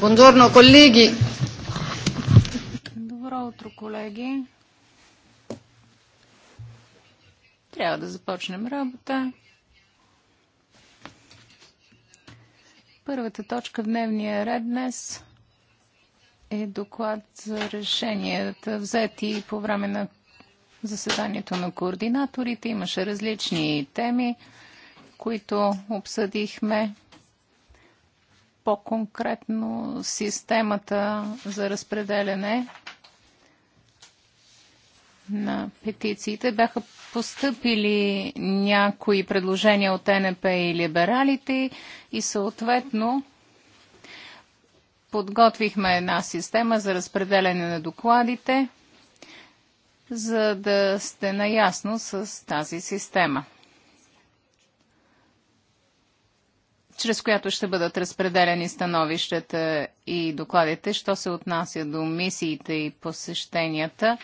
Buongiorno colleghi. Добро утро, колеги. Трябва да започнем работа. Първата точка в дневния ред днес е доклад за решенията, взети по време на заседанието на координаторите имаше различни теми, които обсъдихме. По-конкретно системата за разпределяне на петициите бяха постъпили някои предложения от НП и либералите и съответно подготвихме една система за разпределяне на докладите – за да сте наясно с тази система, чрез която ще бъдат разпределени становищата и докладите. Що се отнася до мисиите и посещенията,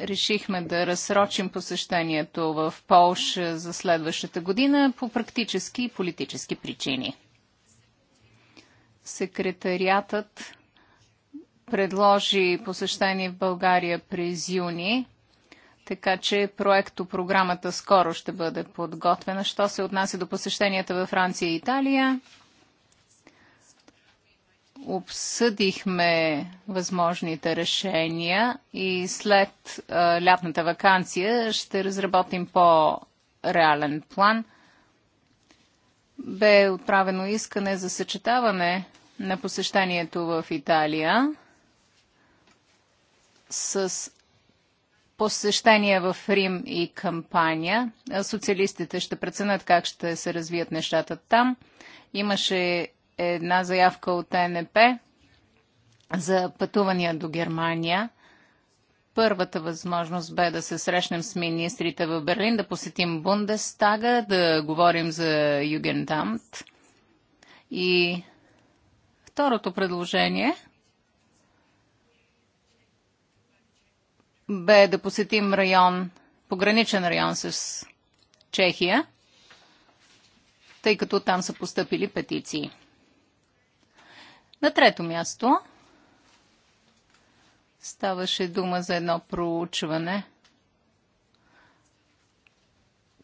решихме да разсрочим посещението в Полша за следващата година по практически и политически причини. Секретариатът предложи посещение в България през юни – така че проекто програмата скоро ще бъде подготвена. Що се отнася до посещенията във Франция и Италия? Обсъдихме възможните решения и след а, лятната вакансия ще разработим по-реален план. Бе отправено искане за съчетаване на посещението в Италия с посещения в Рим и кампания. Социалистите ще преценят как ще се развият нещата там. Имаше една заявка от ТНП за пътувания до Германия. Първата възможност бе да се срещнем с министрите в Берлин, да посетим Бундестага, да говорим за Югендамт. И второто предложение – бе да посетим район, пограничен район с Чехия, тъй като там са поступили петиции. На трето място ставаше дума за едно проучване,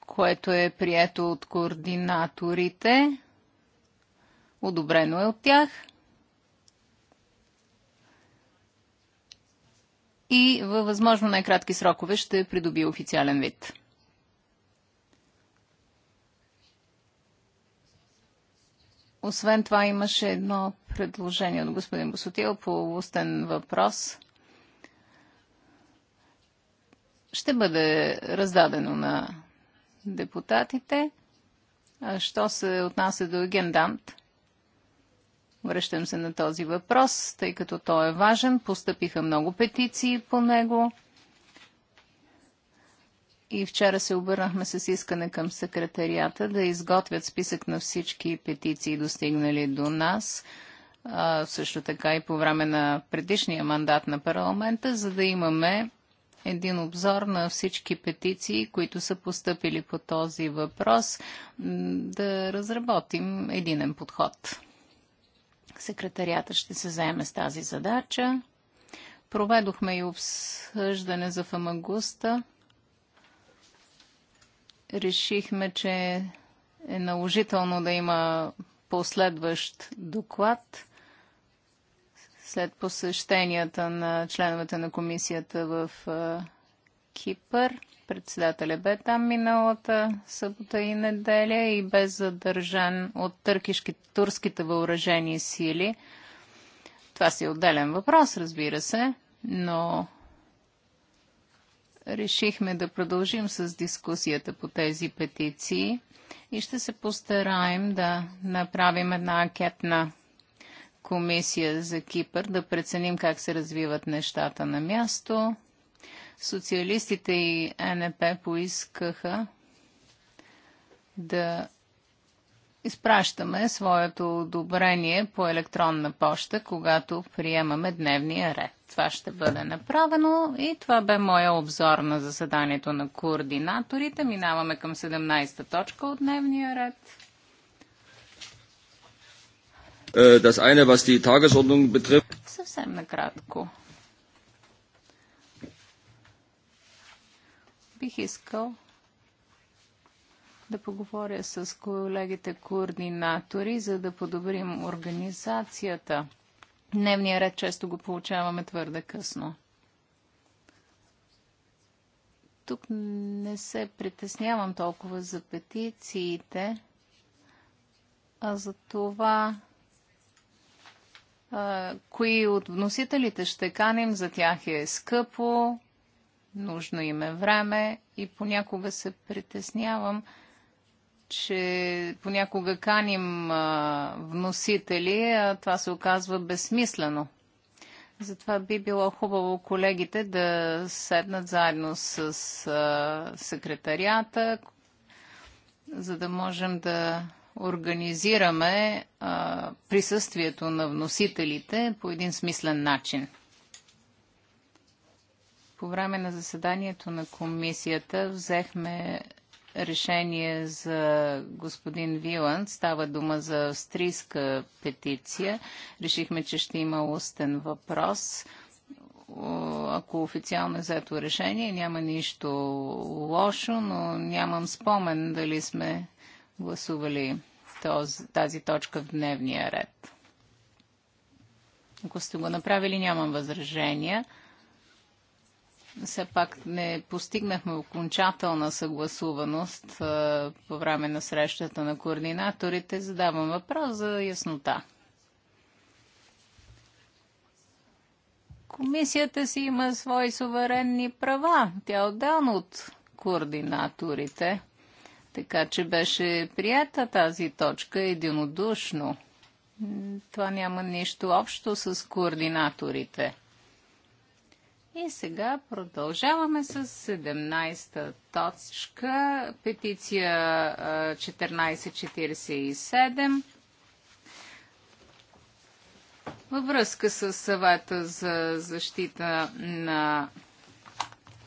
което е прието от координаторите, одобрено е от тях – и във възможно най-кратки срокове ще придобие официален вид. Освен това имаше едно предложение от господин Босотил по устен въпрос. Ще бъде раздадено на депутатите. Що се отнася до Гендант – Връщам се на този въпрос, тъй като той е важен. Постъпиха много петиции по него. И вчера се обърнахме с искане към секретарията да изготвят списък на всички петиции, достигнали до нас, а, също така и по време на предишния мандат на парламента, за да имаме един обзор на всички петиции, които са поступили по този въпрос, да разработим единен подход секретарията ще се заеме с тази задача. Проведохме и обсъждане за Фамагуста. Решихме, че е наложително да има последващ доклад след посещенията на членовете на комисията в Кипър. Председателя бе там миналата събота и неделя и бе задържан от търкишки, турските въоръжени сили. Това си е отделен въпрос, разбира се, но решихме да продължим с дискусията по тези петиции и ще се постараем да направим една анкетна комисия за Кипър, да преценим как се развиват нещата на място Социалистите и НП поискаха да изпращаме своето одобрение по електронна поща, когато приемаме дневния ред. Това ще бъде направено и това бе моя обзор на заседанието на координаторите. Минаваме към 17-та точка от дневния ред. Э, das eine, was die Tagesordnung betrifft. Съвсем накратко Бих искал да поговоря с колегите координатори, за да подобрим организацията. Дневния ред често го получаваме твърде късно. Тук не се притеснявам толкова за петициите, а за това кои от вносителите ще каним, за тях е скъпо нужно им е време и понякога се притеснявам, че понякога каним а, вносители, а това се оказва безсмислено. Затова би било хубаво колегите да седнат заедно с а, секретарията, за да можем да организираме а, присъствието на вносителите по един смислен начин по време на заседанието на комисията взехме решение за господин Виланд. Става дума за австрийска петиция. Решихме, че ще има устен въпрос. Ако официално е взето решение, няма нищо лошо, но нямам спомен дали сме гласували тази точка в дневния ред. Ако сте го направили, нямам възражения все пак не постигнахме окончателна съгласуваност по време на срещата на координаторите. Задавам въпрос за яснота. Комисията си има свои суверенни права. Тя е отделна от координаторите. Така че беше прията тази точка единодушно. Това няма нищо общо с координаторите. И сега продължаваме с 17-та точка, петиция 1447. Във връзка с съвета за защита на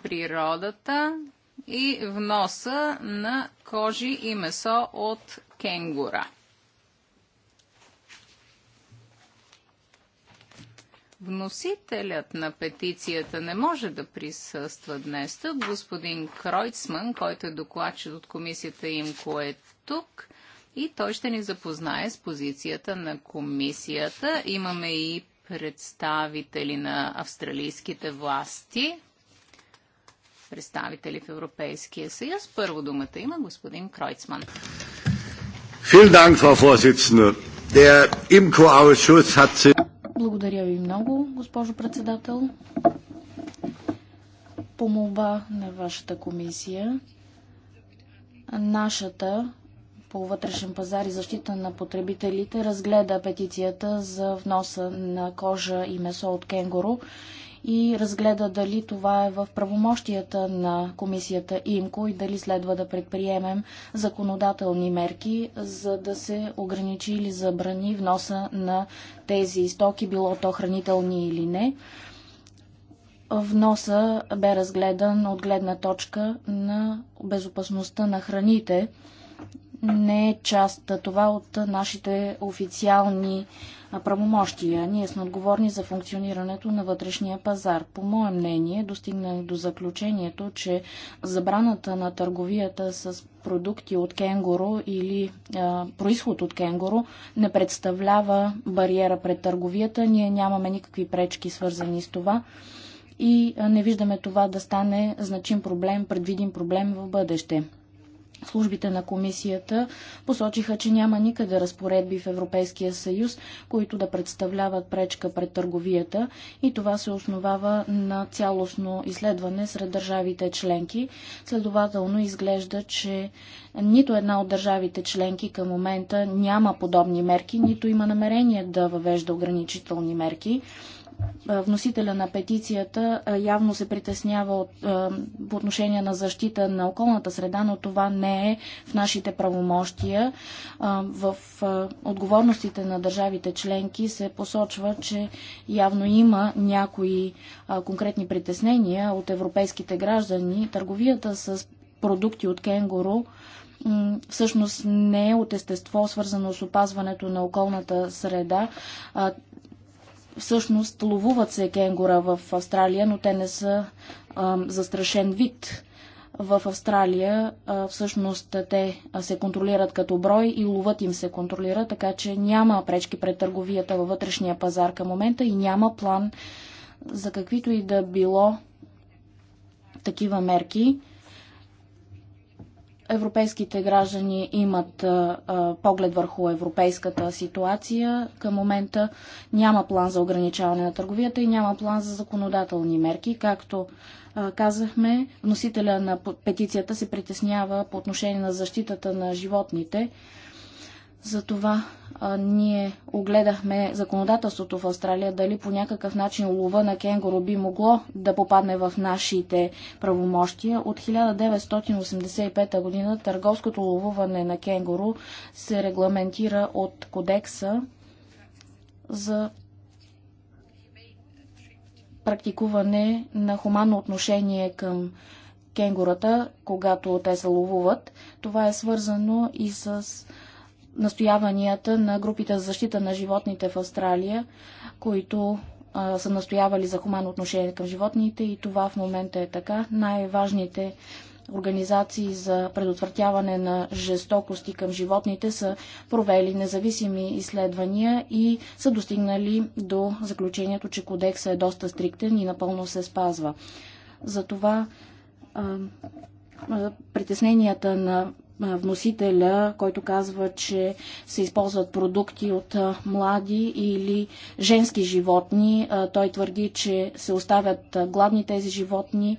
природата и вноса на кожи и месо от кенгура. Вносителят на петицията не може да присъства днес тук. Господин Кройцман, който е докладчик от комисията ИМКО е тук и той ще ни запознае с позицията на комисията. Имаме и представители на австралийските власти, представители в Европейския съюз. Първо думата има господин Кройцман. Vielen Dank, Frau Der ausschuss hat благодаря ви много, госпожо председател. По молба на вашата комисия, нашата по вътрешен пазар и защита на потребителите разгледа петицията за вноса на кожа и месо от кенгуру и разгледа дали това е в правомощията на комисията ИМКО и дали следва да предприемем законодателни мерки, за да се ограничи или забрани вноса на тези стоки, било то хранителни или не вноса бе разгледан от гледна точка на безопасността на храните не е част това от нашите официални правомощия. Ние сме отговорни за функционирането на вътрешния пазар. По мое мнение, достигнах до заключението, че забраната на търговията с продукти от кенгуру или а, происход от кенгуру не представлява бариера пред търговията. Ние нямаме никакви пречки свързани с това и не виждаме това да стане значим проблем, предвидим проблем в бъдеще. Службите на комисията посочиха, че няма никъде разпоредби в Европейския съюз, които да представляват пречка пред търговията и това се основава на цялостно изследване сред държавите членки. Следователно изглежда, че нито една от държавите членки към момента няма подобни мерки, нито има намерение да въвежда ограничителни мерки вносителя на петицията явно се притеснява от, по отношение на защита на околната среда, но това не е в нашите правомощия. В отговорностите на държавите членки се посочва, че явно има някои конкретни притеснения от европейските граждани. Търговията с продукти от кенгуру всъщност не е от естество свързано с опазването на околната среда. Всъщност ловуват се кенгура в Австралия, но те не са а, застрашен вид. В Австралия а, всъщност те се контролират като брой и ловът им се контролира, така че няма пречки пред търговията във вътрешния пазар към момента и няма план за каквито и да било такива мерки Европейските граждани имат поглед върху европейската ситуация. Към момента няма план за ограничаване на търговията и няма план за законодателни мерки. Както казахме, носителя на петицията се притеснява по отношение на защитата на животните. Затова а, ние огледахме законодателството в Австралия, дали по някакъв начин лова на кенгуру би могло да попадне в нашите правомощия. От 1985 година търговското ловуване на кенгуру се регламентира от кодекса за практикуване на хуманно отношение към кенгурата, когато те се ловуват. Това е свързано и с настояванията на групите за защита на животните в Австралия, които са настоявали за хуманно отношение към животните и това в момента е така. Най-важните организации за предотвратяване на жестокости към животните са провели независими изследвания и са достигнали до заключението, че кодекса е доста стриктен и напълно се спазва. Затова притесненията на вносителя, който казва, че се използват продукти от млади или женски животни. Той твърди, че се оставят гладни тези животни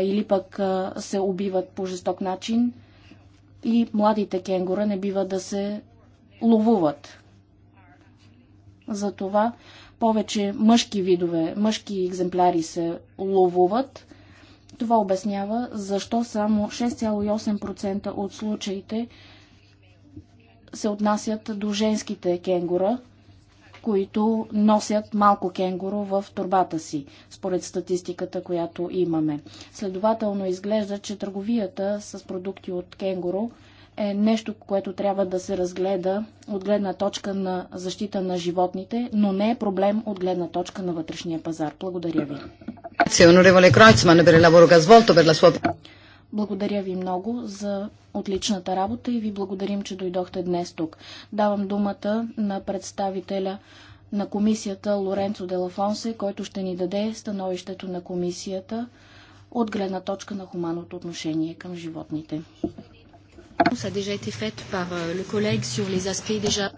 или пък се убиват по жесток начин и младите кенгура не бива да се ловуват. Затова повече мъжки видове, мъжки екземпляри се ловуват – това обяснява защо само 6,8% от случаите се отнасят до женските кенгура, които носят малко кенгуру в турбата си, според статистиката, която имаме. Следователно изглежда, че търговията с продукти от кенгуру е нещо, което трябва да се разгледа от гледна точка на защита на животните, но не е проблем от гледна точка на вътрешния пазар. Благодаря ви. Благодаря ви много за отличната работа и ви благодарим, че дойдохте днес тук. Давам думата на представителя на комисията Лоренцо Делафонсе, който ще ни даде становището на комисията от гледна точка на хуманното отношение към животните. Euh,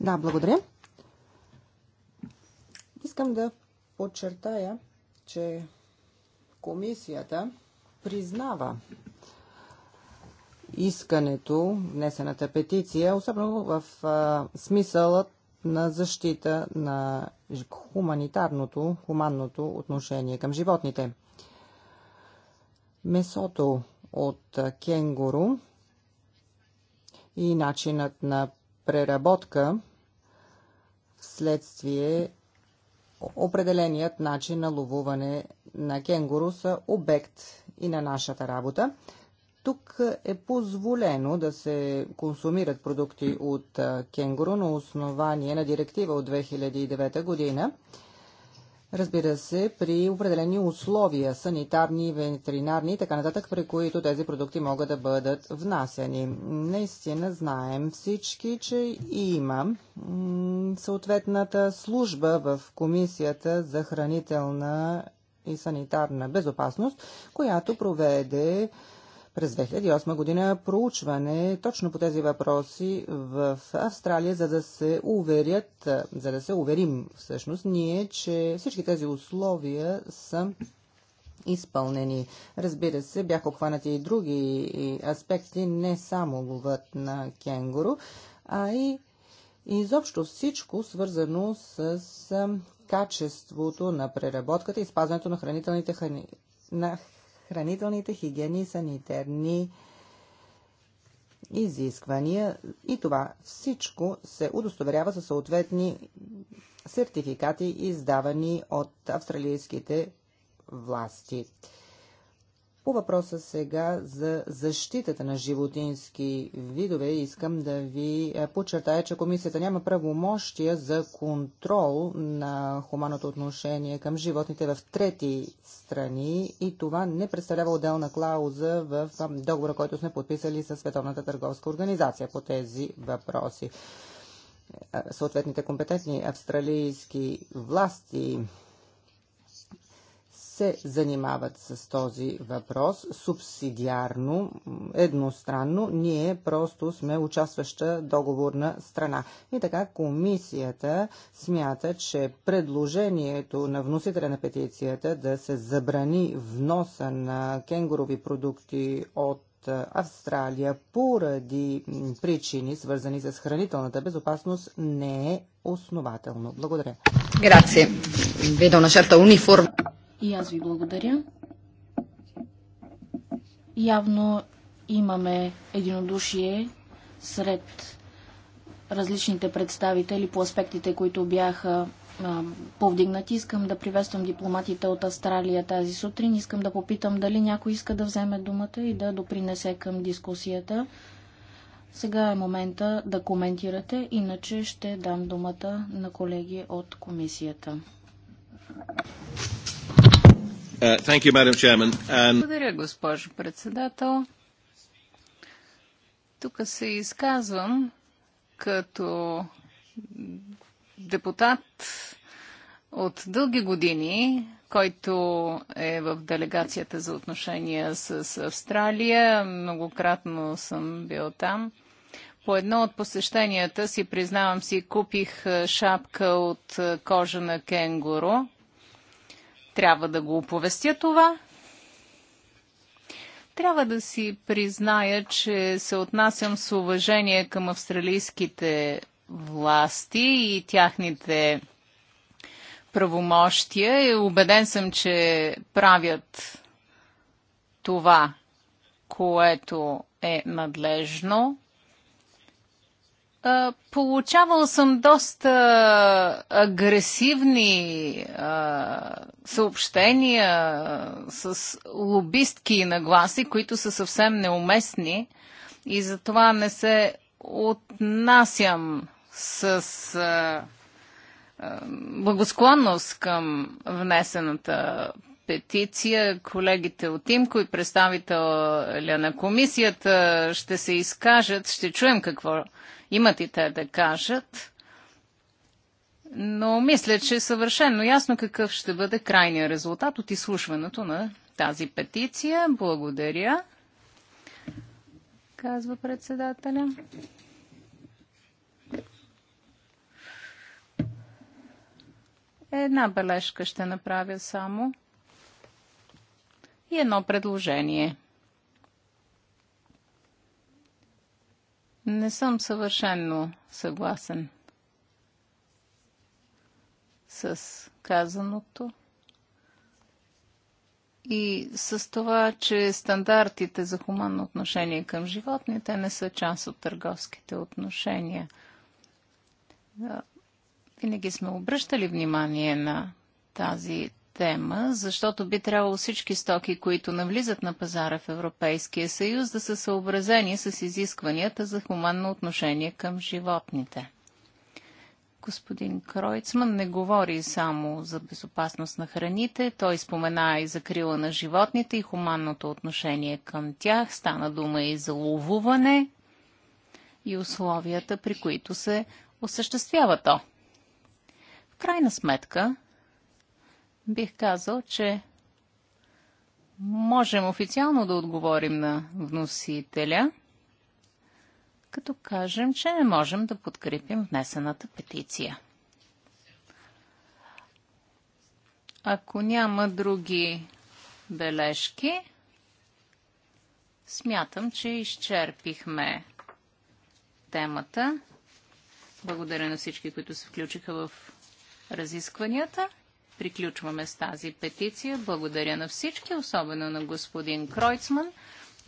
да, благодаря. Искам да подчертая, че комисията признава искането, внесената петиция, особено в а, смисълът на защита на хуманитарното, хуманното отношение към животните. Месото от кенгуру и начинът на преработка вследствие определеният начин на ловуване на кенгуру са обект и на нашата работа. Тук е позволено да се консумират продукти от кенгуру на основание на директива от 2009 година Разбира се, при определени условия, санитарни, ветеринарни и така нататък, при които тези продукти могат да бъдат внасяни. Наистина знаем всички, че има съответната служба в Комисията за хранителна и санитарна безопасност, която проведе през 2008 година проучване точно по тези въпроси в Австралия, за да се уверят, за да се уверим всъщност ние, че всички тези условия са изпълнени. Разбира се, бяха обхванати и други аспекти, не само ловът на кенгуру, а и изобщо всичко свързано с качеството на преработката и спазването на хранителните храни на хранителните хигиени и изисквания и това всичко се удостоверява със съответни сертификати, издавани от австралийските власти. По въпроса сега за защитата на животински видове, искам да ви е, подчертая, че комисията няма правомощия за контрол на хуманното отношение към животните в трети страни и това не представлява отделна клауза в е, договора, който сме подписали с Световната търговска организация по тези въпроси. Е, съответните компетентни австралийски власти се занимават с този въпрос субсидиарно, едностранно. Ние просто сме участваща договорна страна. И така комисията смята, че предложението на вносителя на петицията да се забрани вноса на кенгурови продукти от Австралия поради причини, свързани с хранителната безопасност, не е основателно. Благодаря. Грация. Vedo на certa униформа. И аз ви благодаря. Явно имаме единодушие сред различните представители по аспектите, които бяха а, повдигнати. Искам да приветствам дипломатите от Австралия тази сутрин. Искам да попитам дали някой иска да вземе думата и да допринесе към дискусията. Сега е момента да коментирате, иначе ще дам думата на колеги от комисията. Uh, Благодаря, госпожо председател. Тук се изказвам като депутат от дълги години, който е в делегацията за отношения с Австралия. Многократно съм бил там. По едно от посещенията си, признавам си, купих шапка от кожа на кенгуру трябва да го оповестя това. Трябва да си призная, че се отнасям с уважение към австралийските власти и тяхните правомощия и убеден съм, че правят това, което е надлежно. Получавал съм доста агресивни а, съобщения с лобистки нагласи, които са съвсем неуместни и затова не се отнасям с а, а, благосклонност към внесената петиция. Колегите от Имко и представителя на комисията ще се изкажат. Ще чуем какво имат и те да кажат. Но мисля, че е съвършено ясно какъв ще бъде крайният резултат от изслушването на тази петиция. Благодаря, казва председателя. Една бележка ще направя само и едно предложение. Не съм съвършенно съгласен с казаното и с това, че стандартите за хуманно отношение към животните не са част от търговските отношения. Винаги сме обръщали внимание на тази тема, защото би трябвало всички стоки, които навлизат на пазара в Европейския съюз, да са съобразени с изискванията за хуманно отношение към животните. Господин Кройцман не говори само за безопасност на храните, той спомена и за крила на животните и хуманното отношение към тях, стана дума и за ловуване и условията, при които се осъществява то. В крайна сметка, бих казал, че можем официално да отговорим на вносителя, като кажем, че не можем да подкрепим внесената петиция. Ако няма други бележки, смятам, че изчерпихме темата. Благодаря на всички, които се включиха в разискванията приключваме с тази петиция. Благодаря на всички, особено на господин Кройцман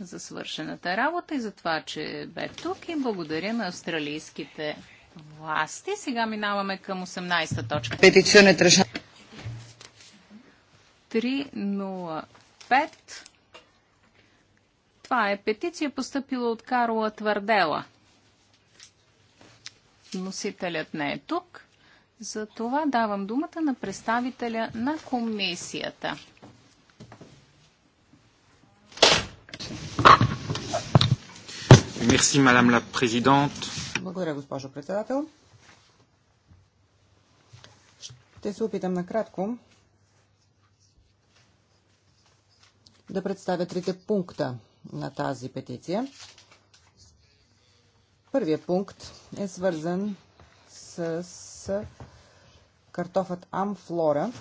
за свършената работа и за това, че бе тук и благодаря на австралийските власти. Сега минаваме към 18-та точка. Петиционе треша. 305. Това е петиция, поступила от Карла Твърдела. Носителят не е тук. За това давам думата на представителя на комисията. Благодаря, госпожо председател. Ще се опитам накратко да представя трите пункта на тази петиция. Първият пункт е свързан с са картофът Амфлора,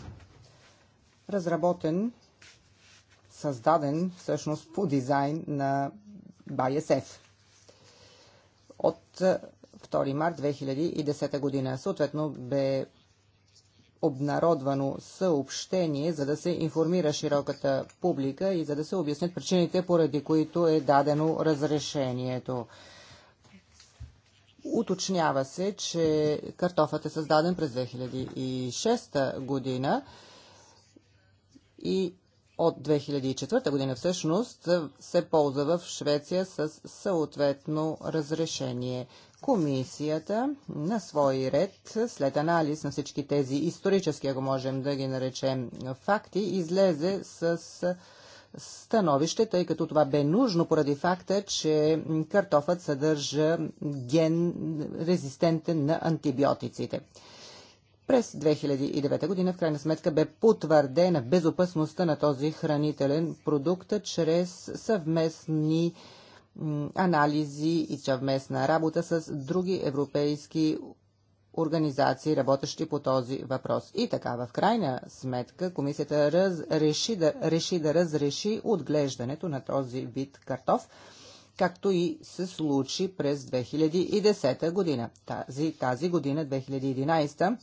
разработен, създаден всъщност по дизайн на Байесеф от 2 март 2010 година. Съответно бе обнародвано съобщение, за да се информира широката публика и за да се обяснят причините, поради които е дадено разрешението уточнява се, че картофът е създаден през 2006 година и от 2004 година всъщност се ползва в Швеция с съответно разрешение. Комисията на свой ред, след анализ на всички тези исторически, ако можем да ги наречем факти, излезе с становище, тъй като това бе нужно поради факта, че картофът съдържа ген резистентен на антибиотиците. През 2009 година в крайна сметка бе потвърдена безопасността на този хранителен продукт чрез съвместни анализи и съвместна работа с други европейски организации, работещи по този въпрос. И така, в крайна сметка, комисията раз, реши, да, реши да разреши отглеждането на този вид картоф, както и се случи през 2010 година. Тази, тази година, 2011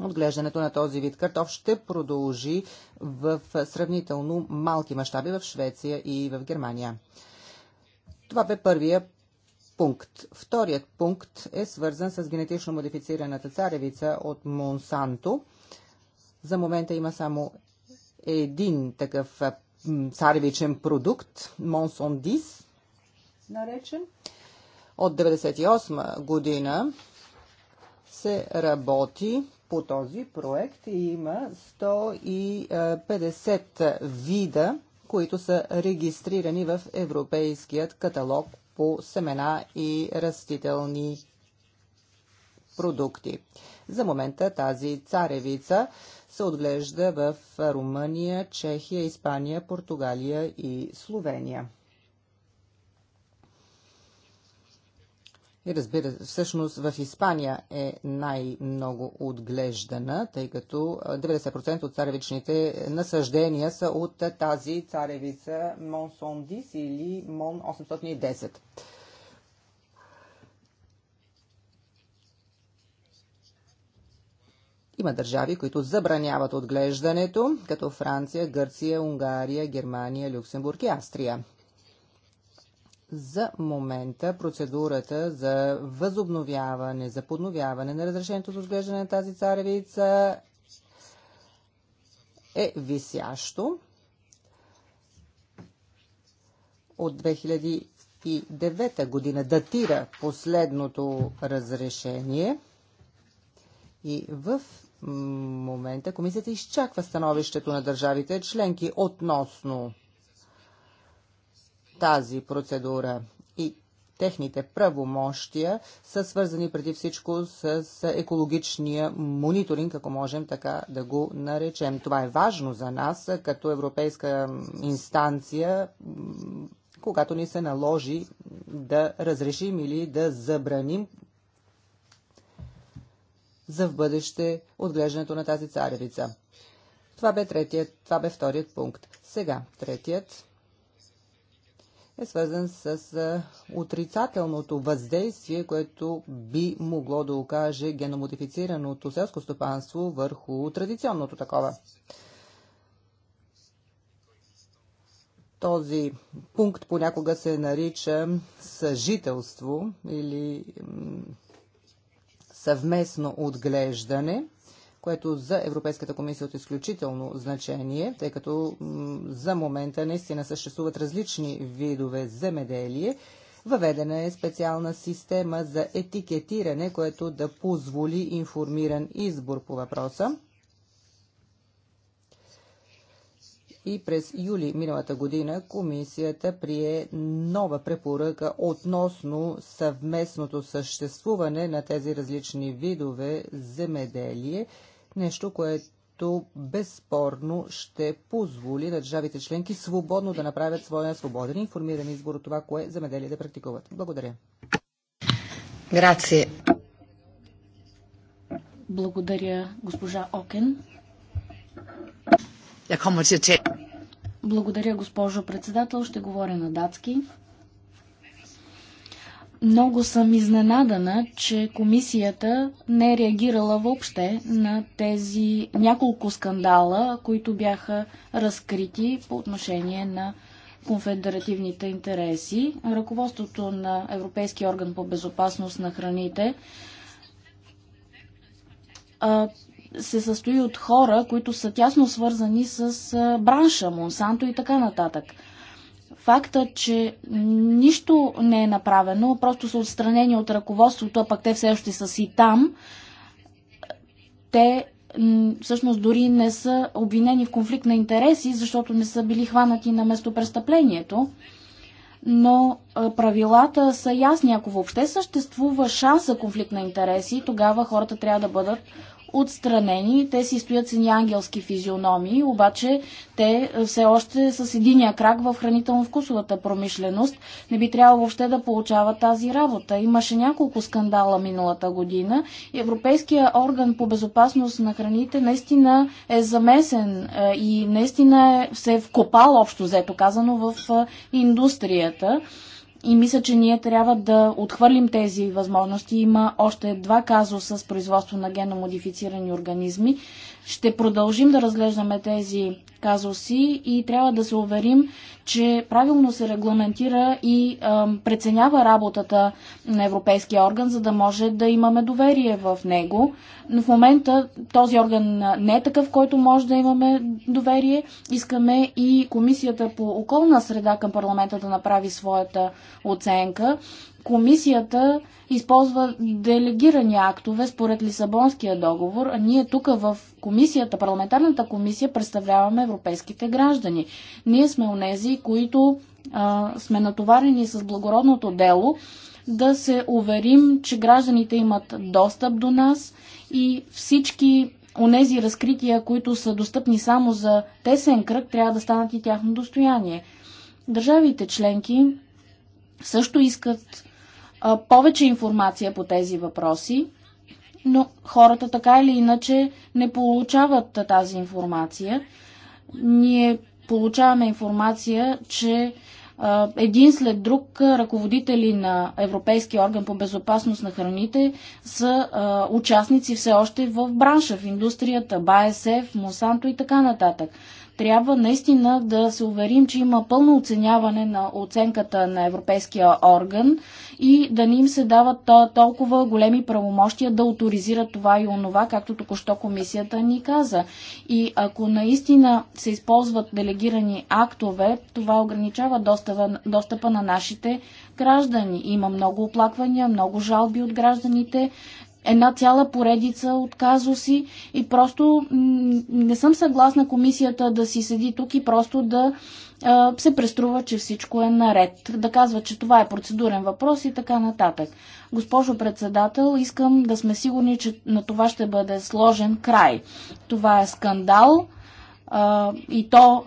Отглеждането на този вид картоф ще продължи в сравнително малки мащаби в Швеция и в Германия. Това бе първия пункт. Вторият пункт е свързан с генетично модифицираната царевица от Монсанто. За момента има само един такъв царевичен продукт, Монсон Дис, наречен. От 1998 година се работи по този проект и има 150 вида, които са регистрирани в Европейският каталог по семена и растителни продукти. За момента тази царевица се отглежда в Румъния, Чехия, Испания, Португалия и Словения. И разбира се, всъщност в Испания е най-много отглеждана, тъй като 90% от царевичните насъждения са от тази царевица Мон или Мон 810. Има държави, които забраняват отглеждането, като Франция, Гърция, Унгария, Германия, Люксембург и Австрия. За момента процедурата за възобновяване, за подновяване на разрешението за отглеждане на тази царевица е висящо от 2009 година датира последното разрешение и в момента комисията изчаква становището на държавите членки относно тази процедура. И техните правомощия са свързани преди всичко с екологичния мониторинг, ако можем така да го наречем. Това е важно за нас като европейска инстанция, когато ни се наложи да разрешим или да забраним за в бъдеще отглеждането на тази царевица. Това бе, третият, това бе вторият пункт. Сега третият е свързан с отрицателното въздействие, което би могло да окаже геномодифицираното селско стопанство върху традиционното такова. Този пункт понякога се нарича съжителство или съвместно отглеждане – което за Европейската комисия е от изключително значение, тъй като за момента наистина съществуват различни видове земеделие. Въведена е специална система за етикетиране, което да позволи информиран избор по въпроса. и през юли миналата година комисията прие нова препоръка относно съвместното съществуване на тези различни видове земеделие Нещо, което безспорно ще позволи държавите членки свободно да направят своя свободен и информиран избор от това, кое замеделие да практикуват. Благодаря. Грация. Благодаря, госпожа Окен. Благодаря, госпожо председател. Ще говоря на датски. Много съм изненадана, че комисията не е реагирала въобще на тези няколко скандала, които бяха разкрити по отношение на конфедеративните интереси. Ръководството на Европейския орган по безопасност на храните се състои от хора, които са тясно свързани с бранша Монсанто и така нататък факта, че нищо не е направено, просто са отстранени от ръководството, а пък те все още са си там, те всъщност дори не са обвинени в конфликт на интереси, защото не са били хванати на местопрестъплението. Но правилата са ясни. Ако въобще съществува шанс за конфликт на интереси, тогава хората трябва да бъдат отстранени. Те си стоят с едни ангелски физиономии, обаче те е, все още са с единия крак в хранително-вкусовата промишленост. Не би трябвало въобще да получават тази работа. Имаше няколко скандала миналата година. Европейския орган по безопасност на храните наистина е замесен е, и наистина е, се е вкопал общо взето казано в индустрията и мисля, че ние трябва да отхвърлим тези възможности. Има още два казуса с производство на генномодифицирани организми. Ще продължим да разглеждаме тези казуси и трябва да се уверим, че правилно се регламентира и а, преценява работата на Европейския орган, за да може да имаме доверие в него. Но в момента този орган не е такъв, който може да имаме доверие. Искаме и Комисията по околна среда към парламента да направи своята оценка. Комисията използва делегирани актове според Лисабонския договор, а ние тук в комисията, парламентарната комисия, представляваме европейските граждани. Ние сме онези, които а, сме натоварени с благородното дело да се уверим, че гражданите имат достъп до нас и всички онези разкрития, които са достъпни само за тесен кръг, трябва да станат и тяхно достояние. Държавите членки също искат а, повече информация по тези въпроси, но хората така или иначе не получават тази информация. Ние получаваме информация, че един след друг ръководители на Европейския орган по безопасност на храните са а, участници все още в бранша, в индустрията, БАСФ, Монсанто и така нататък. Трябва наистина да се уверим, че има пълно оценяване на оценката на Европейския орган и да ни им се дават толкова големи правомощия да авторизират това и онова, както току-що комисията ни каза. И ако наистина се използват делегирани актове, това ограничава достъпа, достъпа на нашите граждани. Има много оплаквания, много жалби от гражданите една цяла поредица от казуси и просто не съм съгласна комисията да си седи тук и просто да се преструва, че всичко е наред. Да казва, че това е процедурен въпрос и така нататък. Госпожо председател, искам да сме сигурни, че на това ще бъде сложен край. Това е скандал и то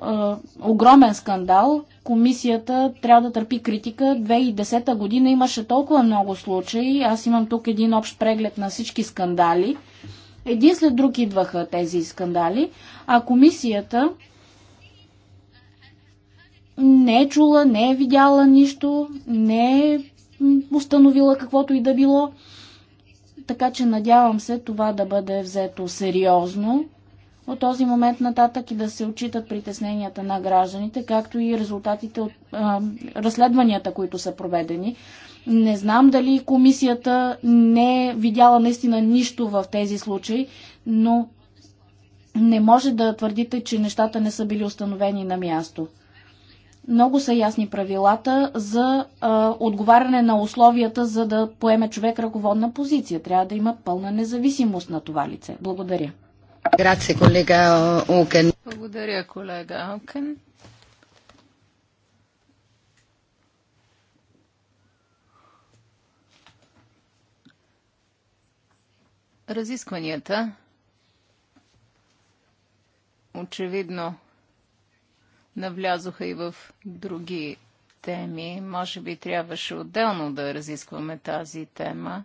огромен скандал, комисията трябва да търпи критика. 2010 година имаше толкова много случаи. Аз имам тук един общ преглед на всички скандали. Един след друг идваха тези скандали, а комисията не е чула, не е видяла нищо, не е установила каквото и да било. Така че надявам се това да бъде взето сериозно от този момент нататък и да се отчитат притесненията на гражданите, както и резултатите от а, разследванията, които са проведени. Не знам дали комисията не е видяла наистина нищо в тези случаи, но не може да твърдите, че нещата не са били установени на място. Много са ясни правилата за а, отговаряне на условията, за да поеме човек ръководна позиция. Трябва да има пълна независимост на това лице. Благодаря. Благодаря, колега Окен. Разискванията очевидно навлязоха и в други теми. Може би трябваше отделно да разискваме тази тема.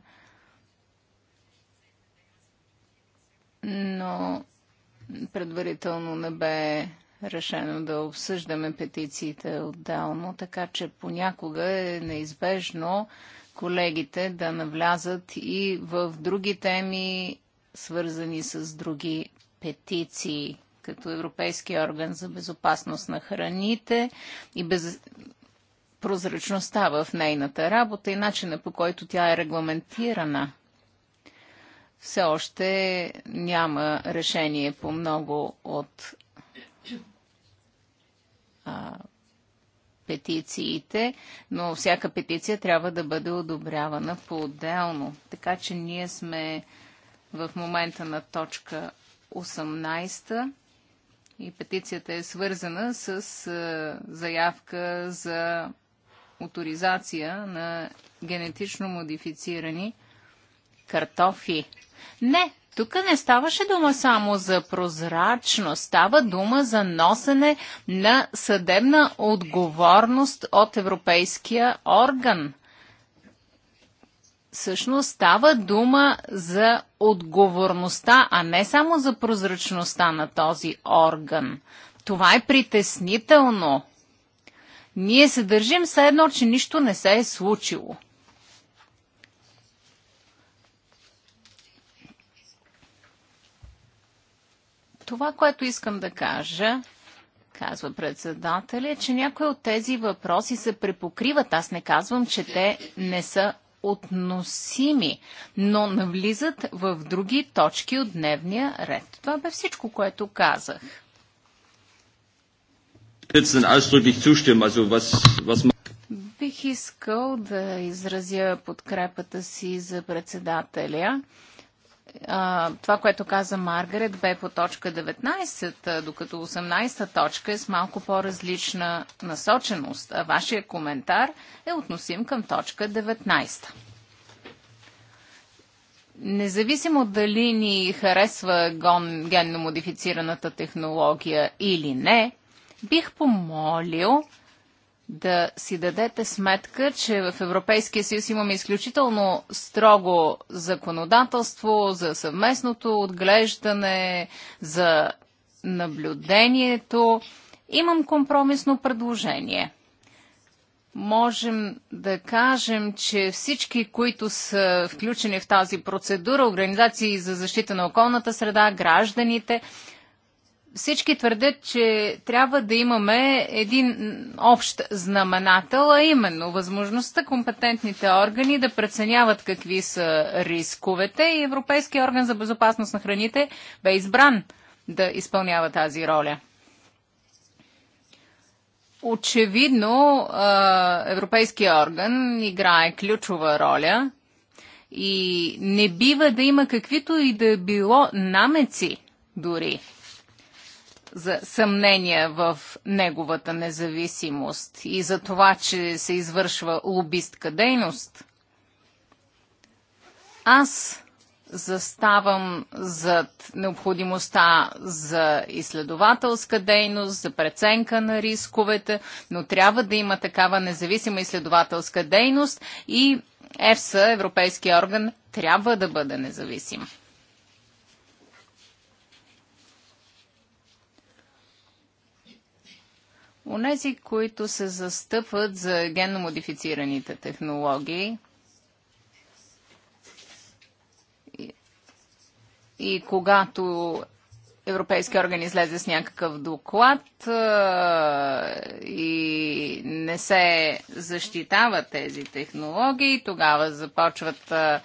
но предварително не бе решено да обсъждаме петициите отделно, така че понякога е неизбежно колегите да навлязат и в други теми, свързани с други петиции, като Европейския орган за безопасност на храните и без... прозрачността в нейната работа и начина по който тя е регламентирана – все още няма решение по много от а, петициите, но всяка петиция трябва да бъде одобрявана по-отделно. Така че ние сме в момента на точка 18 и петицията е свързана с а, заявка за авторизация на генетично модифицирани картофи. Не, тук не ставаше дума само за прозрачност, става дума за носене на съдебна отговорност от европейския орган. Същност става дума за отговорността, а не само за прозрачността на този орган. Това е притеснително. Ние се държим все едно, че нищо не се е случило. Това, което искам да кажа, казва председателя, е, че някои от тези въпроси се препокриват. Аз не казвам, че те не са относими, но навлизат в други точки от дневния ред. Това бе всичко, което казах. Бих искал да изразя подкрепата си за председателя това, което каза Маргарет, бе по точка 19, докато 18-та точка е с малко по-различна насоченост, а вашия коментар е относим към точка 19. Независимо дали ни харесва гон, генно модифицираната технология или не, бих помолил да си дадете сметка, че в Европейския съюз имаме изключително строго законодателство за съвместното отглеждане, за наблюдението. Имам компромисно предложение. Можем да кажем, че всички, които са включени в тази процедура, организации за защита на околната среда, гражданите, всички твърдят, че трябва да имаме един общ знаменател, а именно възможността компетентните органи да преценяват какви са рисковете и Европейския орган за безопасност на храните бе избран да изпълнява тази роля. Очевидно, Европейския орган играе ключова роля и не бива да има каквито и да било намеци дори за съмнения в неговата независимост и за това, че се извършва лобистка дейност, аз заставам зад необходимостта за изследователска дейност, за преценка на рисковете, но трябва да има такава независима изследователска дейност и ЕФСА, Европейския орган, трябва да бъде независим. Онези, които се застъпват за генномодифицираните технологии и, когато Европейския орган излезе с някакъв доклад и не се защитават тези технологии, тогава започват а,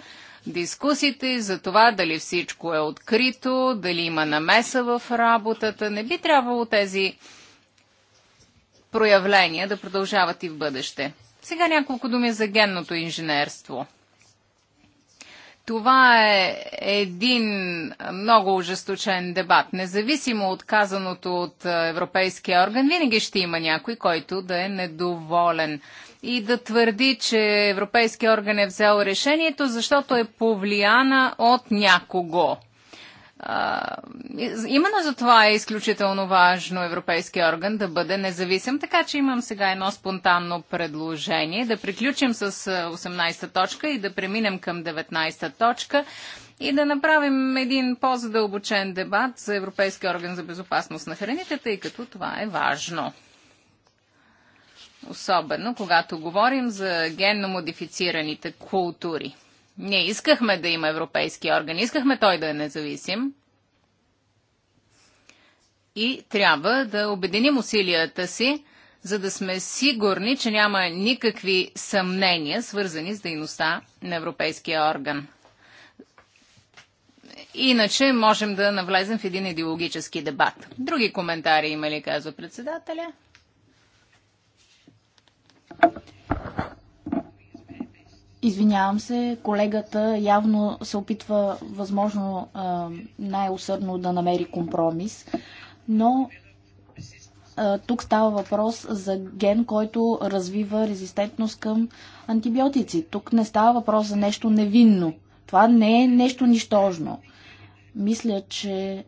дискусиите за това дали всичко е открито, дали има намеса в работата. Не би трябвало тези проявления да продължават и в бъдеще. Сега няколко думи за генното инженерство. Това е един много ужесточен дебат. Независимо от казаното от е, Европейския орган, винаги ще има някой, който да е недоволен и да твърди, че Европейския орган е взел решението, защото е повлияна от някого именно за това е изключително важно Европейския орган да бъде независим, така че имам сега едно спонтанно предложение да приключим с 18-та точка и да преминем към 19-та точка и да направим един по-задълбочен дебат за Европейския орган за безопасност на храните, тъй като това е важно. Особено когато говорим за генно модифицираните култури. Ние искахме да има европейски орган, искахме той да е независим. И трябва да обединим усилията си, за да сме сигурни, че няма никакви съмнения, свързани с дейността на Европейския орган. Иначе можем да навлезем в един идеологически дебат. Други коментари има ли, казва председателя? Извинявам се, колегата явно се опитва възможно най-усърдно да намери компромис, но тук става въпрос за ген, който развива резистентност към антибиотици. Тук не става въпрос за нещо невинно. Това не е нещо нищожно. Мисля, че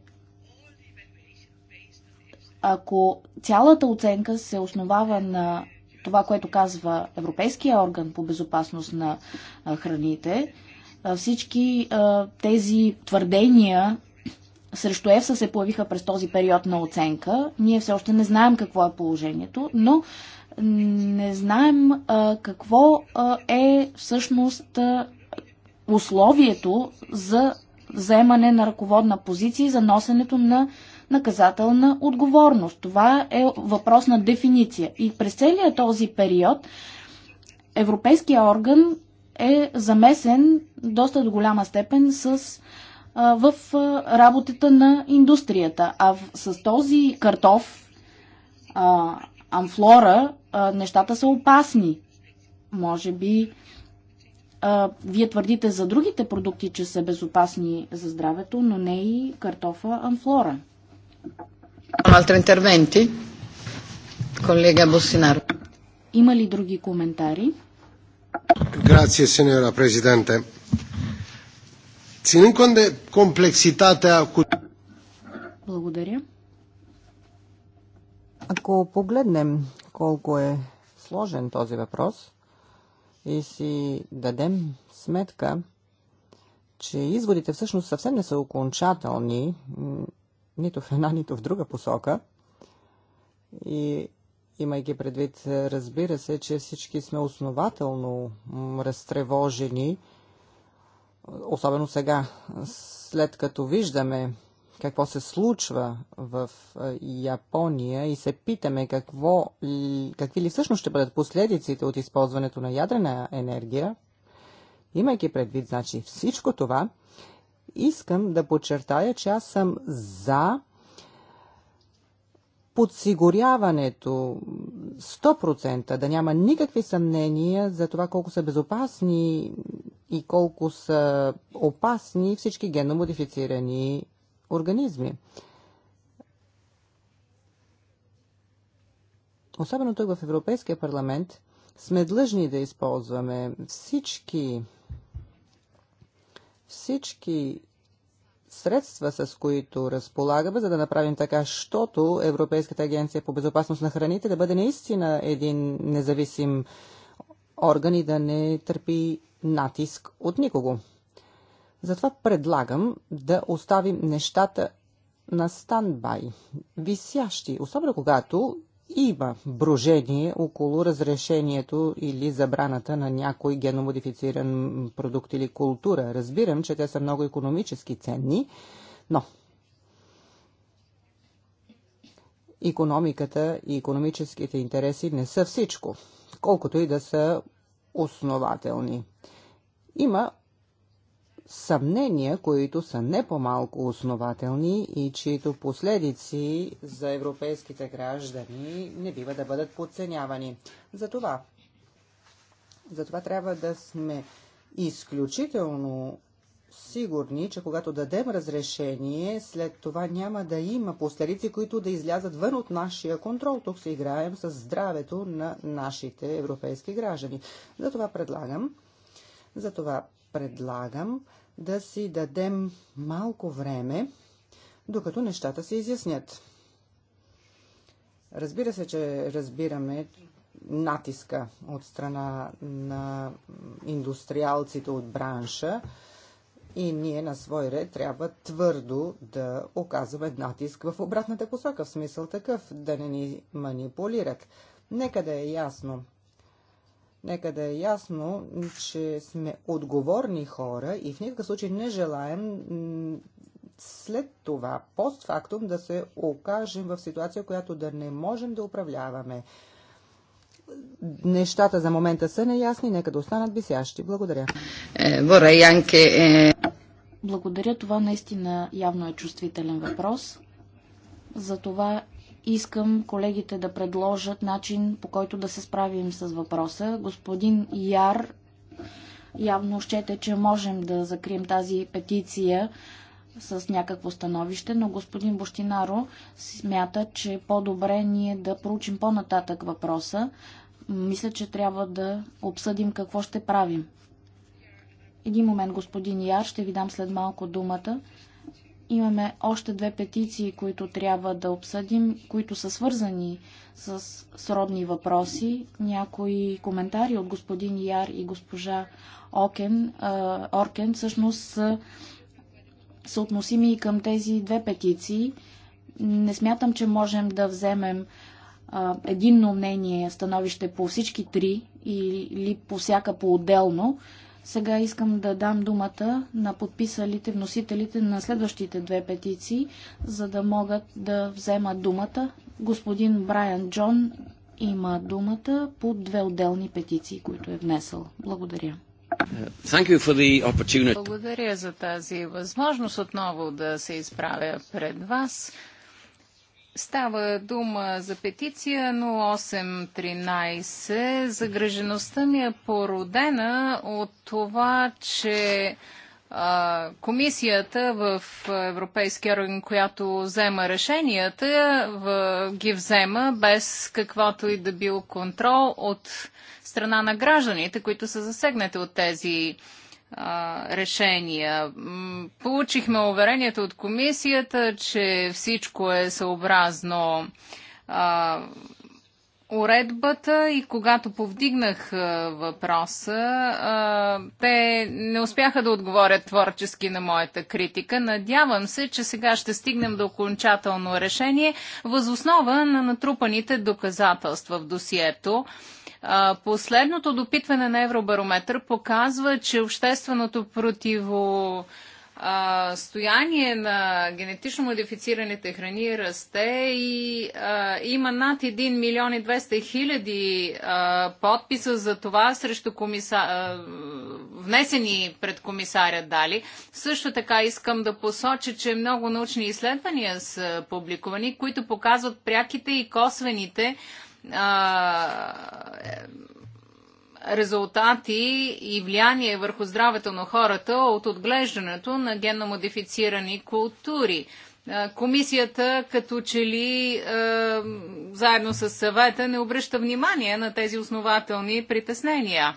ако цялата оценка се основава на това, което казва Европейския орган по безопасност на храните, всички тези твърдения срещу ЕФСА се появиха през този период на оценка. Ние все още не знаем какво е положението, но не знаем какво е всъщност условието за вземане на ръководна позиция и за носенето на наказателна отговорност. Това е въпрос на дефиниция. И през целия този период Европейския орган е замесен доста до голяма степен с а, в а, работата на индустрията. А в, с този картоф а, амфлора а, нещата са опасни. Може би а, вие твърдите за другите продукти, че са безопасни за здравето, но не и картофа амфлора. Altri interventi? Има ли други коментари? Grazie, signora Presidente. Ținând cont de complexitatea cu... Благодаря. Ако погледнем колко е сложен този въпрос и си дадем сметка, че изводите всъщност съвсем не са окончателни нито в една, нито в друга посока. И имайки предвид, разбира се, че всички сме основателно разтревожени, особено сега, след като виждаме какво се случва в Япония и се питаме какво, какви ли всъщност ще бъдат последиците от използването на ядрена енергия, имайки предвид, значи всичко това – искам да подчертая, че аз съм за подсигуряването 100%, да няма никакви съмнения за това колко са безопасни и колко са опасни всички генно модифицирани организми. Особено тук в Европейския парламент сме длъжни да използваме всички всички средства, с които разполагаме, за да направим така, щото Европейската агенция по безопасност на храните да бъде наистина един независим орган и да не търпи натиск от никого. Затова предлагам да оставим нещата на станбай, висящи, особено когато има брожение около разрешението или забраната на някой геномодифициран продукт или култура. Разбирам, че те са много економически ценни, но економиката и економическите интереси не са всичко, колкото и да са основателни. Има съмнения, които са не по-малко основателни и чието последици за европейските граждани не бива да бъдат подценявани. Затова, затова трябва да сме изключително сигурни, че когато дадем разрешение, след това няма да има последици, които да излязат вън от нашия контрол. Тук се играем с здравето на нашите европейски граждани. Затова предлагам, затова предлагам да си дадем малко време, докато нещата се изяснят. Разбира се, че разбираме натиска от страна на индустриалците от бранша и ние на свой ред трябва твърдо да оказваме натиск в обратната посока, в смисъл такъв да не ни манипулират. Нека да е ясно, Нека да е ясно, че сме отговорни хора и в никакъв случай не желаем след това, постфактум, да се окажем в ситуация, която да не можем да управляваме. Нещата за момента са неясни, нека да останат висящи. Благодаря. Е, е. Благодаря, това наистина явно е чувствителен въпрос. За това искам колегите да предложат начин по който да се справим с въпроса. Господин Яр явно щете, че можем да закрием тази петиция с някакво становище, но господин Бощинаро смята, че по-добре ние да проучим по-нататък въпроса. Мисля, че трябва да обсъдим какво ще правим. Един момент, господин Яр, ще ви дам след малко думата. Имаме още две петиции, които трябва да обсъдим, които са свързани с сродни въпроси. Някои коментари от господин Яр и госпожа Окен, Оркен всъщност са, са относими и към тези две петиции. Не смятам, че можем да вземем единно мнение, становище по всички три или по всяка по-отделно. Сега искам да дам думата на подписалите вносителите на следващите две петиции, за да могат да вземат думата. Господин Брайан Джон има думата по две отделни петиции, които е внесъл. Благодаря. Благодаря за тази възможност отново да се изправя пред вас. Става дума за петиция 0813. Загрежеността ми е породена от това, че а, комисията в Европейския орган, която взема решенията, в, ги взема без каквото и да бил контрол от страна на гражданите, които са засегнати от тези решения решения. Получихме уверението от комисията, че всичко е съобразно а, уредбата и когато повдигнах а, въпроса, а, те не успяха да отговорят творчески на моята критика. Надявам се, че сега ще стигнем до окончателно решение възоснова на натрупаните доказателства в досието. Последното допитване на Евробарометър показва, че общественото противо стояние на генетично модифицираните храни расте и а, има над 1 милион и 200 хиляди подписа за това срещу комиса... а, внесени пред комисаря Дали. Също така искам да посоча, че много научни изследвания са публикувани, които показват пряките и косвените резултати и влияние върху здравето на хората от отглеждането на генномодифицирани култури. Комисията като че ли е, заедно с съвета не обръща внимание на тези основателни притеснения.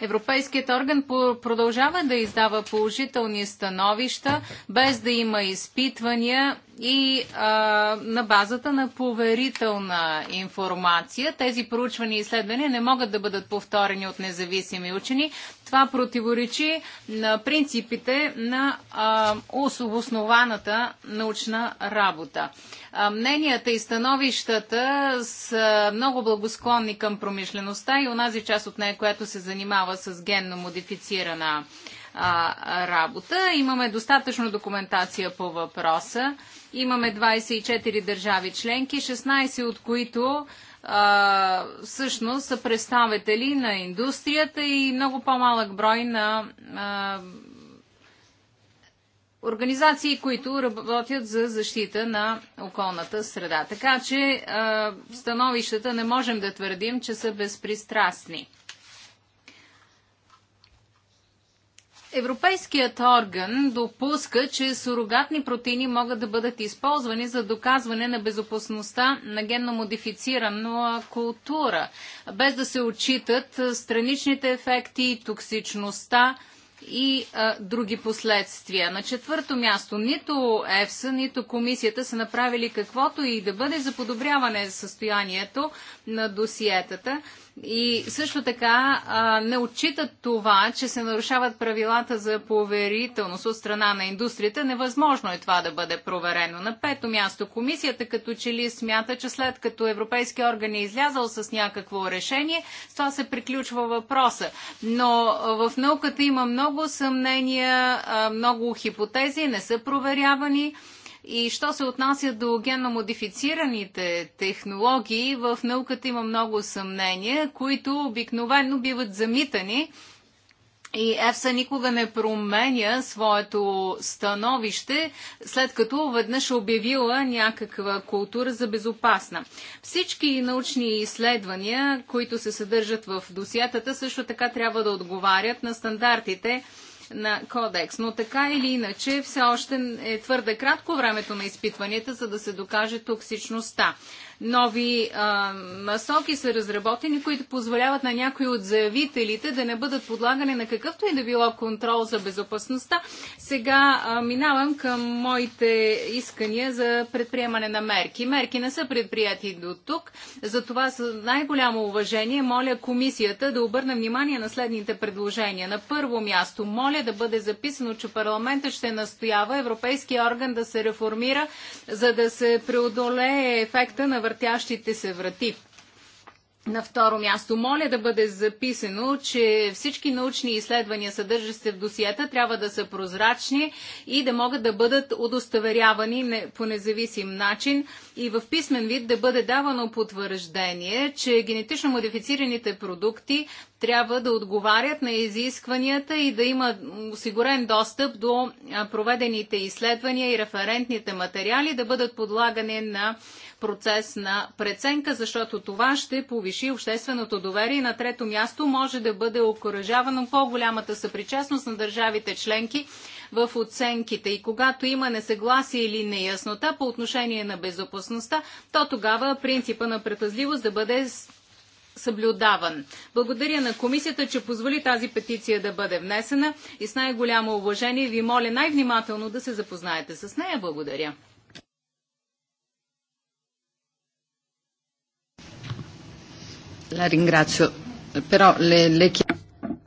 Европейският орган продължава да издава положителни становища, без да има изпитвания и а, на базата на поверителна информация. Тези проучвания и изследвания не могат да бъдат повторени от независими учени. Това противоречи на принципите на а, основаната научна работа. А, мненията и становищата са много благосклонни към промишлеността и онази част от нея, която се занимава с генно модифицирана а, работа. Имаме достатъчно документация по въпроса. Имаме 24 държави членки, 16 от които а, всъщност са представители на индустрията и много по-малък брой на а, организации, които работят за защита на околната среда. Така че а, становищата не можем да твърдим, че са безпристрастни. Европейският орган допуска, че сурогатни протеини могат да бъдат използвани за доказване на безопасността на генно модифицирана култура, без да се отчитат страничните ефекти, токсичността и а, други последствия. На четвърто място, нито ЕФСА, нито комисията са направили каквото и да бъде за подобряване състоянието на досиетата и също така а, не отчитат това, че се нарушават правилата за поверителност от страна на индустрията. Невъзможно е това да бъде проверено. На пето място комисията като че ли смята, че след като европейски орган е излязал с някакво решение, с това се приключва въпроса. Но в науката има много съмнения, много хипотези не са проверявани и що се отнася до генно модифицираните технологии, в науката има много съмнения, които обикновено биват замитани и ЕФСА никога не променя своето становище, след като веднъж обявила някаква култура за безопасна. Всички научни изследвания, които се съдържат в досиятата, също така трябва да отговарят на стандартите на кодекс. Но така или иначе, все още е твърде кратко времето на изпитванията, за да се докаже токсичността нови а, насоки са разработени, които позволяват на някои от заявителите да не бъдат подлагани на какъвто и да било контрол за безопасността. Сега а, минавам към моите искания за предприемане на мерки. Мерки не са предприяти до тук, затова с най-голямо уважение моля комисията да обърна внимание на следните предложения. На първо място, моля да бъде записано, че парламента ще настоява Европейския орган да се реформира, за да се преодолее ефекта на върху въртящите се врати. На второ място, моля да бъде записано, че всички научни изследвания, съдържащи се в досиета, трябва да са прозрачни и да могат да бъдат удостоверявани по независим начин и в писмен вид да бъде давано потвърждение, че генетично модифицираните продукти трябва да отговарят на изискванията и да има осигурен достъп до проведените изследвания и референтните материали да бъдат подлагани на процес на преценка, защото това ще повиши общественото доверие. На трето място може да бъде окоръжавано по-голямата съпричастност на държавите членки в оценките и когато има несъгласие или неяснота по отношение на безопасността, то тогава принципа на предпазливост да бъде съблюдаван. Благодаря на комисията, че позволи тази петиция да бъде внесена и с най-голямо уважение ви моля най-внимателно да се запознаете с нея. Благодаря.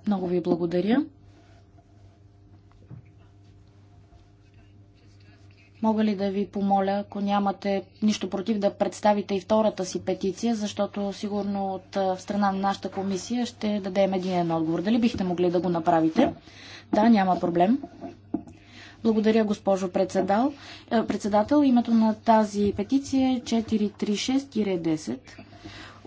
Много ви благодаря. Мога ли да ви помоля, ако нямате нищо против, да представите и втората си петиция, защото сигурно от страна на нашата комисия ще дадем един отговор. Дали бихте могли да го направите? Да, няма проблем. Благодаря, госпожо председател. Е, председател, името на тази петиция е 436-10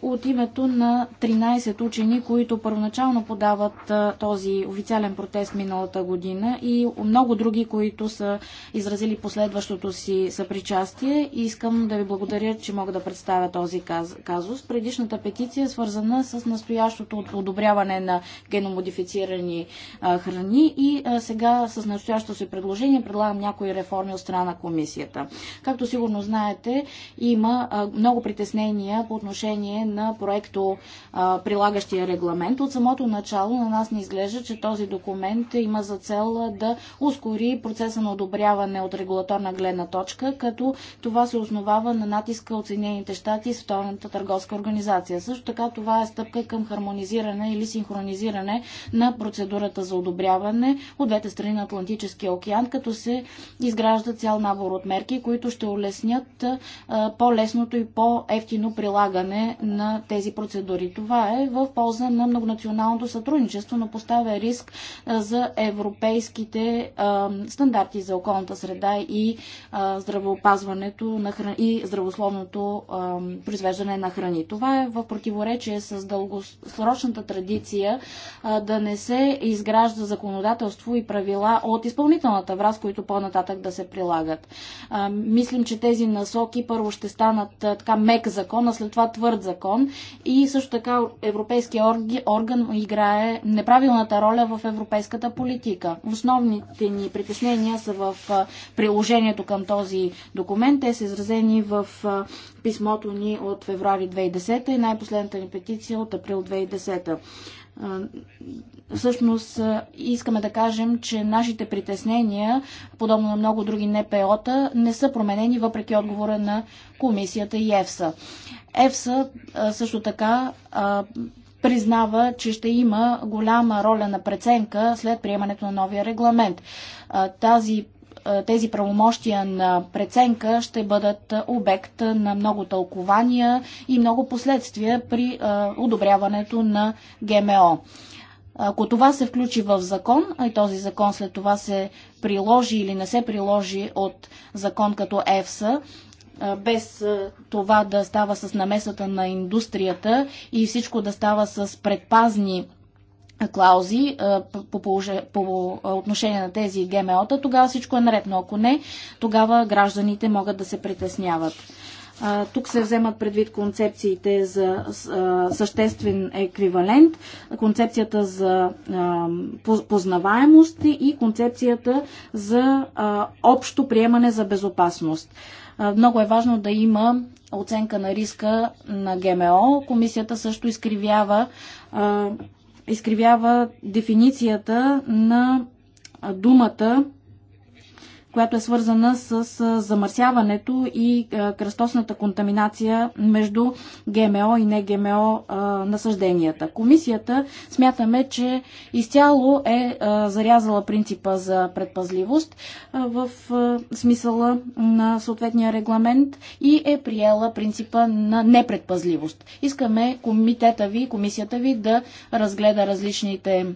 от името на 13 учени, които първоначално подават този официален протест миналата година и много други, които са изразили последващото си съпричастие. И искам да ви благодаря, че мога да представя този казус. Предишната петиция е свързана с настоящото одобряване на геномодифицирани храни и сега с настоящото си предложение предлагам някои реформи от страна на комисията. Както сигурно знаете, има много притеснения по отношение на проекто а, прилагащия регламент. От самото начало на нас не изглежда, че този документ има за цел да ускори процеса на одобряване от регулаторна гледна точка, като това се основава на натиска от Съединените щати и Световната търговска организация. Също така това е стъпка към хармонизиране или синхронизиране на процедурата за одобряване от двете страни на Атлантическия океан, като се изгражда цял набор от мерки, които ще улеснят по-лесното и по-ефтино прилагане на на тези процедури. Това е в полза на многонационалното сътрудничество, но поставя риск за европейските стандарти за околната среда и здравеопазването на храни, и здравословното произвеждане на храни. Това е в противоречие с дългосрочната традиция да не се изгражда законодателство и правила от изпълнителната враз, които по-нататък да се прилагат. Мислим, че тези насоки първо ще станат така мек закон, а след това твърд закон закон и също така Европейския орган играе неправилната роля в европейската политика. Основните ни притеснения са в приложението към този документ. Те са изразени в писмото ни от феврари 2010 и най-последната ни петиция от април 2010 всъщност искаме да кажем, че нашите притеснения, подобно на много други НПО-та, не са променени въпреки отговора на комисията и ЕФСА. ЕФСА също така признава, че ще има голяма роля на преценка след приемането на новия регламент. Тази тези правомощия на преценка ще бъдат обект на много тълкования и много последствия при одобряването на ГМО. Ако това се включи в закон, а и този закон след това се приложи или не се приложи от закон като ЕФСА, без това да става с намесата на индустрията и всичко да става с предпазни клаузи по, по, по отношение на тези ГМО-та, тогава всичко е наред. Но ако не, тогава гражданите могат да се притесняват. Тук се вземат предвид концепциите за съществен еквивалент, концепцията за познаваемост и концепцията за общо приемане за безопасност. Много е важно да има оценка на риска на ГМО. Комисията също изкривява изкривява дефиницията на думата която е свързана с замърсяването и кръстосната контаминация между ГМО и не ГМО насъжденията. Комисията смятаме, че изцяло е зарязала принципа за предпазливост в смисъла на съответния регламент и е приела принципа на непредпазливост. Искаме комитета ви, комисията ви да разгледа различните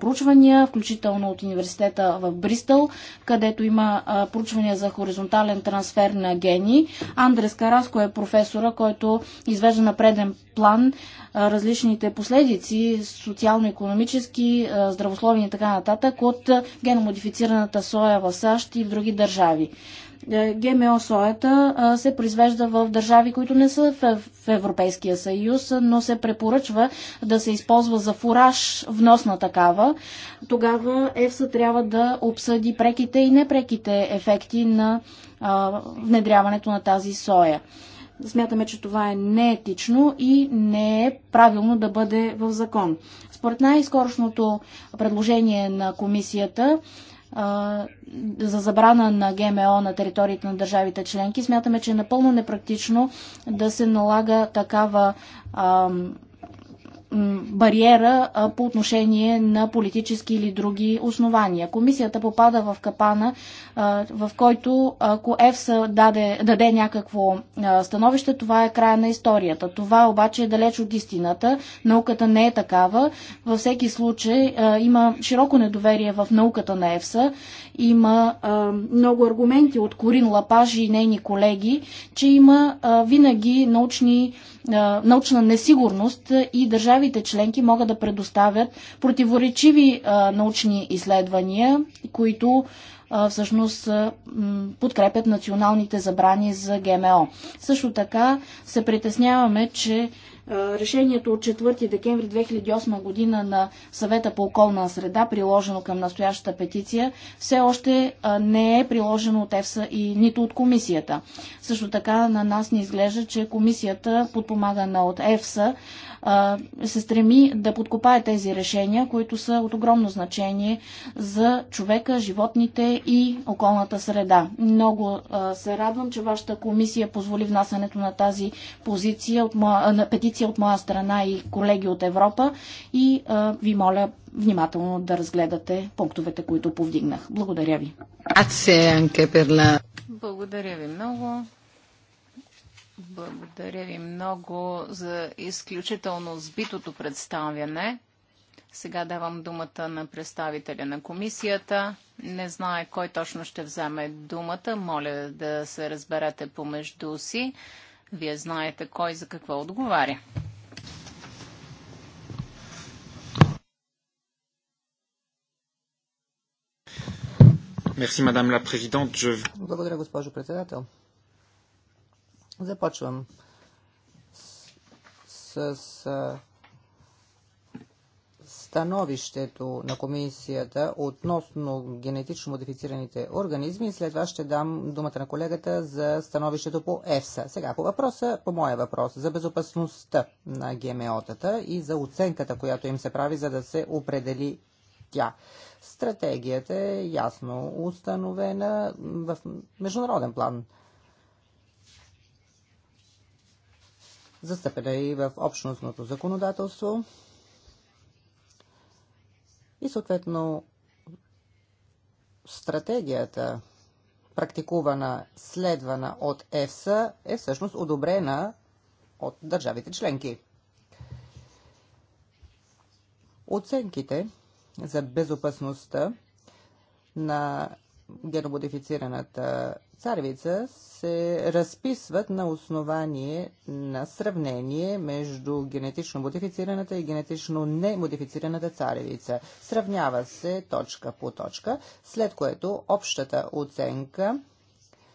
проучвания, включително от университета в Бристъл, където има проучвания за хоризонтален трансфер на гени. Андрес Караско е професора, който извежда на преден план различните последици, социално-економически, здравословни и така нататък, от геномодифицираната соя в САЩ и в други държави. Е, ГМО соята се произвежда в държави, които не са в Европейския съюз, но се препоръчва да се използва за фураж вносна такава. Тогава ЕФСА трябва да обсъди преките и непреките ефекти на внедряването на тази соя. Смятаме, че това е неетично и не е правилно да бъде в закон. Според най-скорошното предложение на комисията, за забрана на ГМО на териториите на държавите членки. Смятаме, че е напълно непрактично да се налага такава бариера по отношение на политически или други основания. Комисията попада в капана, в който ако ЕФСА даде, даде някакво становище, това е края на историята. Това обаче е далеч от истината. Науката не е такава. Във всеки случай има широко недоверие в науката на ЕФСА. Има много аргументи от Корин Лапаж и нейни колеги, че има винаги научни научна несигурност и държавите членки могат да предоставят противоречиви научни изследвания, които всъщност подкрепят националните забрани за ГМО. Също така се притесняваме, че решението от 4 декември 2008 година на съвета по околна среда, приложено към настоящата петиция, все още не е приложено от ЕФСА и нито от комисията. Също така на нас ни изглежда, че комисията, подпомагана от ЕФСА, се стреми да подкопае тези решения, които са от огромно значение за човека, животните и околната среда. Много се радвам, че вашата комисия позволи внасянето на тази позиция от моя, на петиция от моя страна и колеги от Европа и ви моля внимателно да разгледате пунктовете, които повдигнах. Благодаря ви. Благодаря ви много. Благодаря ви много за изключително сбитото представяне. Сега давам думата на представителя на комисията. Не знае кой точно ще вземе думата. Моля да се разберете помежду си. Вие знаете кой за какво отговаря. Благодаря, госпожо председател. Започвам с, с становището на комисията относно генетично модифицираните организми. След това ще дам думата на колегата за становището по ЕФСА. Сега по въпроса, по моя въпрос, за безопасността на ГМО-тата и за оценката, която им се прави, за да се определи тя. Стратегията е ясно установена в международен план. застъпена и в общностното законодателство и съответно стратегията, практикувана, следвана от ЕФСА, е всъщност одобрена от държавите членки. Оценките за безопасността на геномодифицираната царевица се разписват на основание на сравнение между генетично модифицираната и генетично немодифицираната царевица. Сравнява се точка по точка, след което общата оценка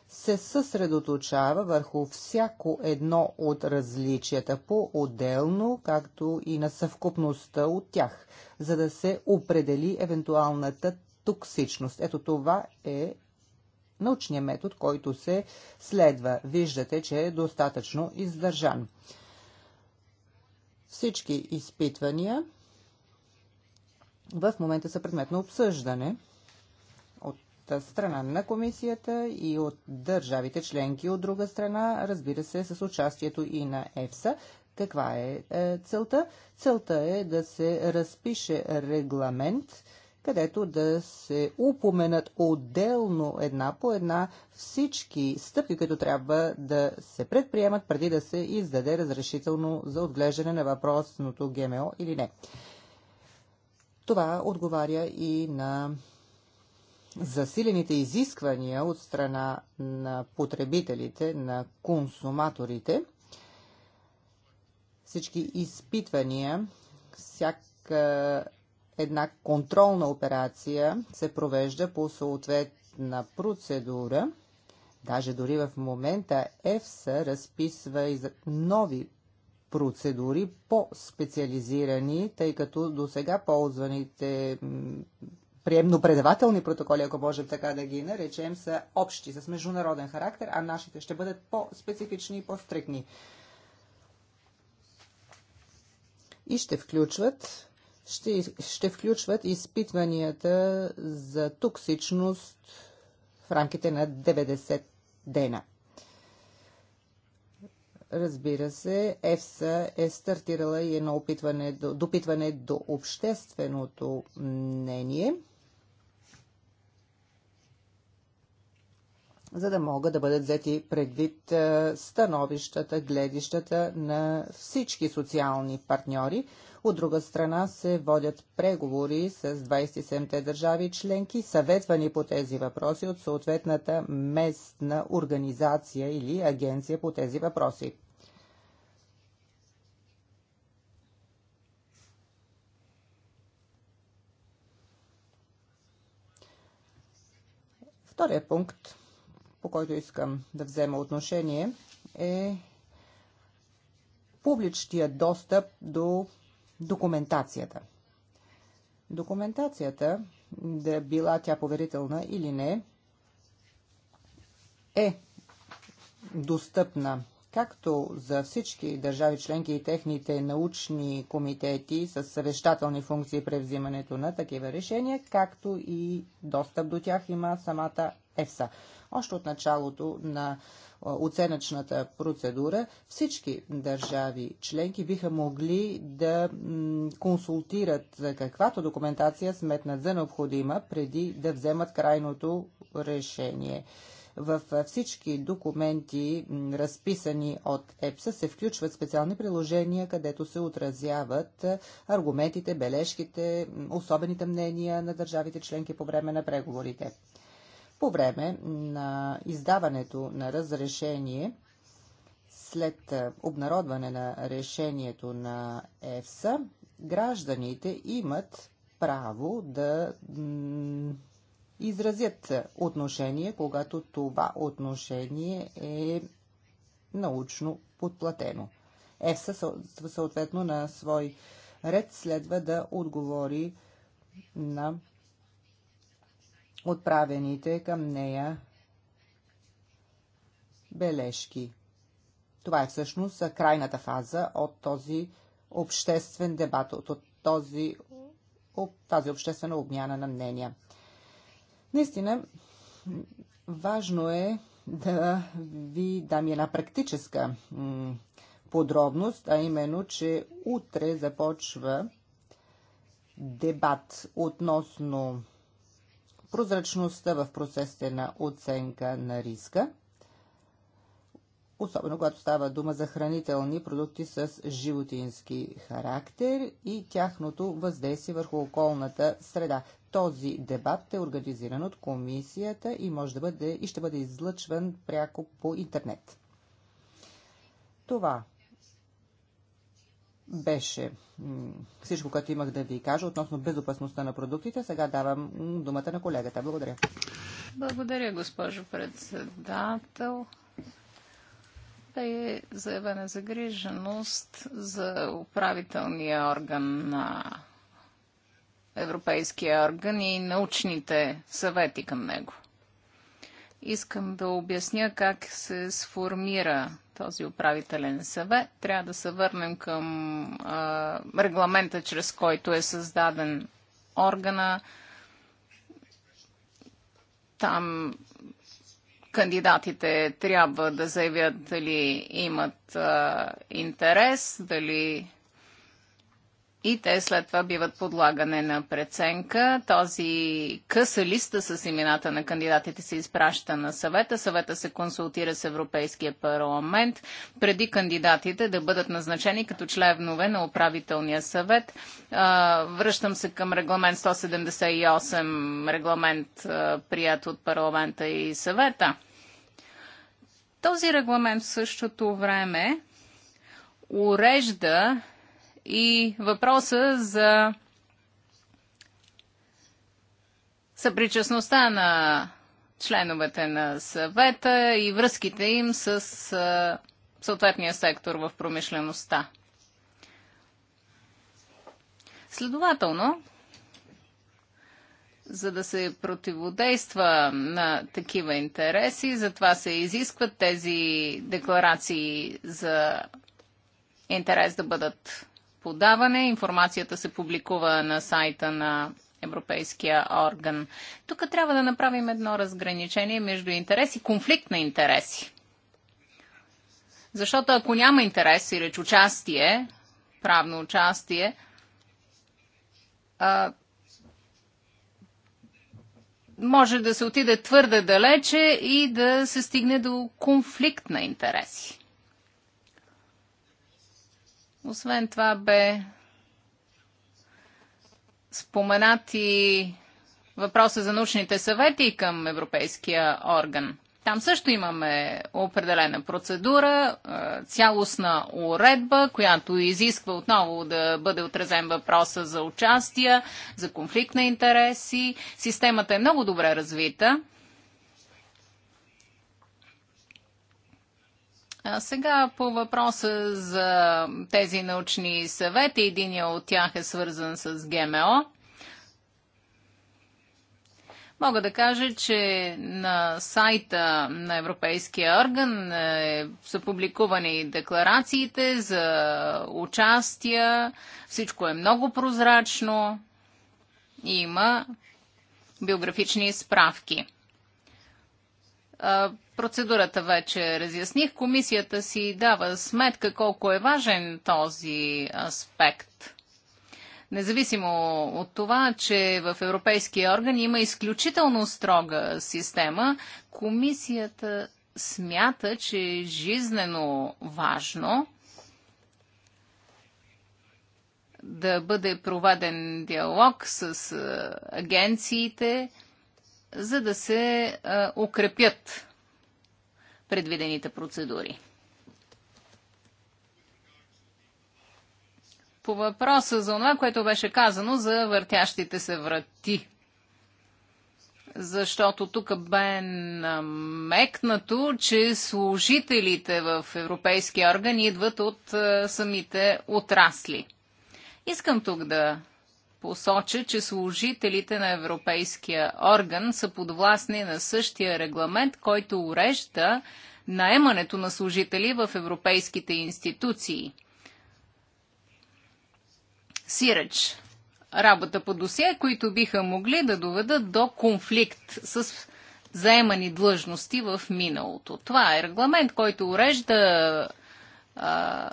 се съсредоточава върху всяко едно от различията по-отделно, както и на съвкупността от тях, за да се определи евентуалната токсичност. Ето това е научният метод, който се следва. Виждате, че е достатъчно издържан. Всички изпитвания в момента са предмет на обсъждане от страна на комисията и от държавите членки от друга страна, разбира се, с участието и на ЕФСА. Каква е, е целта? Целта е да се разпише регламент, където да се упоменат отделно една по една всички стъпки, които трябва да се предприемат преди да се издаде разрешително за отглеждане на въпросното ГМО или не. Това отговаря и на засилените изисквания от страна на потребителите, на консуматорите, всички изпитвания, всяка една контролна операция се провежда по съответна процедура. Даже дори в момента ЕФСА разписва и нови процедури по-специализирани, тъй като до сега ползваните приемно-предавателни протоколи, ако можем така да ги наречем, са общи, с международен характер, а нашите ще бъдат по-специфични и по-стрикни. И ще включват ще, ще включват изпитванията за токсичност в рамките на 90 дена. Разбира се, ЕФСА е стартирала и едно опитване, допитване до общественото мнение – за да могат да бъдат взети предвид е, становищата, гледищата на всички социални партньори. От друга страна се водят преговори с 27-те държави членки, съветвани по тези въпроси от съответната местна организация или агенция по тези въпроси. Втория пункт по който искам да взема отношение, е публичния достъп до документацията. Документацията, да била тя поверителна или не, е достъпна както за всички държави членки и техните научни комитети с съвещателни функции при взимането на такива решения, както и достъп до тях има самата ЕФСА. Още от началото на оценъчната процедура всички държави членки биха могли да консултират каквато документация сметнат за необходима преди да вземат крайното решение. В всички документи, разписани от ЕПСА, се включват специални приложения, където се отразяват аргументите, бележките, особените мнения на държавите членки по време на преговорите по време на издаването на разрешение след е, обнародване на решението на ЕФСА, гражданите имат право да изразят отношение, когато това отношение е научно подплатено. ЕФСА съответно на свой ред следва да отговори на отправените към нея бележки. Това е всъщност крайната фаза от този обществен дебат, от този, от тази обществена обмяна на мнения. Наистина, важно е да ви дам една практическа подробност, а именно, че утре започва дебат относно прозрачността в процесите на оценка на риска, особено когато става дума за хранителни продукти с животински характер и тяхното въздействие върху околната среда. Този дебат е организиран от комисията и може да бъде и ще бъде излъчван пряко по интернет. Това беше всичко, което имах да ви кажа относно безопасността на продуктите. Сега давам думата на колегата. Благодаря. Благодаря, госпожо председател. Да е заявена загриженост за управителния орган на Европейския орган и научните съвети към него. Искам да обясня как се сформира този управителен съвет. Трябва да се върнем към а, регламента, чрез който е създаден органа. Там кандидатите трябва да заявят дали имат а, интерес, дали и те след това биват подлагане на преценка. Този къса листа с имената на кандидатите се изпраща на съвета. Съвета се консултира с Европейския парламент преди кандидатите да бъдат назначени като членове на управителния съвет. Връщам се към регламент 178, регламент прият от парламента и съвета. Този регламент в същото време урежда и въпроса за съпричастността на членовете на съвета и връзките им с съответния сектор в промишлеността. Следователно, за да се противодейства на такива интереси, затова се изискват тези декларации за интерес да бъдат подаване. Информацията се публикува на сайта на Европейския орган. Тук трябва да направим едно разграничение между интерес и конфликт на интереси. Защото ако няма интерес и реч участие, правно участие, а, може да се отиде твърде далече и да се стигне до конфликт на интереси. Освен това бе споменати въпроса за научните съвети към Европейския орган. Там също имаме определена процедура, е, цялостна уредба, която изисква отново да бъде отразен въпроса за участие, за конфликт на интереси. Системата е много добре развита. А сега по въпроса за тези научни съвети, един от тях е свързан с ГМО. Мога да кажа, че на сайта на Европейския орган е, са публикувани декларациите за участия. Всичко е много прозрачно. Има биографични справки Процедурата вече разясних. Комисията си дава сметка колко е важен този аспект. Независимо от това, че в Европейския орган има изключително строга система, комисията смята, че е жизнено важно да бъде проведен диалог с агенциите, за да се укрепят предвидените процедури. По въпроса за това, което беше казано за въртящите се врати защото тук бе намекнато, че служителите в европейски органи идват от е, самите отрасли. Искам тук да посоча, че служителите на Европейския орган са подвластни на същия регламент, който урежда наемането на служители в европейските институции. Сиреч. Работа по досие, които биха могли да доведат до конфликт с заемани длъжности в миналото. Това е регламент, който урежда а,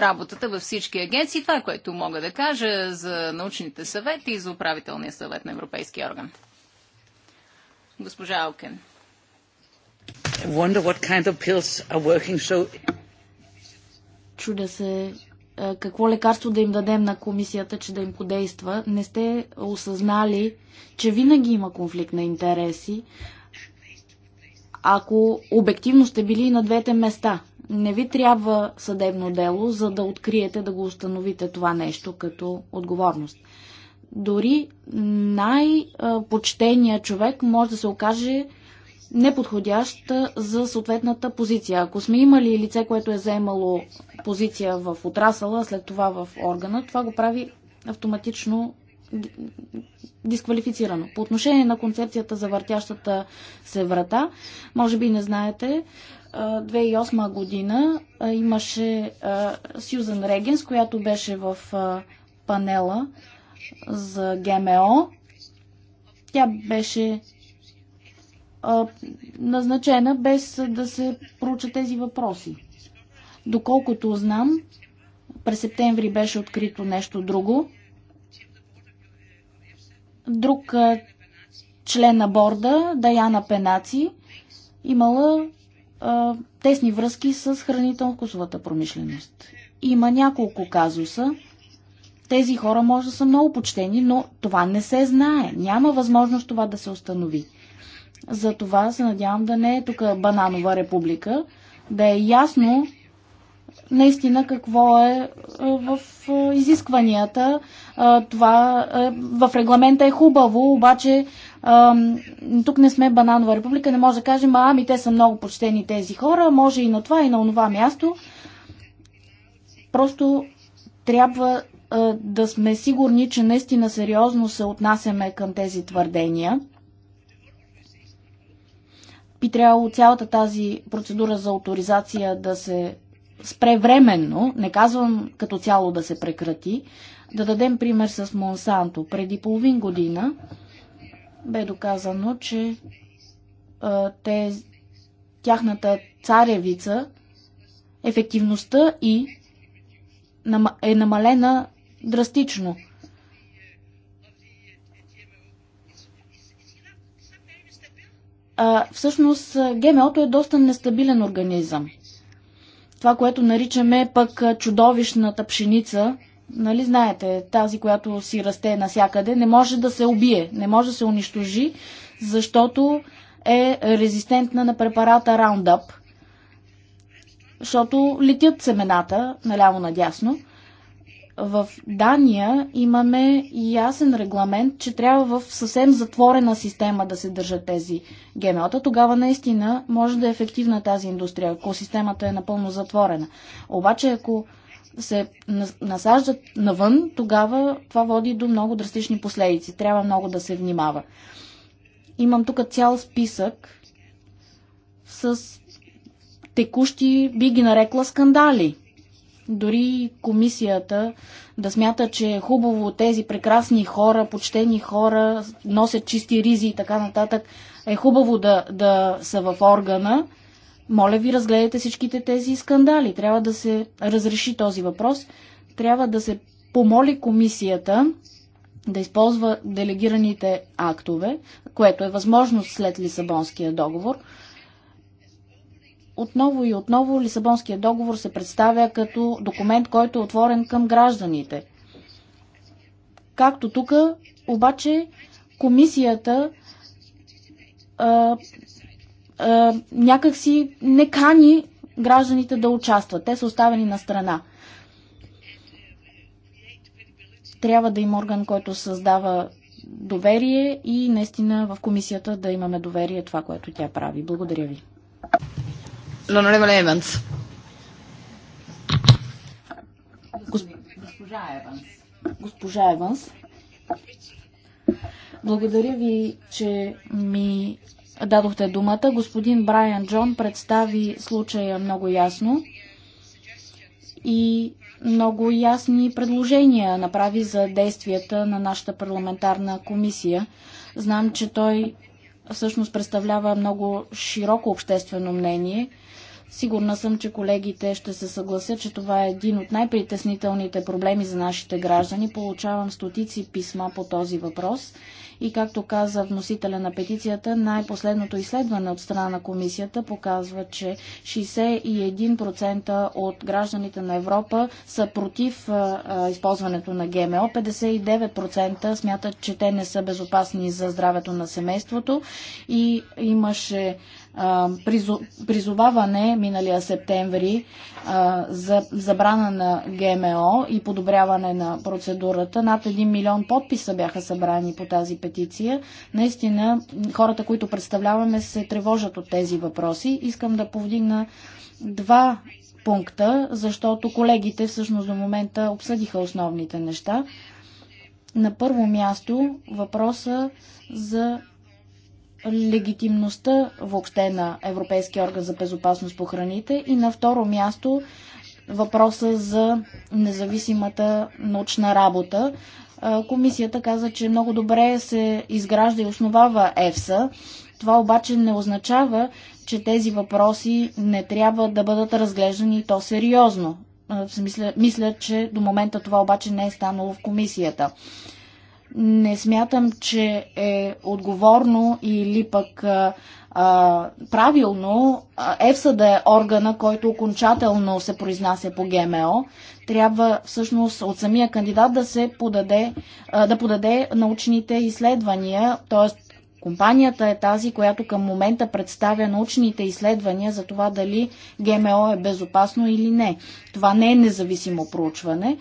работата във всички агенции. Това е което мога да кажа за научните съвети и за управителния съвет на Европейския орган. Госпожа Алкен. Kind of so... Чудя се какво лекарство да им дадем на комисията, че да им подейства. Не сте осъзнали, че винаги има конфликт на интереси, ако обективно сте били на двете места – не ви трябва съдебно дело, за да откриете, да го установите това нещо като отговорност. Дори най-почтеният човек може да се окаже неподходящ за съответната позиция. Ако сме имали лице, което е заемало позиция в отрасъла, след това в органа, това го прави автоматично дисквалифицирано. По отношение на концепцията за въртящата се врата, може би не знаете, 2008 година имаше Сюзан Регенс, която беше в панела за ГМО. Тя беше назначена без да се проучат тези въпроси. Доколкото знам, през септември беше открито нещо друго. Друг член на борда, Даяна Пенаци, имала а, тесни връзки с хранително-вкусовата промишленост. Има няколко казуса. Тези хора може да са много почтени, но това не се знае. Няма възможност това да се установи. Затова се надявам да не е тук бананова република, да е ясно наистина какво е, е в е, изискванията. Е, това в регламента е хубаво, обаче тук не сме бананова република, не може да кажем, ами те са много почтени тези хора, може и на това и на онова място. Просто трябва да сме сигурни, че наистина сериозно се отнасяме към тези твърдения би трябвало цялата тази процедура за авторизация да се спре временно, не казвам като цяло да се прекрати. Да дадем пример с Монсанто. Преди половин година бе доказано, че а, те, тяхната царевица, ефективността и е намалена драстично. А, всъщност ГМО-то е доста нестабилен организъм това, което наричаме пък чудовищната пшеница, нали знаете, тази, която си расте насякъде, не може да се убие, не може да се унищожи, защото е резистентна на препарата Roundup, защото летят семената наляво-надясно. В Дания имаме ясен регламент, че трябва в съвсем затворена система да се държат тези ГМО-та. Тогава наистина може да е ефективна тази индустрия, ако системата е напълно затворена. Обаче ако се насаждат навън, тогава това води до много драстични последици. Трябва много да се внимава. Имам тук цял списък с текущи, би ги нарекла, скандали дори комисията да смята, че е хубаво тези прекрасни хора, почтени хора, носят чисти ризи и така нататък, е хубаво да, да са в органа. Моля ви, разгледайте всичките тези скандали. Трябва да се разреши този въпрос. Трябва да се помоли комисията да използва делегираните актове, което е възможно след Лисабонския договор – отново и отново Лисабонския договор се представя като документ, който е отворен към гражданите. Както тук, обаче комисията а, а, някакси не кани гражданите да участват. Те са оставени на страна. Трябва да има орган, който създава доверие и наистина в комисията да имаме доверие това, което тя прави. Благодаря ви. L'onorevole Evans. Госпожа Еванс. Госпожа Еванс. Благодаря ви, че ми дадохте думата. Господин Брайан Джон представи случая много ясно и много ясни предложения направи за действията на нашата парламентарна комисия. Знам, че той всъщност представлява много широко обществено мнение – Сигурна съм, че колегите ще се съгласят, че това е един от най-притеснителните проблеми за нашите граждани. Получавам стотици писма по този въпрос и както каза вносителя на петицията, най-последното изследване от страна на комисията показва, че 61% от гражданите на Европа са против а, а, използването на ГМО, 59% смятат, че те не са безопасни за здравето на семейството и имаше призоваване миналия септември за забрана на ГМО и подобряване на процедурата. Над 1 милион подписа бяха събрани по тази петиция. Наистина, хората, които представляваме, се тревожат от тези въпроси. Искам да повдигна два пункта, защото колегите всъщност до момента обсъдиха основните неща. На първо място въпроса за легитимността въобще на Европейския орган за безопасност по храните и на второ място въпроса за независимата научна работа. Комисията каза, че много добре се изгражда и основава ЕФСА. Това обаче не означава, че тези въпроси не трябва да бъдат разглеждани то сериозно. Мисля, мисля, че до момента това обаче не е станало в комисията не смятам, че е отговорно или пък а, а, правилно ЕФСА да е органа, който окончателно се произнася по ГМО. Трябва всъщност от самия кандидат да се подаде, а, да подаде научните изследвания, т.е. Компанията е тази, която към момента представя научните изследвания за това дали ГМО е безопасно или не. Това не е независимо проучване.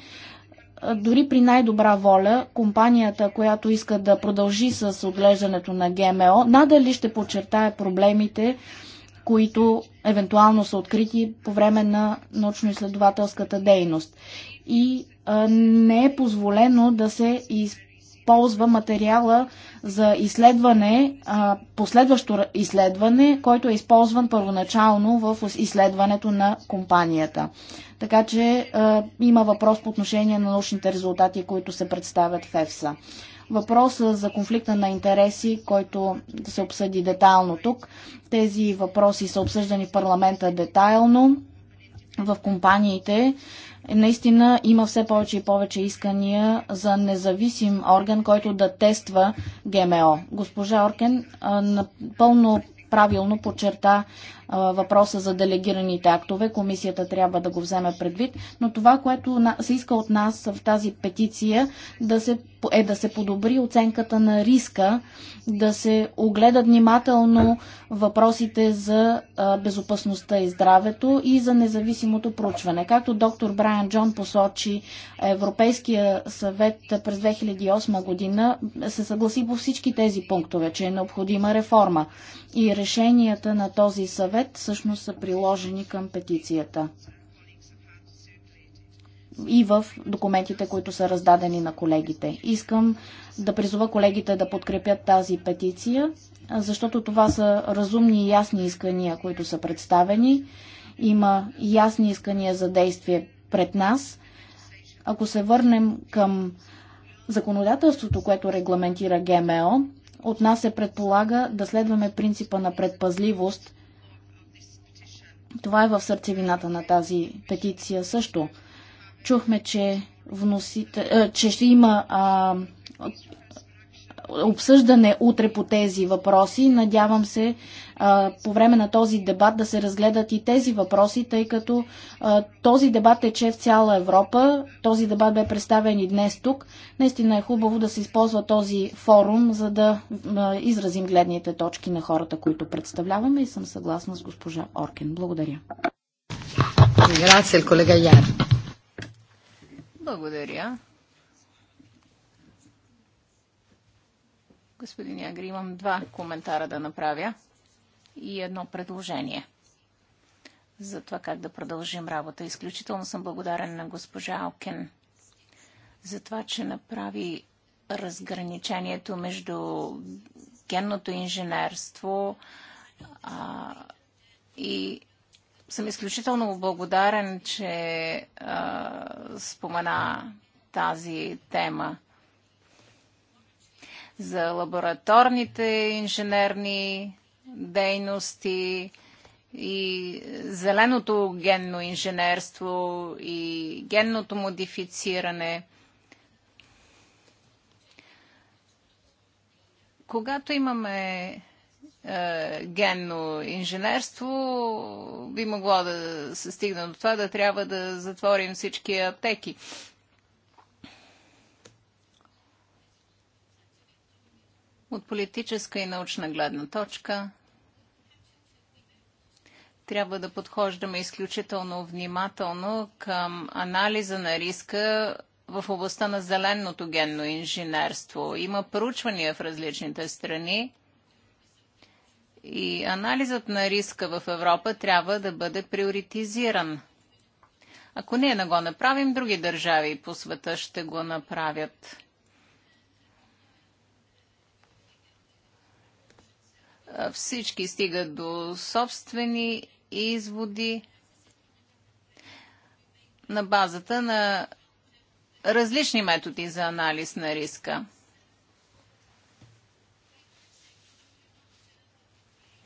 Дори при най-добра воля, компанията, която иска да продължи с отглеждането на ГМО, надали ще подчертае проблемите, които евентуално са открити по време на научно-изследователската дейност. И а, не е позволено да се използва материала за изследване, последващо изследване, който е използван първоначално в изследването на компанията. Така че а, има въпрос по отношение на научните резултати, които се представят в ЕФСА. Въпроса за конфликта на интереси, който да се обсъди детайлно тук. Тези въпроси са обсъждани в парламента детайлно в компаниите. Наистина има все повече и повече искания за независим орган, който да тества ГМО. Госпожа Оркен напълно правилно подчерта въпроса за делегираните актове. Комисията трябва да го вземе предвид. Но това, което се иска от нас в тази петиция, да се е да се подобри оценката на риска, да се огледат внимателно въпросите за безопасността и здравето и за независимото проучване. Както доктор Брайан Джон посочи, Европейския съвет през 2008 година се съгласи по всички тези пунктове, че е необходима реформа. И решенията на този съвет всъщност са приложени към петицията и в документите, които са раздадени на колегите. Искам да призова колегите да подкрепят тази петиция, защото това са разумни и ясни искания, които са представени. Има ясни искания за действие пред нас. Ако се върнем към законодателството, което регламентира ГМО, от нас се предполага да следваме принципа на предпазливост. Това е в сърцевината на тази петиция също. Чухме, че, вносите, че ще има а, обсъждане утре по тези въпроси. Надявам се а, по време на този дебат да се разгледат и тези въпроси, тъй като а, този дебат тече в цяла Европа. Този дебат бе представен и днес тук. Наистина е хубаво да се използва този форум, за да а, изразим гледните точки на хората, които представляваме и съм съгласна с госпожа Оркен. Благодаря. Grazie, колега Яр. Благодаря. Господин Ягри, имам два коментара да направя и едно предложение за това как да продължим работа. Изключително съм благодарен на госпожа Алкен за това, че направи разграничението между генното инженерство а, и съм изключително благодарен, че а, спомена тази тема за лабораторните инженерни дейности и зеленото генно инженерство и генното модифициране. Когато имаме е, генно инженерство, би могло да се стигне до това да трябва да затворим всички аптеки. От политическа и научна гледна точка трябва да подхождаме изключително внимателно към анализа на риска в областта на зеленото генно инженерство. Има проучвания в различните страни и анализът на риска в Европа трябва да бъде приоритизиран. Ако ние не го направим, други държави по света ще го направят. Всички стигат до собствени изводи на базата на различни методи за анализ на риска.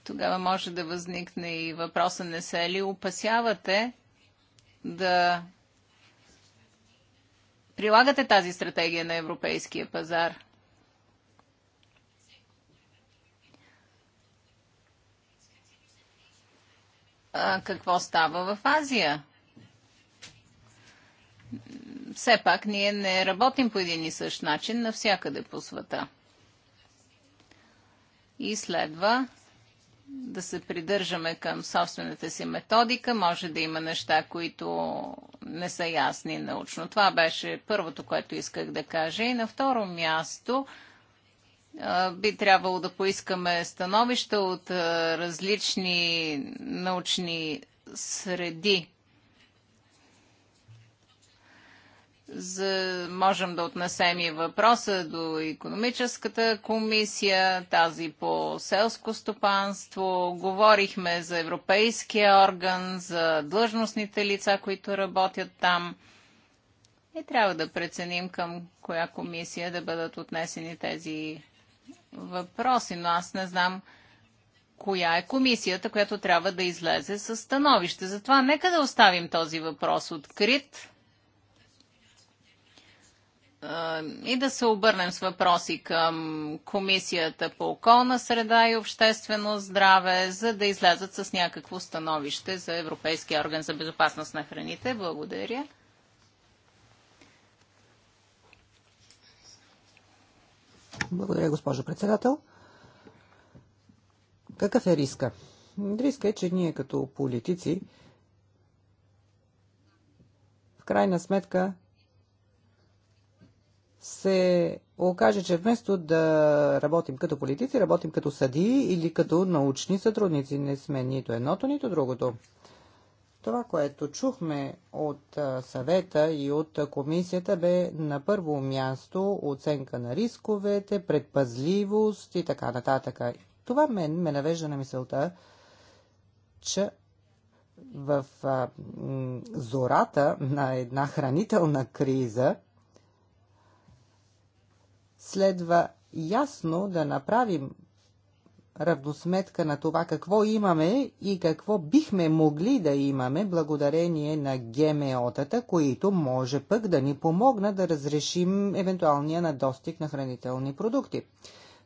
Тогава може да възникне и въпроса не се ли опасявате да прилагате тази стратегия на европейския пазар? А какво става в Азия? Все пак ние не работим по един и същ начин навсякъде по света. И следва да се придържаме към собствената си методика. Може да има неща, които не са ясни научно. Това беше първото, което исках да кажа. И на второ място би трябвало да поискаме становища от различни научни среди. За, можем да отнесем и въпроса до економическата комисия, тази по селско стопанство. Говорихме за Европейския орган, за длъжностните лица, които работят там. И трябва да преценим към коя комисия да бъдат отнесени тези въпроси, но аз не знам коя е комисията, която трябва да излезе с становище. Затова нека да оставим този въпрос открит е, и да се обърнем с въпроси към Комисията по околна среда и обществено здраве, за да излязат с някакво становище за Европейския орган за безопасност на храните. Благодаря. Благодаря, госпожо председател. Какъв е риска? Риска е, че ние като политици в крайна сметка се окаже, че вместо да работим като политици, работим като съдии или като научни сътрудници. Не сме нито едното, нито другото. Това, което чухме от съвета и от комисията бе на първо място оценка на рисковете, предпазливост и така нататък. Това мен ме навежда на мисълта, че в а, зората на една хранителна криза Следва ясно да направим равносметка на това какво имаме и какво бихме могли да имаме благодарение на ГМО-тата, които може пък да ни помогна да разрешим евентуалния надостиг на хранителни продукти.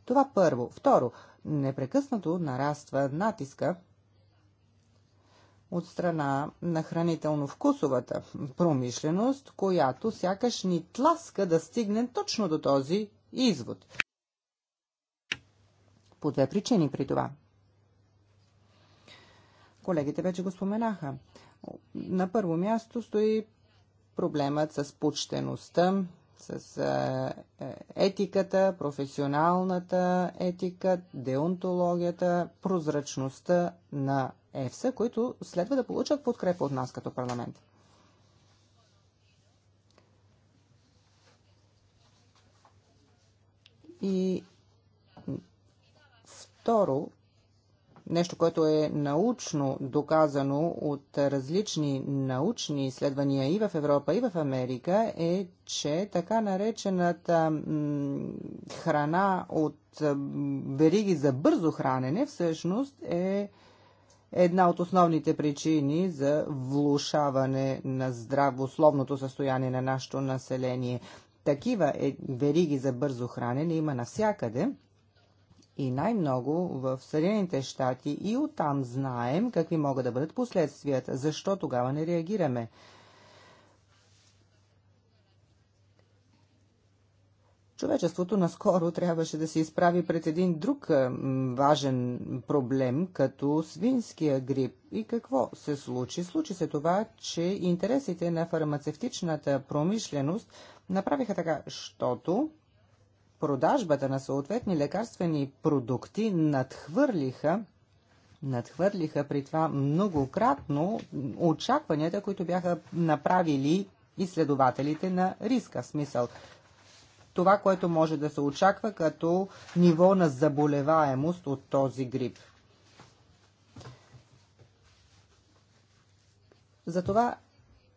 Това първо. Второ, непрекъснато нараства натиска от страна на хранително-вкусовата промишленост, която сякаш ни тласка да стигне точно до този извод. По две причини при това. Колегите вече го споменаха. На първо място стои проблемът с почтеността, с е, етиката, професионалната етика, деонтологията, прозрачността на ЕФСА, които следва да получат подкрепа от нас като парламент. И второ, нещо, което е научно доказано от различни научни изследвания и в Европа, и в Америка, е, че така наречената храна от вериги за бързо хранене всъщност е една от основните причини за влушаване на здравословното състояние на нашето население такива е, вериги за бързо хранене има навсякъде и най-много в Съединените щати и оттам знаем какви могат да бъдат последствията. Защо тогава не реагираме? Човечеството наскоро трябваше да се изправи пред един друг е, важен проблем, като свинския грип. И какво се случи? Случи се това, че интересите на фармацевтичната промишленост направиха така, щото продажбата на съответни лекарствени продукти надхвърлиха надхвърлиха при това многократно очакванията, които бяха направили изследователите на риска. В смисъл, това, което може да се очаква като ниво на заболеваемост от този грип. Затова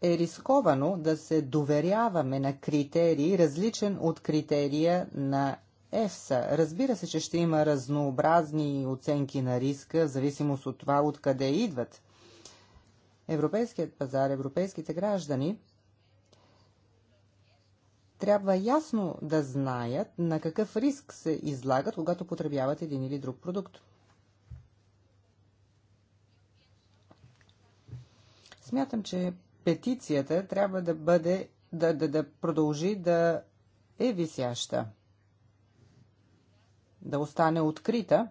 е рисковано да се доверяваме на критерии, различен от критерия на ЕФСА. Разбира се, че ще има разнообразни оценки на риска, в зависимост от това откъде идват. Европейският пазар, европейските граждани – трябва ясно да знаят на какъв риск се излагат, когато потребяват един или друг продукт. Смятам, че петицията трябва да бъде, да, да, да продължи да е висяща, да остане открита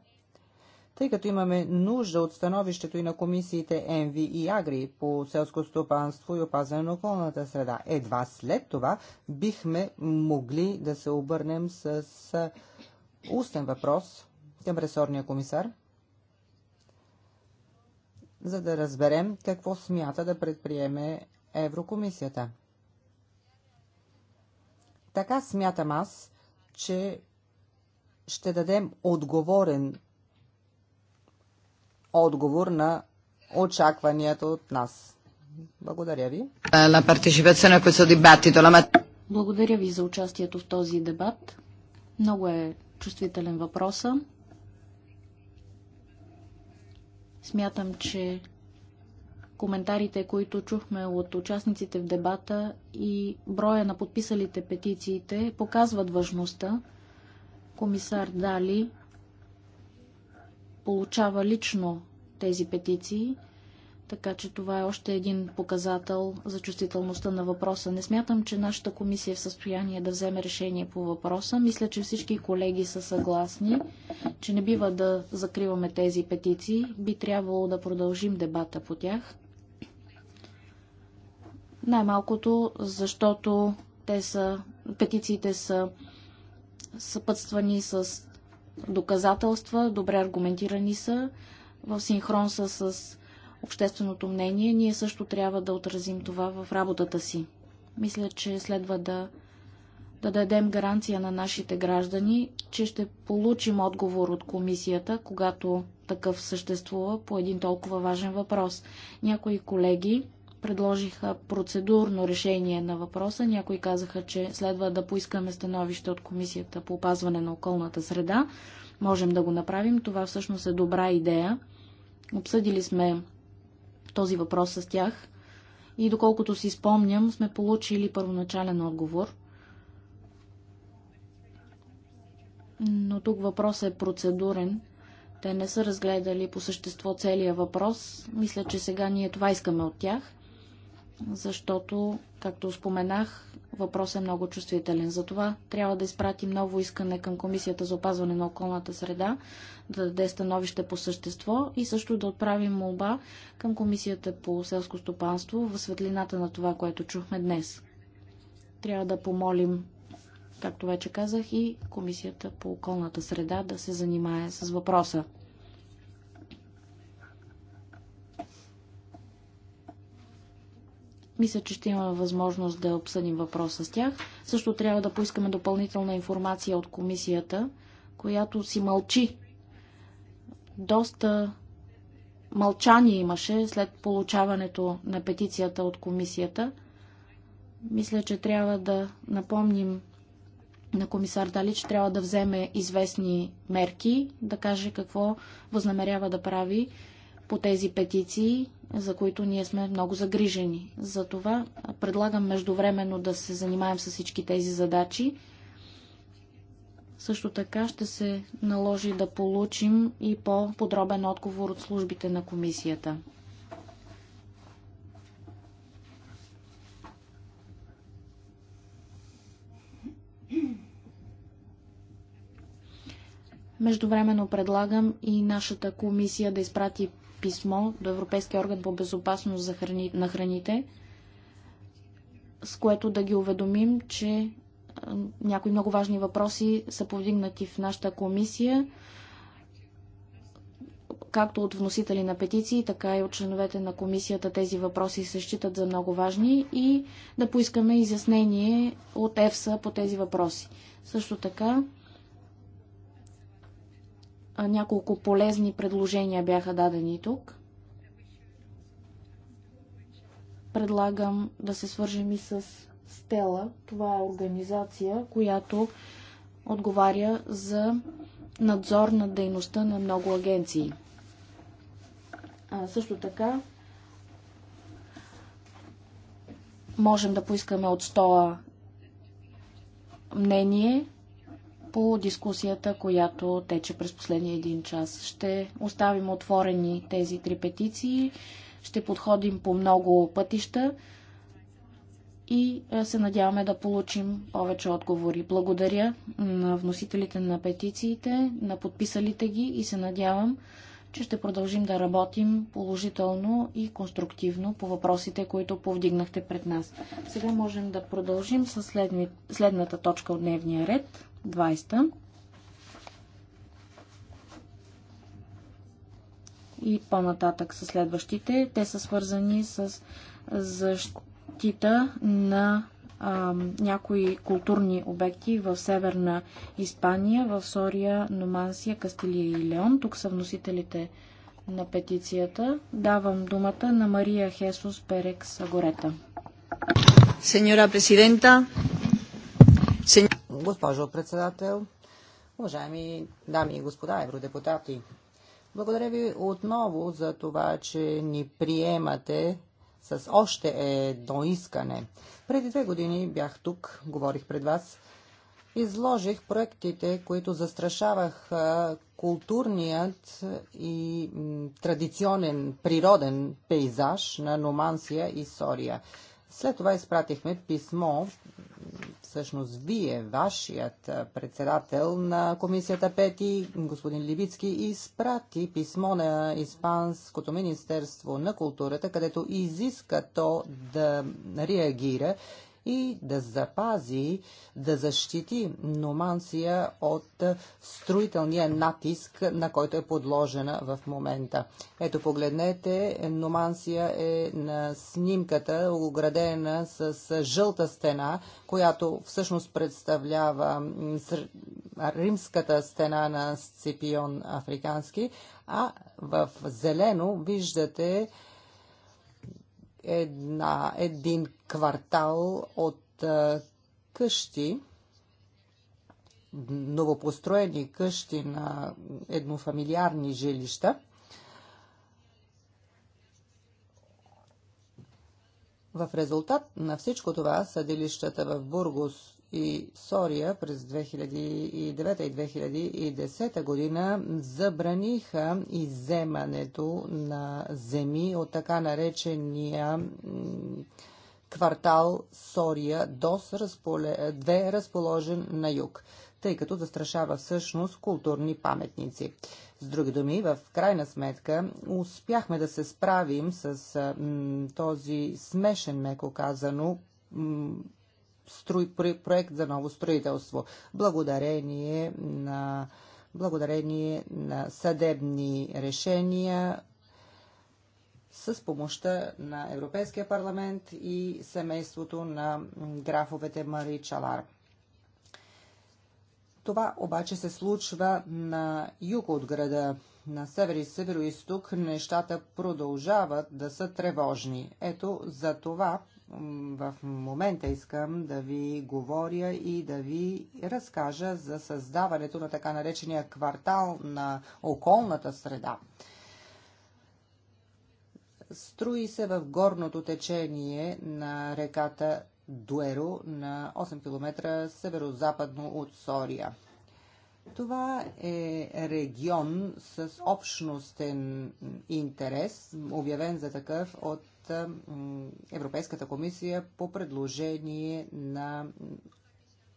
тъй като имаме нужда от становището и на комисиите ЕНВИ и АГРИ по селско стопанство и опазване на околната среда, едва след това бихме могли да се обърнем с устен въпрос към ресорния комисар, за да разберем какво смята да предприеме Еврокомисията. Така смятам аз, че ще дадем отговорен отговор на очакванията от нас. Благодаря ви. партиципация на на Благодаря ви за участието в този дебат. Много е чувствителен въпроса. Смятам, че коментарите, които чухме от участниците в дебата и броя на подписалите петициите показват важността. Комисар Дали получава лично тези петиции, така че това е още един показател за чувствителността на въпроса. Не смятам, че нашата комисия е в състояние да вземе решение по въпроса. Мисля, че всички колеги са съгласни, че не бива да закриваме тези петиции. Би трябвало да продължим дебата по тях. Най-малкото, защото те са, петициите са съпътствани с доказателства, добре аргументирани са, в синхрон са с общественото мнение. Ние също трябва да отразим това в работата си. Мисля, че следва да, да дадем гаранция на нашите граждани, че ще получим отговор от комисията, когато такъв съществува по един толкова важен въпрос. Някои колеги предложиха процедурно решение на въпроса. Някои казаха, че следва да поискаме становище от Комисията по опазване на околната среда. Можем да го направим. Това всъщност е добра идея. Обсъдили сме този въпрос с тях и доколкото си спомням, сме получили първоначален отговор. Но тук въпросът е процедурен. Те не са разгледали по същество целия въпрос. Мисля, че сега ние това искаме от тях защото, както споменах, въпрос е много чувствителен. Затова трябва да изпратим ново искане към Комисията за опазване на околната среда, да даде становище по същество и също да отправим молба към Комисията по селско стопанство в светлината на това, което чухме днес. Трябва да помолим, както вече казах, и Комисията по околната среда да се занимае с въпроса. Мисля, че ще имаме възможност да обсъдим въпрос с тях. Също трябва да поискаме допълнителна информация от комисията, която си мълчи. Доста мълчание имаше след получаването на петицията от комисията. Мисля, че трябва да напомним на комисар Дали, че трябва да вземе известни мерки, да каже какво възнамерява да прави по тези петиции за които ние сме много загрижени. Затова предлагам междувременно да се занимаем с всички тези задачи. Също така ще се наложи да получим и по-подробен отговор от службите на комисията. Междувременно предлагам и нашата комисия да изпрати писмо до Европейския орган по безопасност за храни... на храните, с което да ги уведомим, че някои много важни въпроси са повдигнати в нашата комисия, както от вносители на петиции, така и от членовете на комисията тези въпроси се считат за много важни и да поискаме изяснение от ЕФСА по тези въпроси. Също така няколко полезни предложения бяха дадени тук. Предлагам да се свържем и с Стела. Това е организация, която отговаря за надзор на дейността на много агенции. А, също така можем да поискаме от стола мнение по дискусията, която тече през последния един час. Ще оставим отворени тези три петиции, ще подходим по много пътища и е, се надяваме да получим повече отговори. Благодаря на вносителите на петициите, на подписалите ги и се надявам, че ще продължим да работим положително и конструктивно по въпросите, които повдигнахте пред нас. Сега можем да продължим с следната точка от дневния ред. 20. И по-нататък са следващите. Те са свързани с защита на а, някои културни обекти в северна Испания, в Сория, Номансия, Кастилия и Леон. Тук са вносителите на петицията. Давам думата на Мария Хесус Перекс Агорета. Сеньора президента, Госпожо председател, уважаеми дами и господа евродепутати, благодаря ви отново за това, че ни приемате с още едно искане. Преди две години бях тук, говорих пред вас, изложих проектите, които застрашавах културният и традиционен природен пейзаж на Номансия и Сория. След това изпратихме писмо всъщност вие, вашият председател на комисията Пети, господин Либицки, изпрати писмо на Испанското Министерство на културата, където изиска то да реагира и да запази, да защити Номансия от строителния натиск, на който е подложена в момента. Ето погледнете, Номансия е на снимката, оградена с жълта стена, която всъщност представлява римската стена на Сципион Африкански, а в зелено виждате една, един квартал от а, е, къщи, новопостроени къщи на еднофамилиарни жилища. В резултат на всичко това съдилищата в Бургос и Сория през 2009 и 2010 година забраниха иземането на земи от така наречения квартал Сория ДОС, две разположен на юг, тъй като застрашава всъщност културни паметници. С други думи, в крайна сметка успяхме да се справим с този смешен, меко казано, проект за ново строителство. Благодарение на, благодарение на съдебни решения с помощта на Европейския парламент и семейството на графовете Мари Чалар. Това обаче се случва на юг от града. На север и северо-исток нещата продължават да са тревожни. Ето за това в момента искам да ви говоря и да ви разкажа за създаването на така наречения квартал на околната среда. Струи се в горното течение на реката Дуеро на 8 км северо-западно от Сория. Това е регион с общностен интерес, обявен за такъв от Европейската комисия по предложение на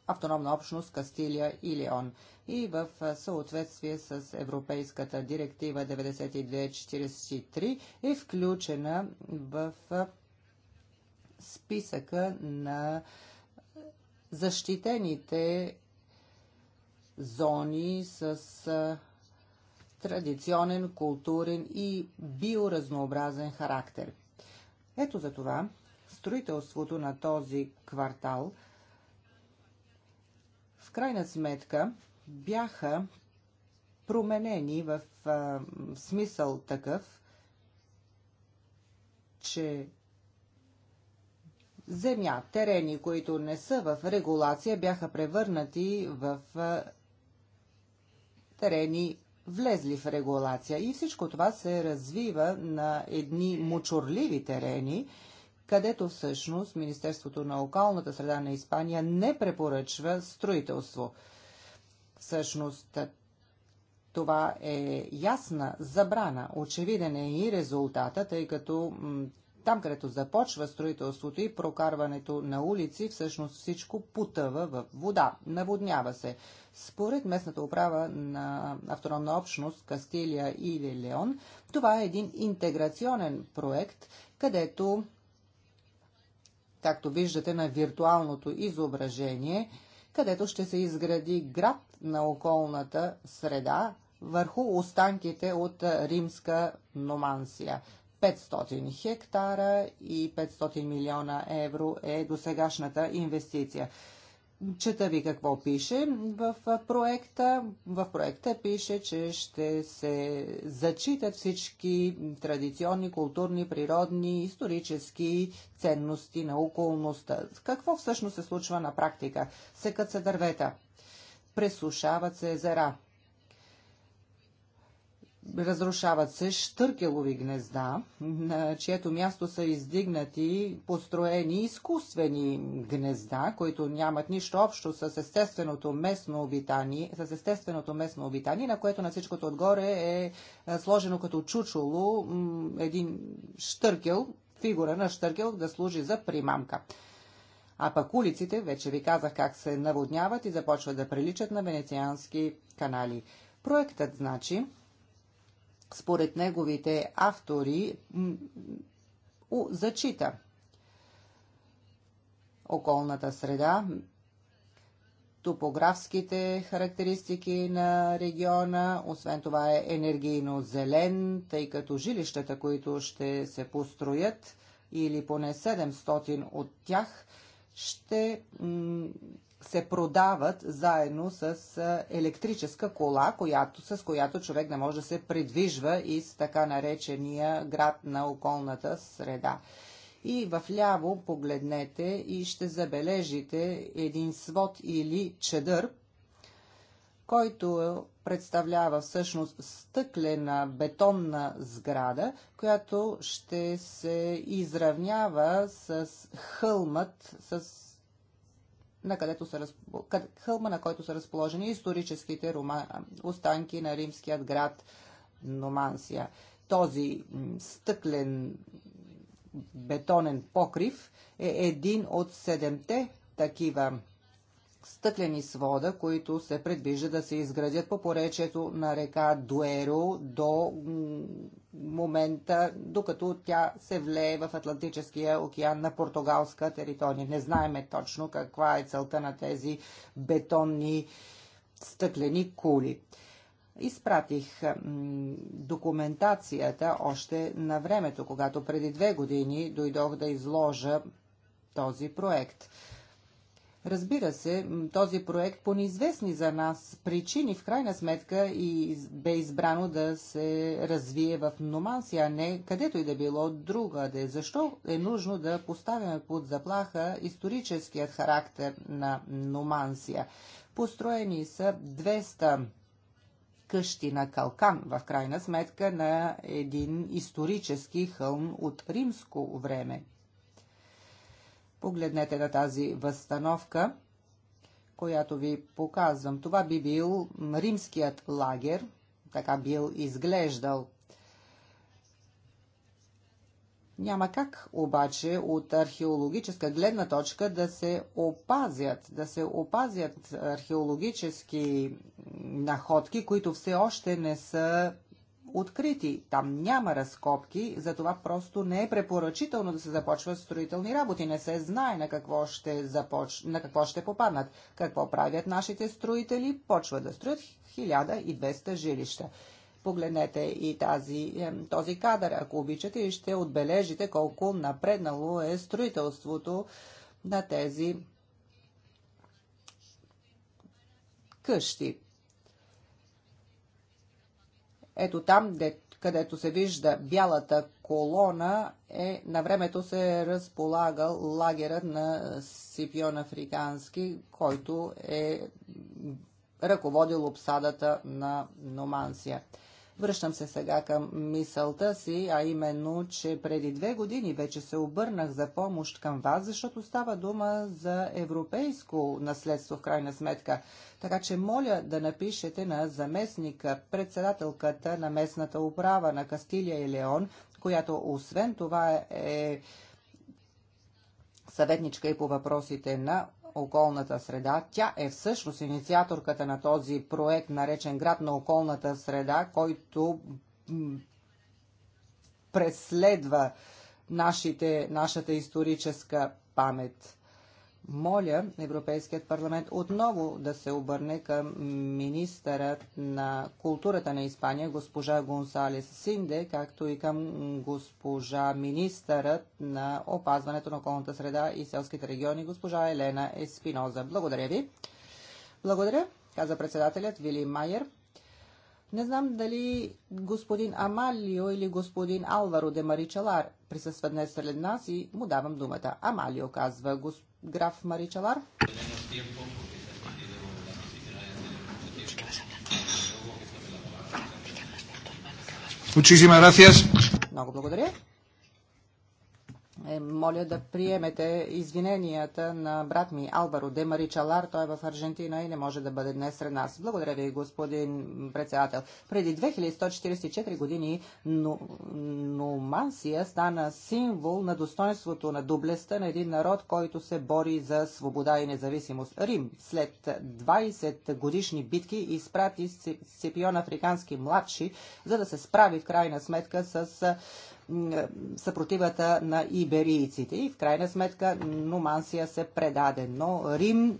автономна общност Кастилия и Леон и в съответствие с Европейската директива 9243 е включена в списъка на защитените зони с традиционен, културен и биоразнообразен характер – ето за това строителството на този квартал в крайна сметка бяха променени в смисъл такъв, че земя, терени, които не са в регулация, бяха превърнати в терени влезли в регулация. И всичко това се развива на едни мочурливи терени, където всъщност Министерството на околната среда на Испания не препоръчва строителство. Всъщност това е ясна забрана. Очевиден е и резултата, тъй като там, където започва строителството и прокарването на улици, всъщност всичко потъва в вода, наводнява се. Според местната управа на автономна общност Кастилия или Леон, това е един интеграционен проект, където, както виждате на виртуалното изображение, където ще се изгради град на околната среда, върху останките от римска номансия. 500 хектара и 500 милиона евро е досегашната инвестиция. Чета ви какво пише в проекта. В проекта пише, че ще се зачитат всички традиционни, културни, природни, исторически ценности на околността. Какво всъщност се случва на практика? Секат се дървета, пресушават се езера, разрушават се штъркелови гнезда, на чието място са издигнати, построени изкуствени гнезда, които нямат нищо общо с естественото местно обитание, с естественото местно обитание, на което на всичкото отгоре е, е сложено като чучоло един штъркел, фигура на штъркел да служи за примамка. А пък улиците, вече ви казах как се наводняват и започват да приличат на венециански канали. Проектът, значи, според неговите автори, зачита околната среда, топографските характеристики на региона, освен това е енергийно зелен, тъй като жилищата, които ще се построят, или поне 700 от тях, ще се продават заедно с електрическа кола, която, с която човек не може да се придвижва из така наречения град на околната среда. И в ляво погледнете и ще забележите един свод или чедър, който представлява всъщност стъклена бетонна сграда, която ще се изравнява с хълмът, с на където са, хълма, на който са разположени историческите рума, останки на римският град Номансия. Този стъклен бетонен покрив е един от седемте такива стъклени свода, които се предвижда да се изградят по поречието на река Дуеро до момента, докато тя се влее в Атлантическия океан на португалска територия. Не знаеме точно каква е целта на тези бетонни стъклени кули. Изпратих документацията още на времето, когато преди две години дойдох да изложа този проект. Разбира се, този проект по неизвестни за нас причини в крайна сметка и бе избрано да се развие в Номанси, а не където и да било другаде. Защо е нужно да поставяме под заплаха историческият характер на Номансия? Построени са 200 къщи на Калкан, в крайна сметка на един исторически хълм от римско време. Погледнете на тази възстановка, която ви показвам. Това би бил римският лагер, така бил изглеждал. Няма как обаче от археологическа гледна точка да се опазят, да се опазят археологически находки, които все още не са открити. Там няма разкопки, затова просто не е препоръчително да се започват строителни работи. Не се знае на какво ще, започ... на какво ще попаднат. Какво правят нашите строители? Почват да строят 1200 жилища. Погледнете и тази, този кадър, ако обичате, и ще отбележите колко напреднало е строителството на тези къщи. Ето там, де, където се вижда бялата колона, е, на времето се е разполагал лагерът на Сипион Африкански, който е ръководил обсадата на Номансия. Връщам се сега към мисълта си, а именно, че преди две години вече се обърнах за помощ към вас, защото става дума за европейско наследство в крайна сметка. Така че моля да напишете на заместника, председателката на местната управа на Кастилия и Леон, която освен това е, е съветничка и по въпросите на околната среда. Тя е всъщност инициаторката на този проект, наречен Град на околната среда, който преследва нашите, нашата историческа памет моля Европейският парламент отново да се обърне към министъра на културата на Испания, госпожа Гонсалес Синде, както и към госпожа министърът на опазването на околната среда и селските региони, госпожа Елена Еспиноза. Благодаря ви. Благодаря, каза председателят Вили Майер. Не знам дали господин Амалио или господин Алваро де Маричалар присъства днес сред нас и му давам думата. Амалио казва гос... граф Маричалар. Muchísimas gracias. Много благодаря. Е, моля да приемете извиненията на брат ми Алваро де Чалар. Той е в Аржентина и не може да бъде днес сред нас. Благодаря ви, господин председател. Преди 2144 години Номансия стана символ на достоинството на доблестта на един народ, който се бори за свобода и независимост. Рим след 20 годишни битки изпрати Сепион Африкански младши, за да се справи в крайна сметка с съпротивата на иберийците. И в крайна сметка Нумансия се предаде. Но Рим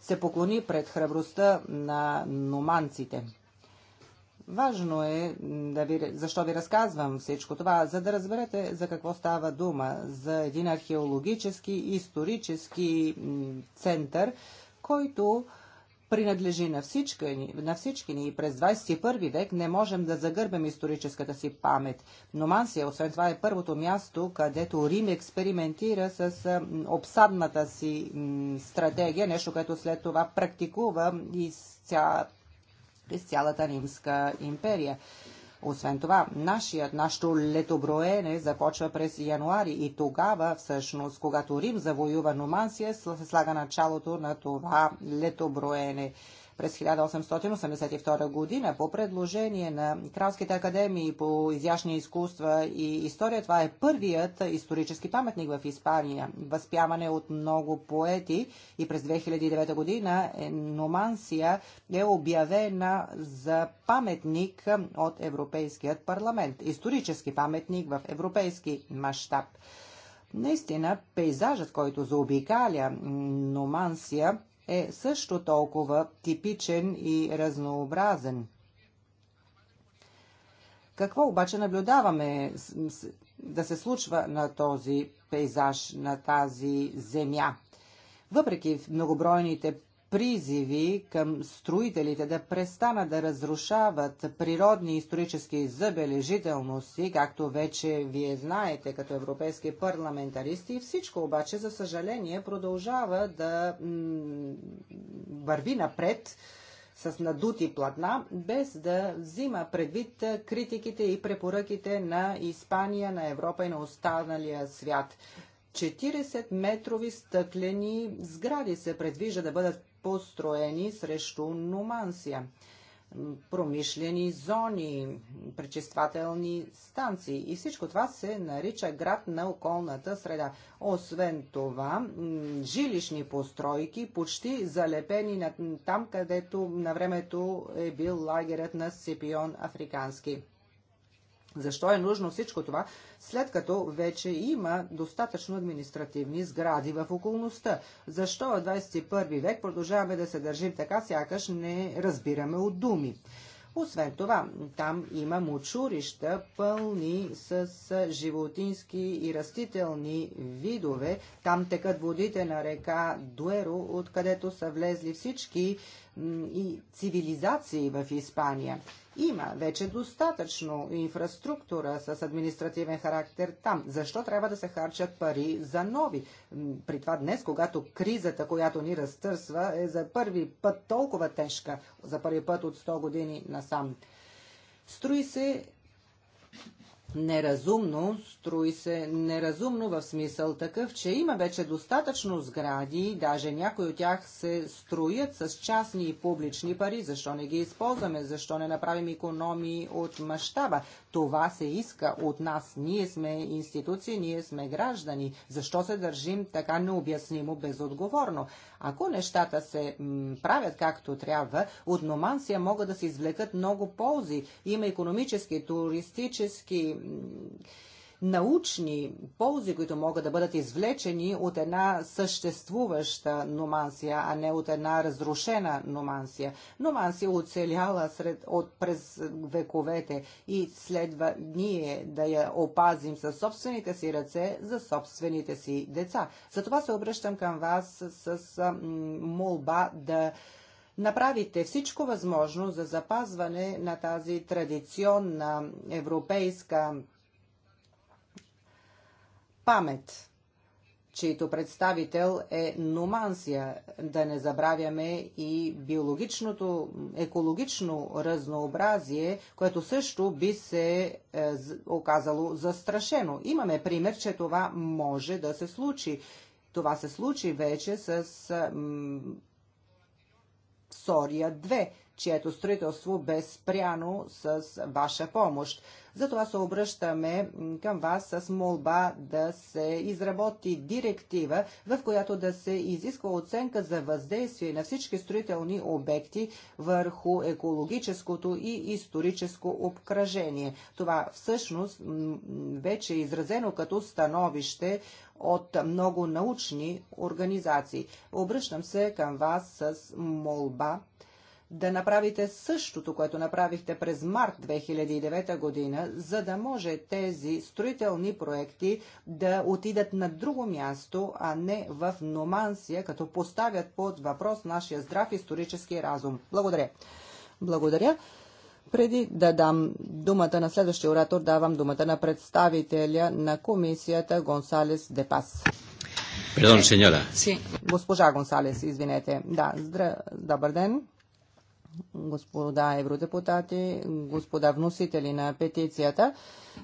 се поклони пред храбростта на номанците. Важно е да ви, защо ви разказвам всичко това, за да разберете за какво става дума, за един археологически, исторически център, който принадлежи на всички, на всички ни и през 21 век не можем да загърбим историческата си памет. Но Мансия, освен това, е първото място, където Рим експериментира с обсадната си стратегия, нещо, което след това практикува из ця... из цялата Римска империя. Освен това, нашият, нашето летоброене започва през януари и тогава, всъщност, когато Рим завоюва Нумансия, се слага началото на това летоброене. През 1882 година по предложение на Кралските академии по изящни изкуства и история, това е първият исторически паметник в Испания. Възпяване от много поети и през 2009 година Номансия е обявена за паметник от Европейският парламент. Исторически паметник в европейски мащаб. Наистина, пейзажът, който заобикаля Номансия, е също толкова типичен и разнообразен. Какво обаче наблюдаваме да се случва на този пейзаж, на тази земя? Въпреки многобройните призиви към строителите да престанат да разрушават природни исторически забележителности, както вече вие знаете като европейски парламентаристи. Всичко обаче, за съжаление, продължава да върви напред с надути платна, без да взима предвид критиките и препоръките на Испания, на Европа и на останалия свят. 40-метрови стъклени сгради се предвижда да бъдат построени срещу Нумансия. Промишлени зони, пречиствателни станции и всичко това се нарича град на околната среда. Освен това, жилищни постройки, почти залепени там, където на времето е бил лагерът на Сипион Африкански. Защо е нужно всичко това, след като вече има достатъчно административни сгради в околността? Защо в 21 век продължаваме да се държим така, сякаш не разбираме от думи? Освен това, там има мучурища, пълни с животински и растителни видове. Там текат водите на река Дуеро, откъдето са влезли всички и цивилизации в Испания. Има вече достатъчно инфраструктура с административен характер там. Защо трябва да се харчат пари за нови? При това днес, когато кризата, която ни разтърсва, е за първи път толкова тежка, за първи път от 100 години насам. Строи се неразумно, строи се неразумно в смисъл такъв, че има вече достатъчно сгради, даже някои от тях се строят с частни и публични пари. Защо не ги използваме? Защо не направим економии от мащаба? Това се иска от нас. Ние сме институции, ние сме граждани. Защо се държим така необяснимо безотговорно? Ако нещата се правят както трябва, от номансия могат да се извлекат много ползи. Има економически, туристически, научни ползи, които могат да бъдат извлечени от една съществуваща номансия, а не от една разрушена номансия. Номансия оцеляла сред, от, през вековете и следва ние да я опазим със собствените си ръце за собствените си деца. Затова се обръщам към вас с молба да направите всичко възможно за запазване на тази традиционна европейска памет, чието представител е Нумансия. Да не забравяме и биологичното, екологично разнообразие, което също би се е, оказало застрашено. Имаме пример, че това може да се случи. Това се случи вече с Сория 2, чието строителство бе спряно с ваша помощ. Затова се обръщаме към вас с молба да се изработи директива, в която да се изисква оценка за въздействие на всички строителни обекти върху екологическото и историческо обкръжение. Това всъщност вече е изразено като становище от много научни организации. Обръщам се към вас с молба да направите същото, което направихте през март 2009 година, за да може тези строителни проекти да отидат на друго място, а не в Номансия, като поставят под въпрос нашия здрав исторически разум. Благодаря. Благодаря. Преди да дам думата на следващия оратор, давам думата на представителя на комисията Гонсалес Депас. Предон, сеньора. Си. Госпожа Гонсалес, извинете. Да, здра... добър ден. Господа евродепутати, господа вносители на петицията,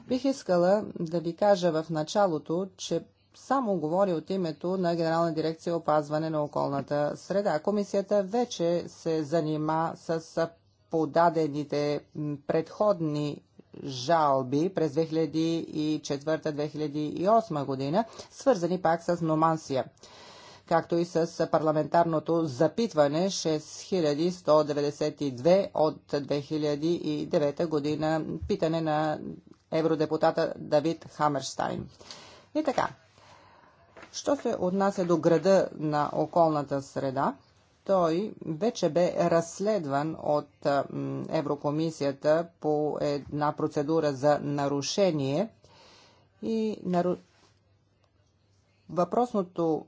бих искала да ви кажа в началото, че само говори от името на Генерална дирекция опазване на околната среда. Комисията вече се занима с подадените предходни жалби през 2004-2008 година, свързани пак с номансия както и с парламентарното запитване 6192 от 2009 година, питане на евродепутата Давид Хамерштайн. И така, що се отнася до града на околната среда, той вече бе разследван от Еврокомисията по една процедура за нарушение и нару... въпросното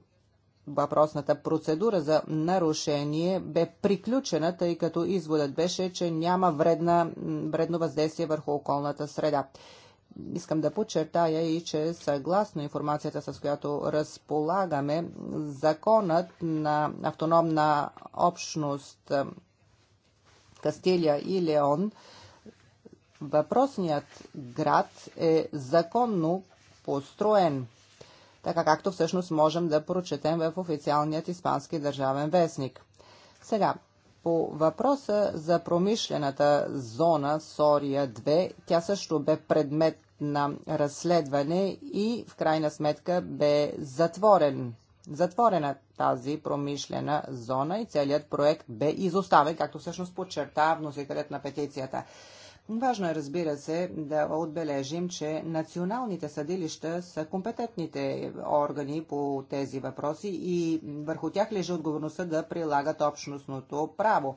Въпросната процедура за нарушение бе приключена, тъй като изводът беше, че няма вредна, вредно въздействие върху околната среда искам да подчертая и, че съгласно информацията, с която разполагаме, законът на автономна общност Кастилия и Леон, въпросният град е законно построен, така както всъщност можем да прочетем в официалният испански държавен вестник. Сега, по въпроса за промишлената зона Сория 2, тя също бе предмет на разследване и в крайна сметка бе затворен. Затворена тази промишлена зона и целият проект бе изоставен, както всъщност подчерта вносителят на петицията. Важно е, разбира се, да отбележим, че националните съдилища са компетентните органи по тези въпроси и върху тях лежи отговорността да прилагат общностното право.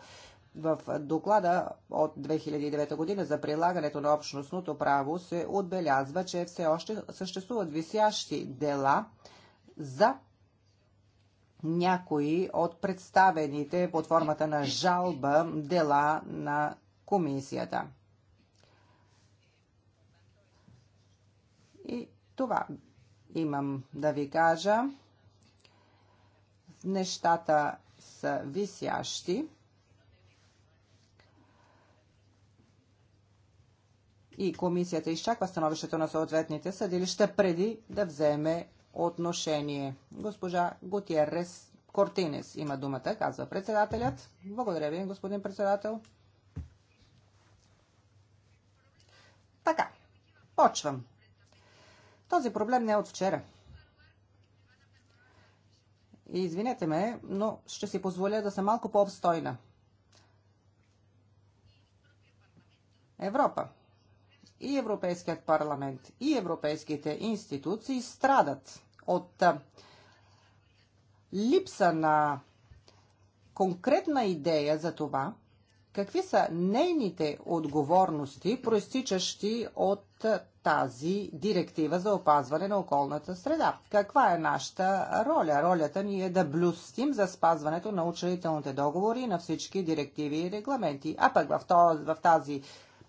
В доклада от 2009 година за прилагането на общностното право се отбелязва, че все още съществуват висящи дела за някои от представените под формата на жалба дела на комисията. И това имам да ви кажа. Нещата са висящи. и комисията изчаква становището на съответните съдилища преди да вземе отношение. Госпожа Гутиеррес Кортинес има думата, казва председателят. Благодаря ви, господин председател. Така, почвам. Този проблем не е от вчера. извинете ме, но ще си позволя да съм малко по-обстойна. Европа и Европейският парламент, и европейските институции страдат от липса на конкретна идея за това, какви са нейните отговорности, проистичащи от тази директива за опазване на околната среда? Каква е нашата роля? Ролята ни е да блюстим за спазването на учредителните договори на всички директиви и регламенти. А пък в, в тази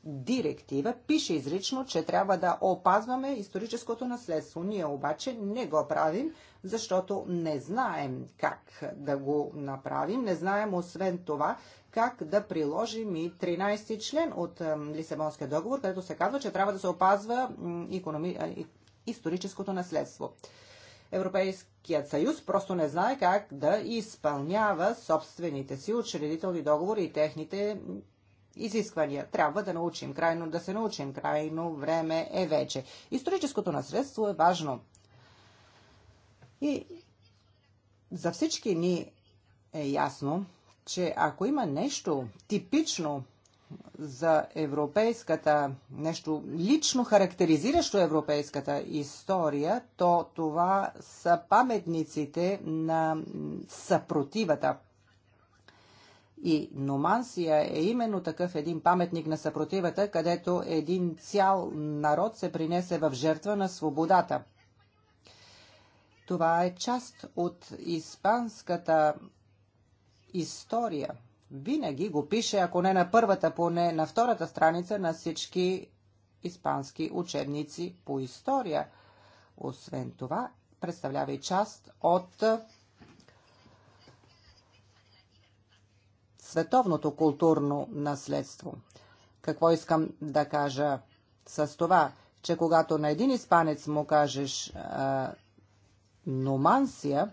директива пише изрично, че трябва да опазваме историческото наследство. Ние обаче не го правим, защото не знаем как да го направим. Не знаем освен това как да приложим и 13 ти член от Лисабонския договор, където се казва, че трябва да се опазва економи... историческото наследство. Европейският съюз просто не знае как да изпълнява собствените си учредителни договори и техните изисквания. Трябва да научим крайно, да се научим крайно време е вече. Историческото наследство е важно. И за всички ни е ясно, че ако има нещо типично за европейската, нещо лично характеризиращо европейската история, то това са паметниците на съпротивата, и Номансия е именно такъв един паметник на съпротивата, където един цял народ се принесе в жертва на свободата. Това е част от испанската история. Винаги го пише, ако не на първата, поне на втората страница на всички испански учебници по история. Освен това, представлява и част от световното културно наследство. Какво искам да кажа с това? Че когато на един испанец му кажеш а, номансия,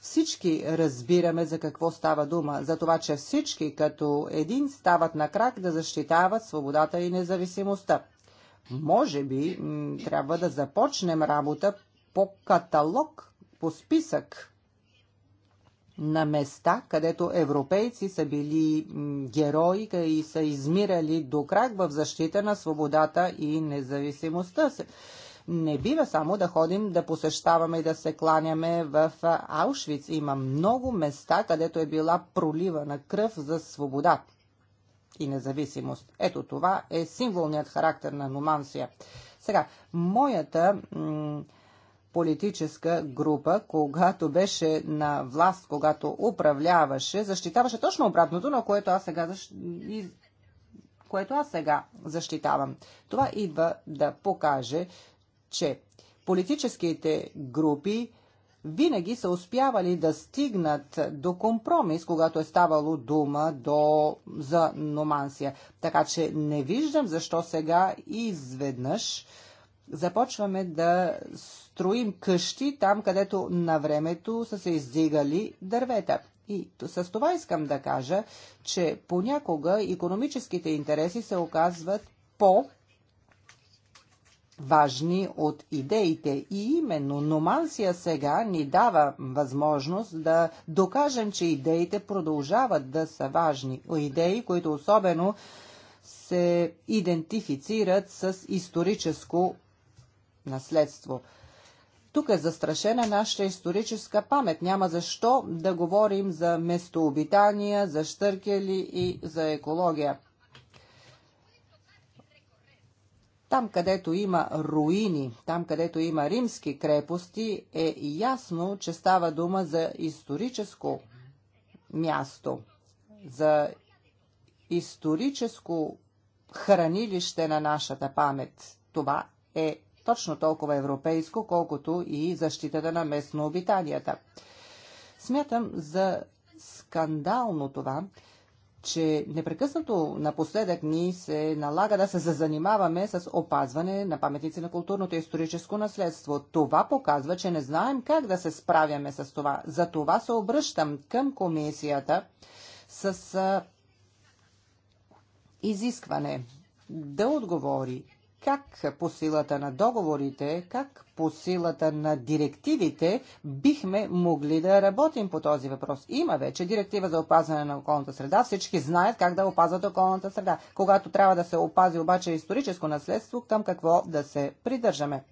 всички разбираме за какво става дума. За това, че всички като един стават на крак да защитават свободата и независимостта. Може би трябва да започнем работа по каталог, по списък на места, където европейци са били герои и са измирали до крак в защита на свободата и независимостта си. Не бива само да ходим да посещаваме и да се кланяме в Аушвиц. Има много места, където е била пролива на кръв за свобода и независимост. Ето това е символният характер на Нумансия. Сега, моята политическа група, когато беше на власт, когато управляваше, защитаваше точно обратното, на което аз сега, което аз сега защитавам. Това идва да покаже, че политическите групи винаги са успявали да стигнат до компромис, когато е ставало дума до, за номансия. Така че не виждам защо сега изведнъж започваме да строим къщи там, където на времето са се издигали дървета. И с това искам да кажа, че понякога економическите интереси се оказват по важни от идеите. И именно номансия сега ни дава възможност да докажем, че идеите продължават да са важни. Идеи, които особено се идентифицират с историческо наследство. Тук е застрашена нашата историческа памет. Няма защо да говорим за местообитания, за щъркели и за екология. Там, където има руини, там, където има римски крепости, е ясно, че става дума за историческо място, за историческо хранилище на нашата памет. Това е точно толкова европейско, колкото и защитата на местно обитанията. Смятам за скандално това, че непрекъснато напоследък ни се налага да се занимаваме с опазване на паметници на културното и историческо наследство. Това показва, че не знаем как да се справяме с това. За това се обръщам към комисията с изискване да отговори как по силата на договорите, как по силата на директивите бихме могли да работим по този въпрос. Има вече директива за опазване на околната среда. Всички знаят как да опазват околната среда. Когато трябва да се опази обаче историческо наследство, към какво да се придържаме.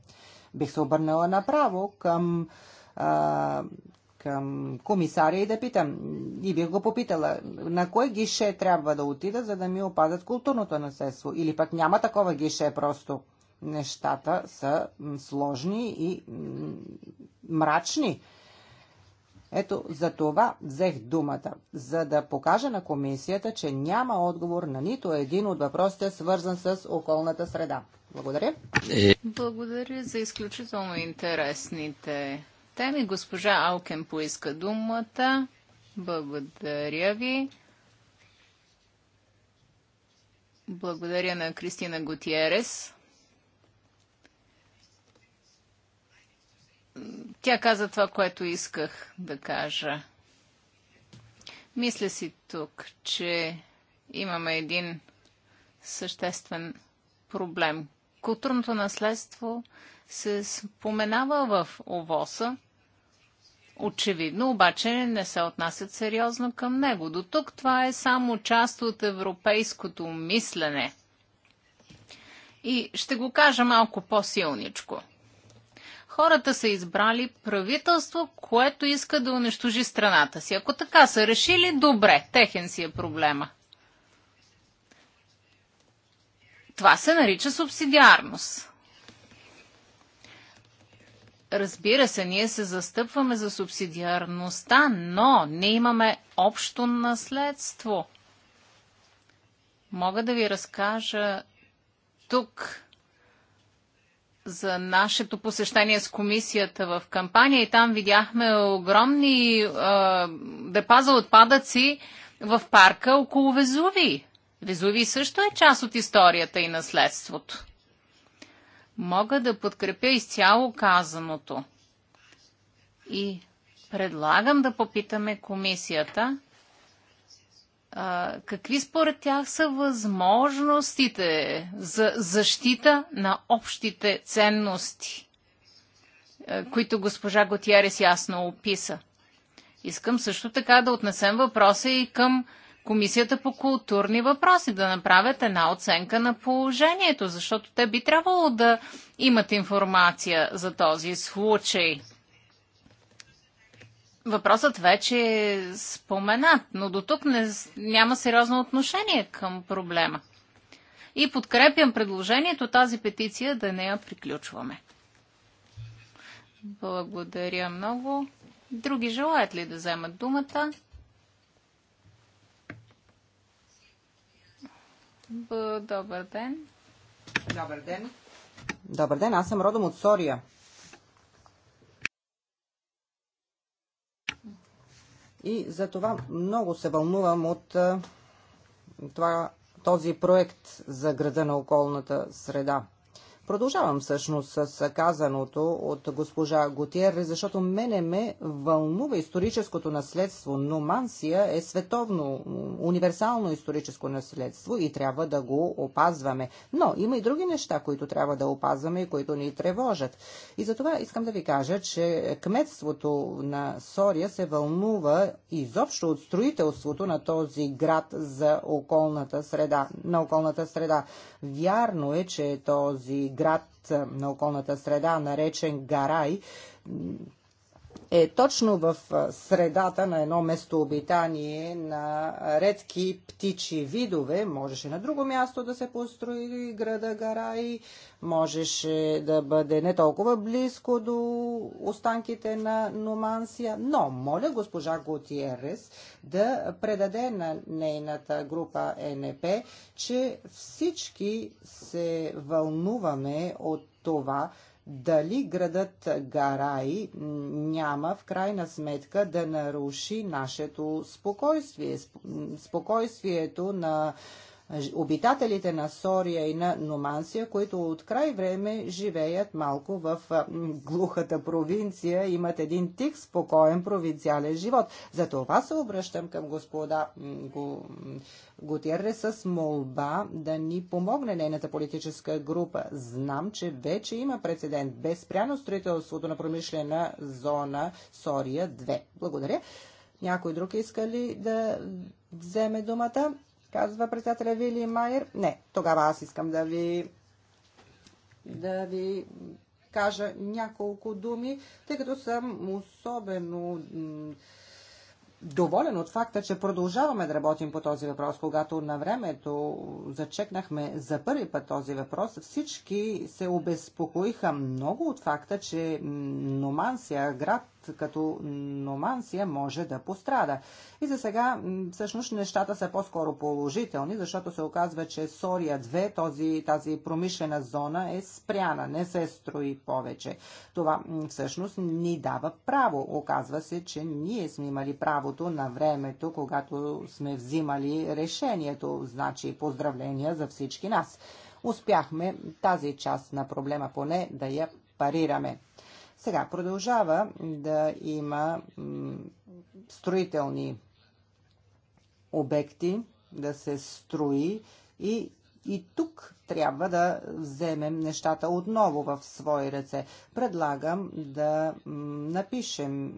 Бих се обърнала направо към а, към комисаря и да питам, и бих го попитала, на кой гише трябва да отида, за да ми опазят културното наследство? Или пък няма такова гише просто? Нещата са сложни и мрачни. Ето за това взех думата, за да покажа на комисията, че няма отговор на нито един от въпросите, свързан с околната среда. Благодаря. Е. Благодаря за изключително интересните теми. Госпожа Алкен поиска думата. Благодаря ви. Благодаря на Кристина Готиерес. Тя каза това, което исках да кажа. Мисля си тук, че имаме един съществен проблем. Културното наследство се споменава в ОВОСа, Очевидно, обаче не се отнасят сериозно към него. До тук това е само част от европейското мислене. И ще го кажа малко по-силничко. Хората са избрали правителство, което иска да унищожи страната си. Ако така са решили, добре, техен си е проблема. Това се нарича субсидиарност. Разбира се, ние се застъпваме за субсидиарността, но не имаме общо наследство. Мога да ви разкажа тук за нашето посещение с комисията в кампания и там видяхме огромни е, депа за отпадъци в парка около везуви. Везуви също е част от историята и наследството. Мога да подкрепя изцяло казаното. И предлагам да попитаме комисията а, какви според тях са възможностите за защита на общите ценности, а, които госпожа Готиарес ясно описа. Искам също така да отнесем въпроса и към Комисията по културни въпроси да направят една оценка на положението, защото те би трябвало да имат информация за този случай. Въпросът вече е споменат, но до тук не, няма сериозно отношение към проблема. И подкрепям предложението тази петиция да не я приключваме. Благодаря много. Други желаят ли да вземат думата? Добър ден. Добър ден. Добър ден, аз съм родом от Сория. И за това много се вълнувам от това, този проект за града на околната среда. Продължавам всъщност с казаното от госпожа Готиер, защото мене ме вълнува историческото наследство, но Мансия е световно, универсално историческо наследство и трябва да го опазваме. Но има и други неща, които трябва да опазваме и които ни тревожат. И затова искам да ви кажа, че кметството на Сория се вълнува изобщо от строителството на този град за околната среда, на околната среда. Вярно е, че този град на околната среда, наречен Гарай, е точно в средата на едно местообитание на редки птичи видове. Можеше на друго място да се построи града Гарай, можеше да бъде не толкова близко до останките на Нумансия. но моля госпожа Готиерес да предаде на нейната група НП, че всички се вълнуваме от това, дали градът Гарай няма в крайна сметка да наруши нашето спокойствие, спокойствието на обитателите на Сория и на Номансия, които от край време живеят малко в глухата провинция, имат един тих спокоен провинциален живот. За това се обръщам към господа Готиерре с молба да ни помогне нейната политическа група. Знам, че вече има прецедент без пряно строителството на промишлена зона Сория 2. Благодаря. Някой друг иска ли да вземе думата? казва председателя Вили Майер. Не, тогава аз искам да ви, да ви кажа няколко думи, тъй като съм особено доволен от факта, че продължаваме да работим по този въпрос. Когато на времето зачекнахме за първи път този въпрос, всички се обезпокоиха много от факта, че Номансия, град като номансия може да пострада. И за сега всъщност нещата са по-скоро положителни, защото се оказва, че Сория 2, този, тази промишлена зона е спряна, не се строи повече. Това всъщност ни дава право. Оказва се, че ние сме имали правото на времето, когато сме взимали решението. Значи поздравления за всички нас. Успяхме тази част на проблема поне да я парираме. Сега продължава да има строителни обекти, да се строи и, и тук трябва да вземем нещата отново в свои ръце. Предлагам да напишем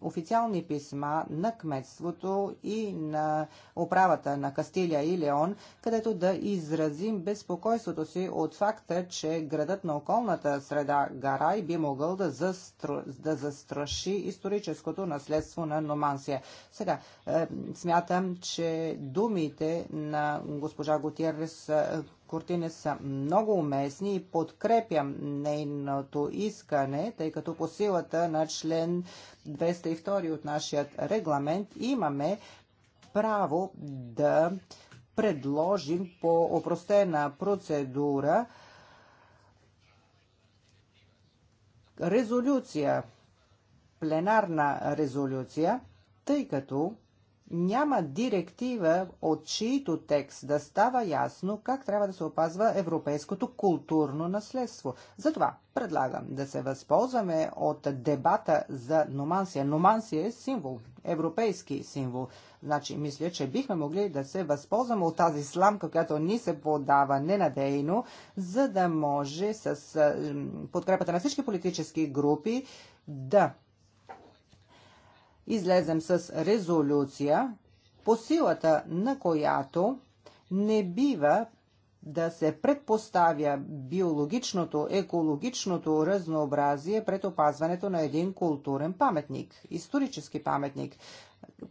официални писма на кметството и на управата на Кастилия и Леон, където да изразим безпокойството си от факта, че градът на околната среда Гарай би могъл да, застр... да застраши историческото наследство на Номансия. Сега, е, смятам, че думите на госпожа Готиерес, е, Кортина са много уместни и подкрепям нейното искане, тъй като по силата на член 202 от нашия регламент имаме право да предложим по опростена процедура резолюция, пленарна резолюция, тъй като няма директива, от чието текст да става ясно как трябва да се опазва европейското културно наследство. Затова предлагам да се възползваме от дебата за номансия. Номансия е символ, европейски символ. Значи, мисля, че бихме могли да се възползваме от тази сламка, която ни се подава ненадейно, за да може с подкрепата на всички политически групи да излезем с резолюция, по силата на която не бива да се предпоставя биологичното, екологичното разнообразие пред опазването на един културен паметник, исторически паметник.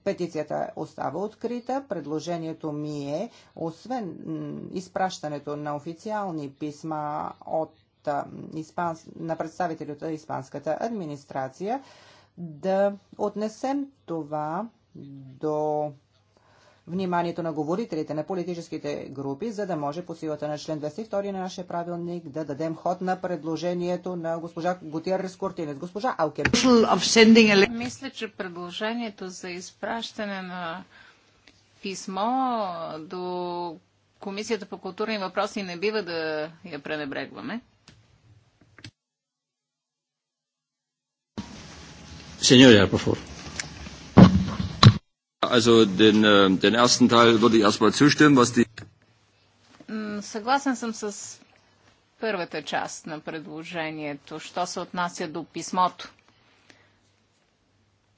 Петицията остава открита. Предложението ми е, освен изпращането на официални писма от, на представители от испанската администрация, да отнесем това до вниманието на говорителите на политическите групи, за да може по силата на член 202 на нашия правилник да дадем ход на предложението на госпожа Готиерес Кортинес. Госпожа Алкер. Мисля, че предложението за изпращане на писмо до Комисията по културни въпроси не бива да я пренебрегваме. por favor. Also den, äh, den ersten Teil würde ich erstmal zustimmen, was die Съгласен съм с първата част на предложението, що се отнася до писмото.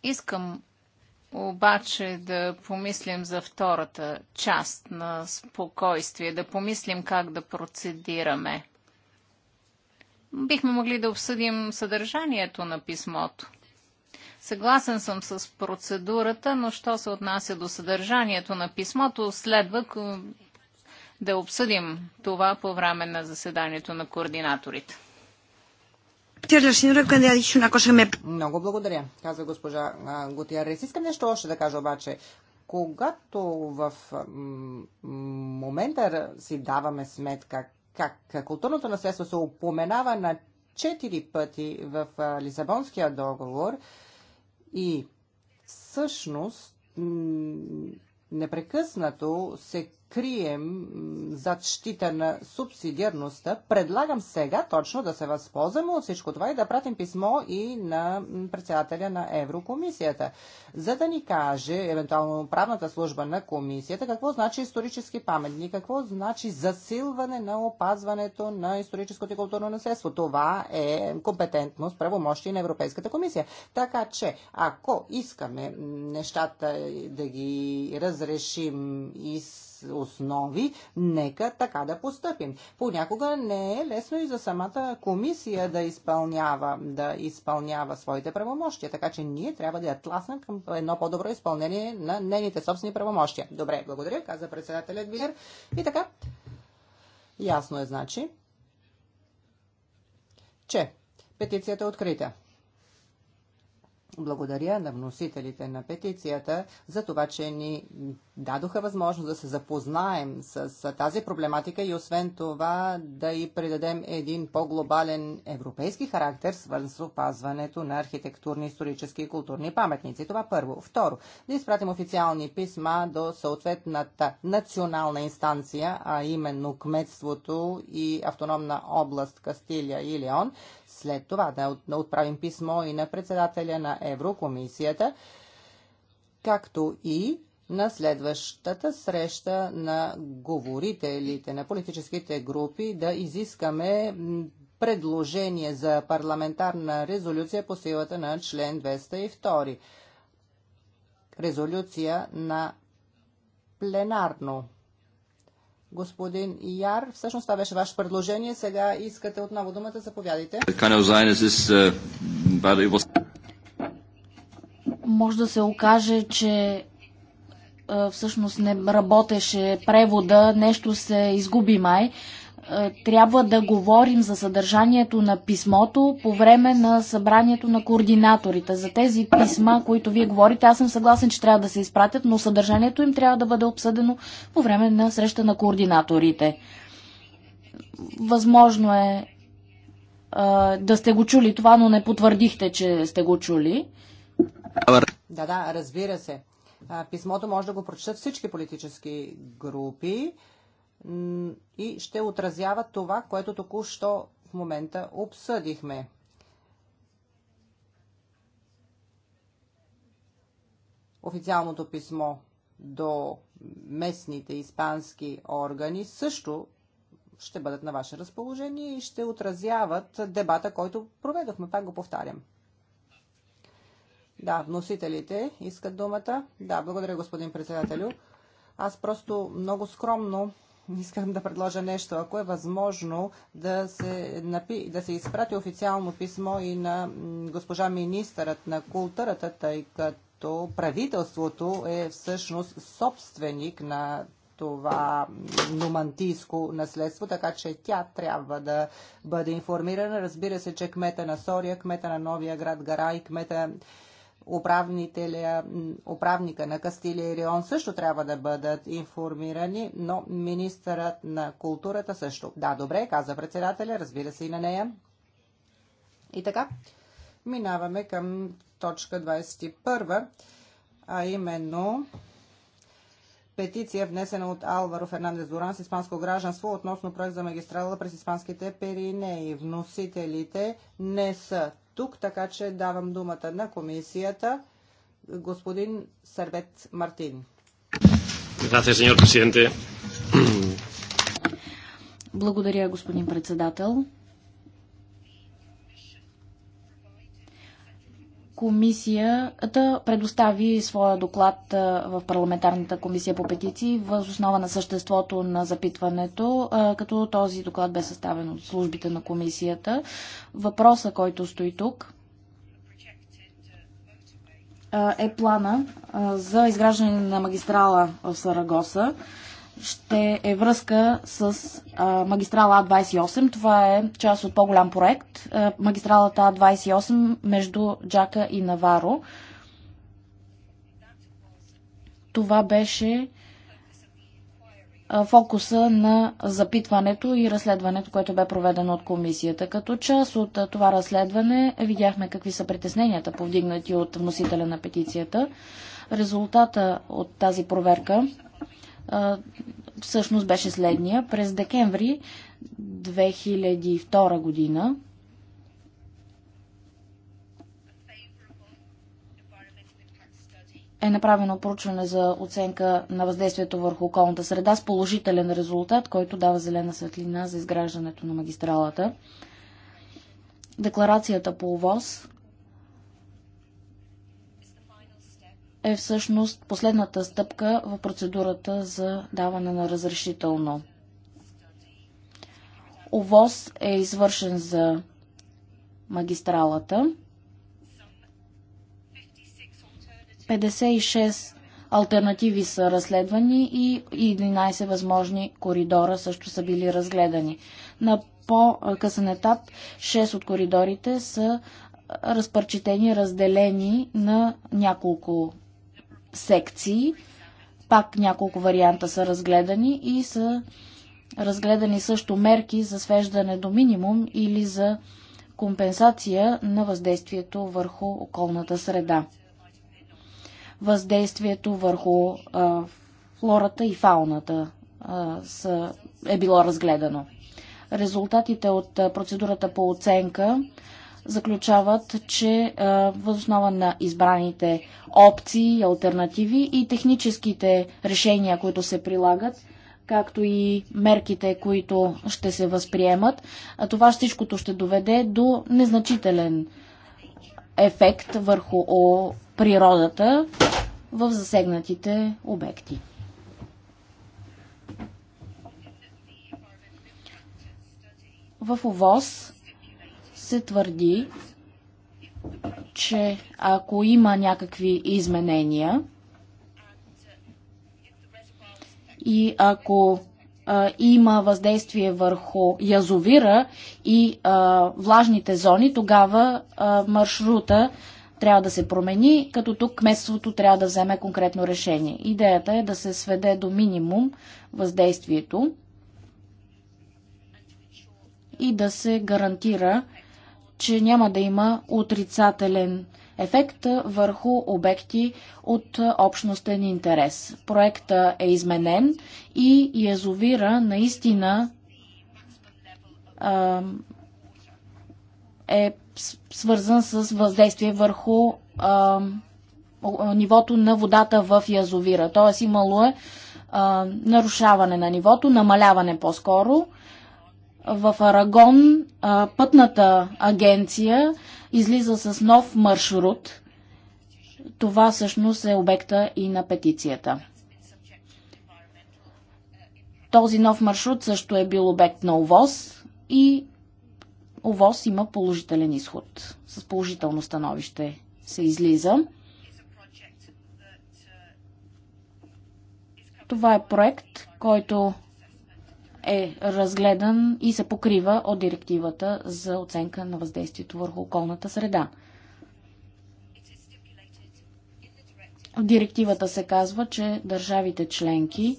Искам обаче да помислим за втората част на спокойствие, да помислим как да процедираме. Бихме могли да обсъдим съдържанието на писмото. Съгласен съм с процедурата, но що се отнася до съдържанието на писмото, следва да обсъдим това по време на заседанието на координаторите. Много благодаря, каза госпожа Гутиарес. Искам нещо още да кажа обаче. Когато в момента си даваме сметка как културното наследство се упоменава на четири пъти в Лисабонския договор, и всъщност непрекъснато се крием зад щита на субсидиарността, предлагам сега точно да се възползваме от всичко това и да пратим писмо и на председателя на Еврокомисията, за да ни каже, евентуално правната служба на комисията, какво значи исторически паметник, какво значи засилване на опазването на историческото и културно наследство. Това е компетентност, правомощие на Европейската комисия. Така че, ако искаме нещата е, да ги разрешим и с основи, нека така да постъпим. Понякога не е лесно и за самата комисия да изпълнява, да изпълнява своите правомощия, така че ние трябва да я тласнем към едно по-добро изпълнение на нейните собствени правомощия. Добре, благодаря, каза председателят Вилер. И така, ясно е значи, че петицията е открита. Благодаря на вносителите на петицията за това, че ни дадоха възможност да се запознаем с, с тази проблематика и освен това да и придадем един по-глобален европейски характер, свързан с опазването на архитектурни, исторически и културни паметници. Това първо. Второ, да изпратим официални писма до съответната национална инстанция, а именно кметството и автономна област Кастилия и Леон, след това да отправим писмо и на председателя на Еврокомисията, както и на следващата среща на говорителите на политическите групи да изискаме предложение за парламентарна резолюция по силата на член 202. Резолюция на пленарно господин Яр. Всъщност това беше ваше предложение. Сега искате отново думата. Заповядайте. Äh, Може да се окаже, че е, всъщност не работеше превода, нещо се изгуби май. Е, трябва да говорим за съдържанието на писмото по време на събранието на координаторите. За тези писма, които вие говорите, аз съм съгласен, че трябва да се изпратят, но съдържанието им трябва да бъде обсъдено по време на среща на координаторите. Възможно е да сте го чули това, но не потвърдихте, че сте го чули. Да, да, разбира се. Писмото може да го прочитат всички политически групи и ще отразява това, което току-що в момента обсъдихме. Официалното писмо до местните испански органи също ще бъдат на ваше разположение и ще отразяват дебата, който проведохме. Пак го повтарям. Да, вносителите искат думата. Да, благодаря, господин председателю. Аз просто много скромно искам да предложа нещо. Ако е възможно да се, напи, да се изпрати официално писмо и на госпожа министърът на културата, тъй като правителството е всъщност собственик на това номантийско наследство, така че тя трябва да бъде информирана. Разбира се, че кмета на Сория, кмета на Новия град Гара и кмета управника на Кастилия и Рион също трябва да бъдат информирани, но министърът на културата също. Да, добре, каза председателя, разбира се и на нея. И така, минаваме към точка 21, а именно петиция, внесена от Алваро Фернандес Доран с испанско гражданство относно проект за магистрала през испанските перинеи. Вносителите не са тук, така че давам думата на комисията господин Сърбет Мартин. Благодаря, господин председател. комисията предостави своя доклад в парламентарната комисия по петиции въз основа на съществото на запитването, като този доклад бе съставен от службите на комисията. Въпроса, който стои тук, е плана за изграждане на магистрала в Сарагоса ще е връзка с а, магистрала А28. Това е част от по-голям проект. А, магистралата А28 между Джака и Наваро. Това беше а, фокуса на запитването и разследването, което бе проведено от комисията. Като част от а, това разследване видяхме какви са притесненията, повдигнати от вносителя на петицията. Резултата от тази проверка всъщност беше следния. През декември 2002 година е направено проучване за оценка на въздействието върху околната среда с положителен резултат, който дава зелена светлина за изграждането на магистралата. Декларацията по ОВОз е всъщност последната стъпка в процедурата за даване на разрешително. Овоз е извършен за магистралата. 56 альтернативи са разследвани и 11 възможни коридора също са били разгледани. На по-късен етап 6 от коридорите са разпърчетени, разделени на няколко секции. Пак няколко варианта са разгледани и са разгледани също мерки за свеждане до минимум или за компенсация на въздействието върху околната среда. Въздействието върху а, флората и фауната а, са, е било разгледано. Резултатите от процедурата по оценка заключават, че възоснова на избраните опции и альтернативи и техническите решения, които се прилагат, както и мерките, които ще се възприемат, това всичкото ще доведе до незначителен ефект върху природата в засегнатите обекти. В ОВОз се твърди, че ако има някакви изменения и ако а, има въздействие върху язовира и а, влажните зони, тогава а, маршрута трябва да се промени, като тук кметството трябва да вземе конкретно решение. Идеята е да се сведе до минимум въздействието и да се гарантира че няма да има отрицателен ефект върху обекти от общностен интерес. Проекта е изменен и язовира наистина е свързан с въздействие върху нивото на водата в язовира. Тоест имало е нарушаване на нивото, намаляване по-скоро в Арагон а, пътната агенция излиза с нов маршрут. Това всъщност е обекта и на петицията. Този нов маршрут също е бил обект на ОВОз и ОВОз има положителен изход. С положително становище се излиза. Това е проект, който е разгледан и се покрива от директивата за оценка на въздействието върху околната среда. В директивата се казва, че държавите членки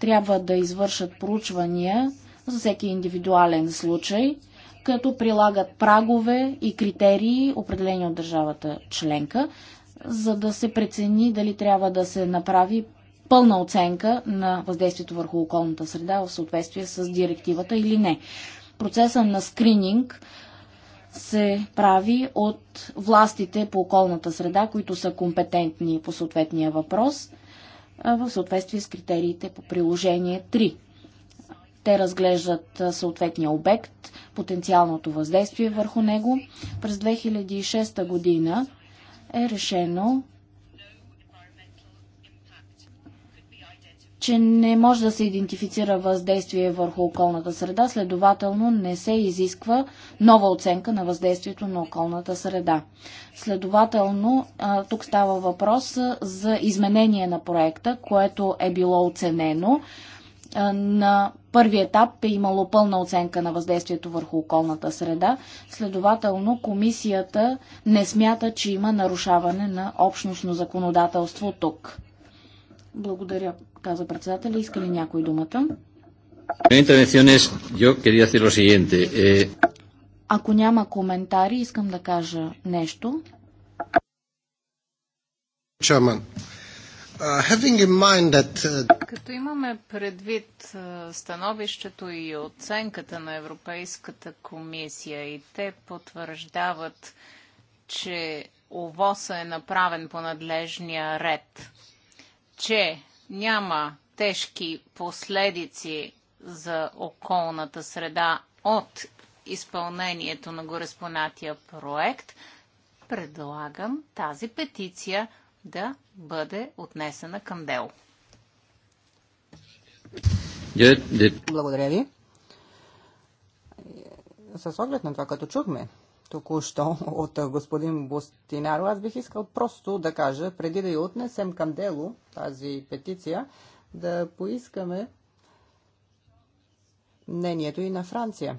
трябва да извършат проучвания за всеки индивидуален случай, като прилагат прагове и критерии, определени от държавата членка, за да се прецени дали трябва да се направи пълна оценка на въздействието върху околната среда в съответствие с директивата или не. Процеса на скрининг се прави от властите по околната среда, които са компетентни по съответния въпрос в съответствие с критериите по приложение 3. Те разглеждат съответния обект, потенциалното въздействие върху него. През 2006 година е решено че не може да се идентифицира въздействие върху околната среда, следователно не се изисква нова оценка на въздействието на околната среда. Следователно, тук става въпрос за изменение на проекта, което е било оценено. На първи етап е имало пълна оценка на въздействието върху околната среда. Следователно, комисията не смята, че има нарушаване на общностно законодателство тук. Благодаря каза председателя. Иска ли някой думата? Eh, Ако няма коментари, искам да кажа нещо. Uh, uh, Като имаме предвид uh, становището и оценката на Европейската комисия и те потвърждават, че ОВОСа е направен по надлежния ред, че няма тежки последици за околната среда от изпълнението на гореспонатия проект, предлагам тази петиция да бъде отнесена към дело. Благодаря ви. С оглед на това, като чухме току-що от господин Бустинаро. Аз бих искал просто да кажа, преди да я отнесем към дело тази петиция, да поискаме мнението и на Франция.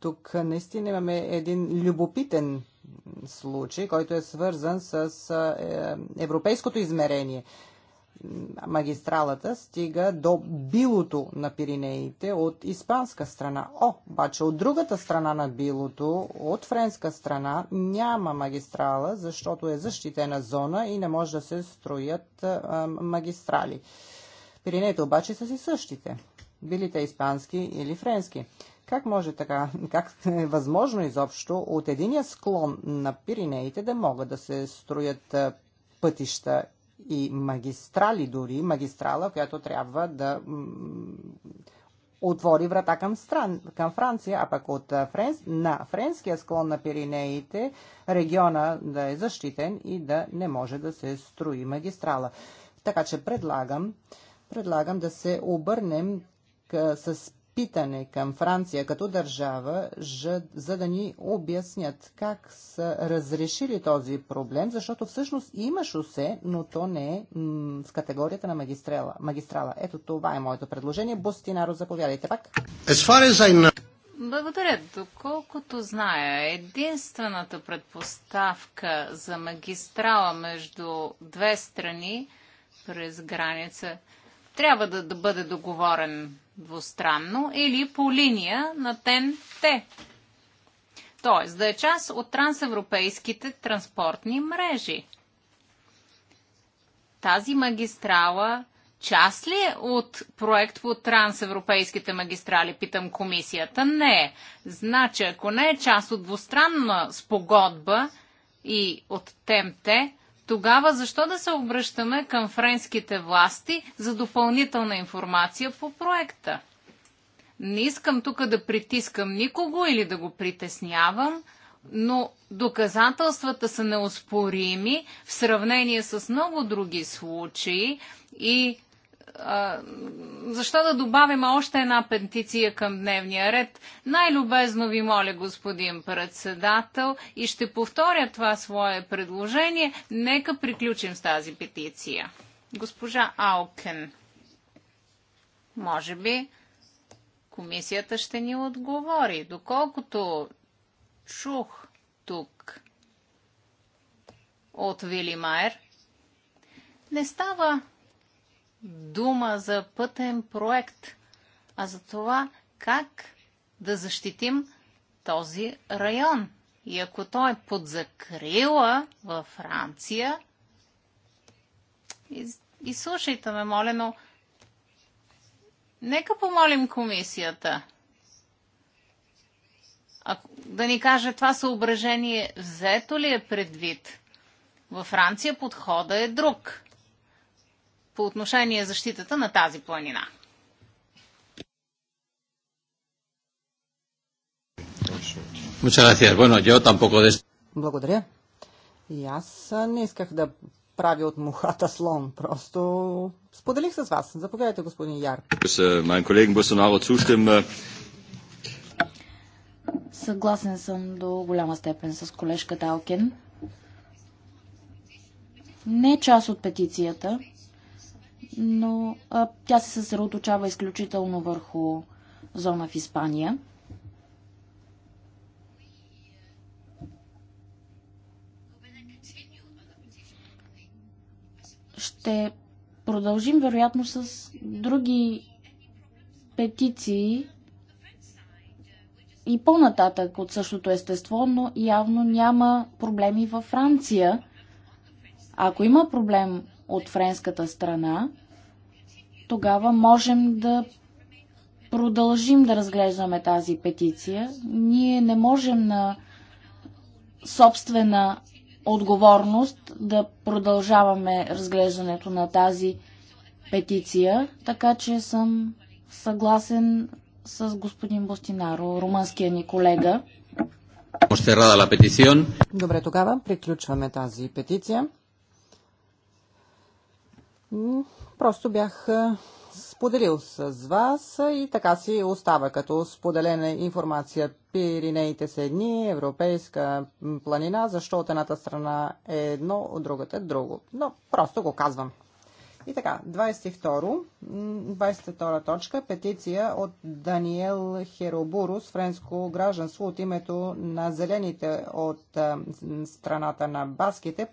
Тук наистина имаме един любопитен случай, който е свързан с е, европейското измерение магистралата стига до билото на Пиринеите от испанска страна. О, обаче от другата страна на билото, от френска страна, няма магистрала, защото е защитена зона и не може да се строят а, магистрали. Пиринеите обаче са си същите, били те испански или френски. Как може така, как е възможно изобщо от единия склон на Пиринеите да могат да се строят пътища и магистрали дори, магистрала, която трябва да отвори врата към, стран, към Франция, а пък от Френс, на френския склон на Пиринеите региона да е защитен и да не може да се строи магистрала. Така че предлагам, предлагам да се обърнем с питане към Франция като държава, за да ни обяснят как са разрешили този проблем, защото всъщност има шосе, но то не е в категорията на магистрала. магистрала. Ето това е моето предложение. Бостинаро, заповядайте пак. Благодаря. Доколкото зная, единствената предпоставка за магистрала между две страни през граница трябва да, да бъде договорен двустранно или по линия на ТНТ. Тоест да е част от трансевропейските транспортни мрежи. Тази магистрала част ли е от проект по трансевропейските магистрали, питам комисията? Не. Значи, ако не е част от двустранна спогодба и от Темте, тогава защо да се обръщаме към френските власти за допълнителна информация по проекта? Не искам тук да притискам никого или да го притеснявам, но доказателствата са неоспорими в сравнение с много други случаи и а, защо да добавим още една петиция към дневния ред? Най-любезно ви моля, господин председател, и ще повторя това свое предложение. Нека приключим с тази петиция. Госпожа Алкен, може би комисията ще ни отговори. Доколкото чух тук от Вилимайер, не става дума за пътен проект, а за това как да защитим този район. И ако той е под закрила във Франция, и слушайте ме, моля, но нека помолим комисията ако, да ни каже това съображение взето ли е предвид. Във Франция подхода е друг – по отношение защитата на тази планина. Благодаря. И аз не исках да прави от мухата слон. Просто споделих с вас. Заповядайте, господин Яр. Съгласен съм до голяма степен с колежката Алкен. Не е част от петицията, но а, тя се съсредоточава изключително върху зона в Испания. Ще продължим вероятно с други петиции и по-нататък от същото естество, но явно няма проблеми във Франция. Ако има проблем от френската страна, тогава можем да продължим да разглеждаме тази петиция. Ние не можем на собствена отговорност да продължаваме разглеждането на тази петиция, така че съм съгласен с господин Бостинаро, румънския ни колега. Добре, тогава приключваме тази петиция. Просто бях споделил с вас и така си остава като споделена информация. Пиринеите са едни, европейска планина, защо от едната страна е едно, от другата е друго. Но просто го казвам. И така, 22, 22 точка, петиция от Даниел Херобурус, френско гражданство от името на зелените от страната на баските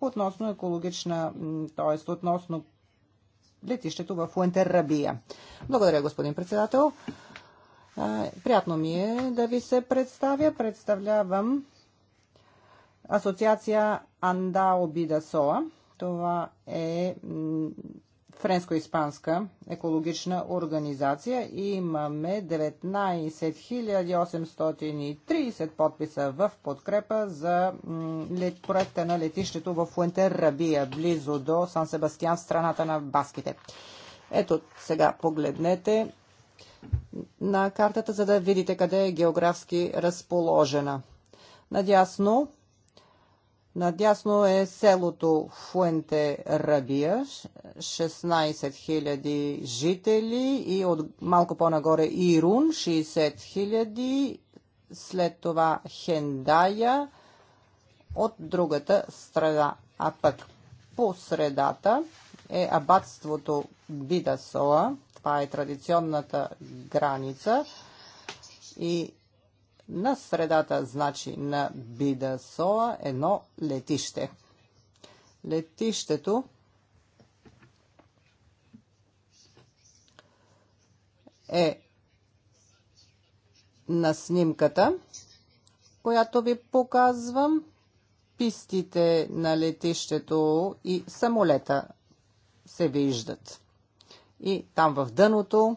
относно екологична, т.е. относно летището в Уентеррабия. Благодаря, господин председател. Приятно ми е да ви се представя. Представлявам Асоциация Андао Бидасоа. Това е френско-испанска екологична организация. Имаме 19 830 подписа в подкрепа за проекта на летището в Рабия, близо до Сан Себастьян, страната на баските. Ето сега погледнете на картата, за да видите къде е географски разположена. Надясно Надясно е селото Фуенте Рабия, 16 000 жители и от малко по-нагоре Ирун, 60 000, след това Хендая от другата страна. А пък по средата е абатството Бидасоа, това е традиционната граница и на средата, значи на Бидасоа, едно летище. Летището е на снимката, която ви показвам, пистите на летището и самолета се виждат. И там в дъното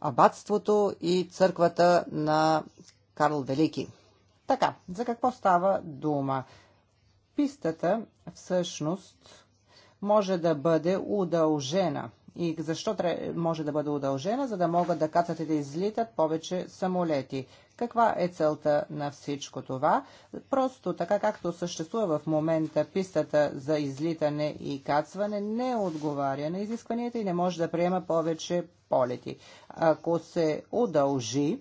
абатството и църквата на Карл Велики. Така, за какво става дума? Пистата всъщност може да бъде удължена. И защо може да бъде удължена? За да могат да кацат и да излитат повече самолети. Каква е целта на всичко това? Просто така както съществува в момента пистата за излитане и кацване не отговаря на изискванията и не може да приема повече полети. Ако се удължи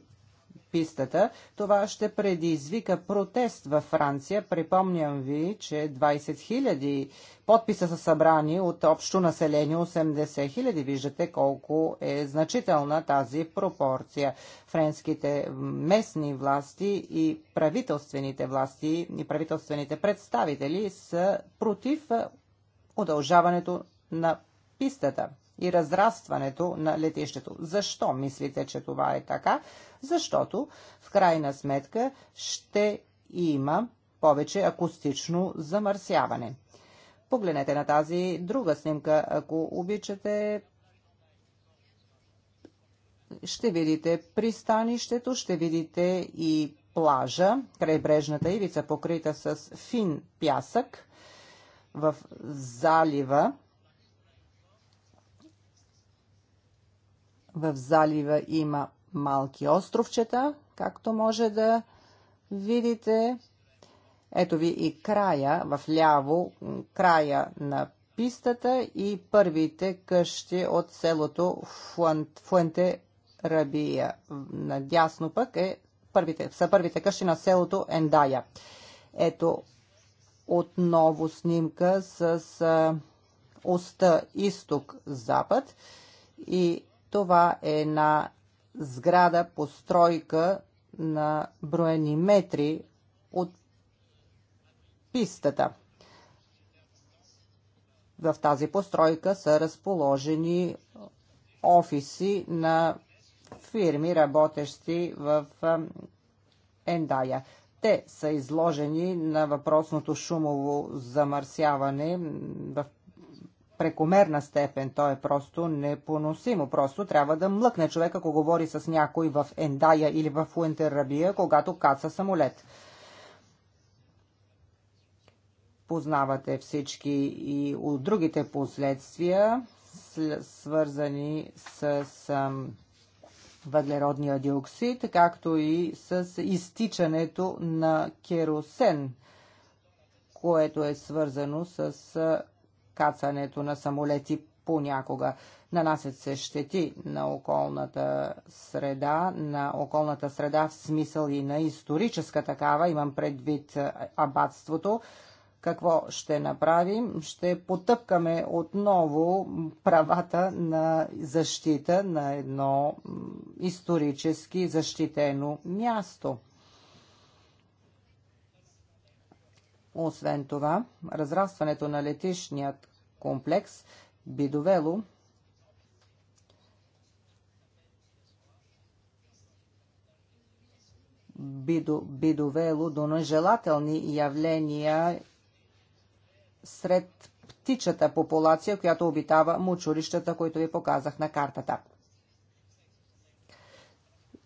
пистата. Това ще предизвика протест във Франция. Припомням ви, че 20 000 подписа са събрани от общо население 80 000. Виждате колко е значителна тази пропорция. Френските местни власти и правителствените власти и правителствените представители са против удължаването на пистата и разрастването на летището. Защо мислите, че това е така? Защото в крайна сметка ще има повече акустично замърсяване. Погледнете на тази друга снимка, ако обичате. Ще видите пристанището, ще видите и плажа, крайбрежната ивица покрита с фин пясък в залива В залива има малки островчета, както може да видите. Ето ви и края, в ляво, края на пистата и първите къщи от селото Фуенте Рабия. Надясно пък е първите, са първите къщи на селото Ендая. Ето отново снимка с оста изток-запад и това е една сграда, постройка на броени метри от пистата. В тази постройка са разположени офиси на фирми, работещи в Ендая. Те са изложени на въпросното шумово замърсяване в прекомерна степен. То е просто непоносимо. Просто трябва да млъкне човек, ако говори с някой в Ендая или в Уентерабия, когато каца самолет. Познавате всички и от другите последствия, свързани с въглеродния диоксид, както и с изтичането на керосен, което е свързано с кацането на самолети понякога. Нанасят се щети на околната среда, на околната среда в смисъл и на историческа такава, имам предвид абатството. Какво ще направим? Ще потъпкаме отново правата на защита на едно исторически защитено място. Освен това, разрастването на летишният комплекс би довело би, до, би довело до нежелателни явления сред птичата популация, която обитава мучурищата, които ви показах на картата.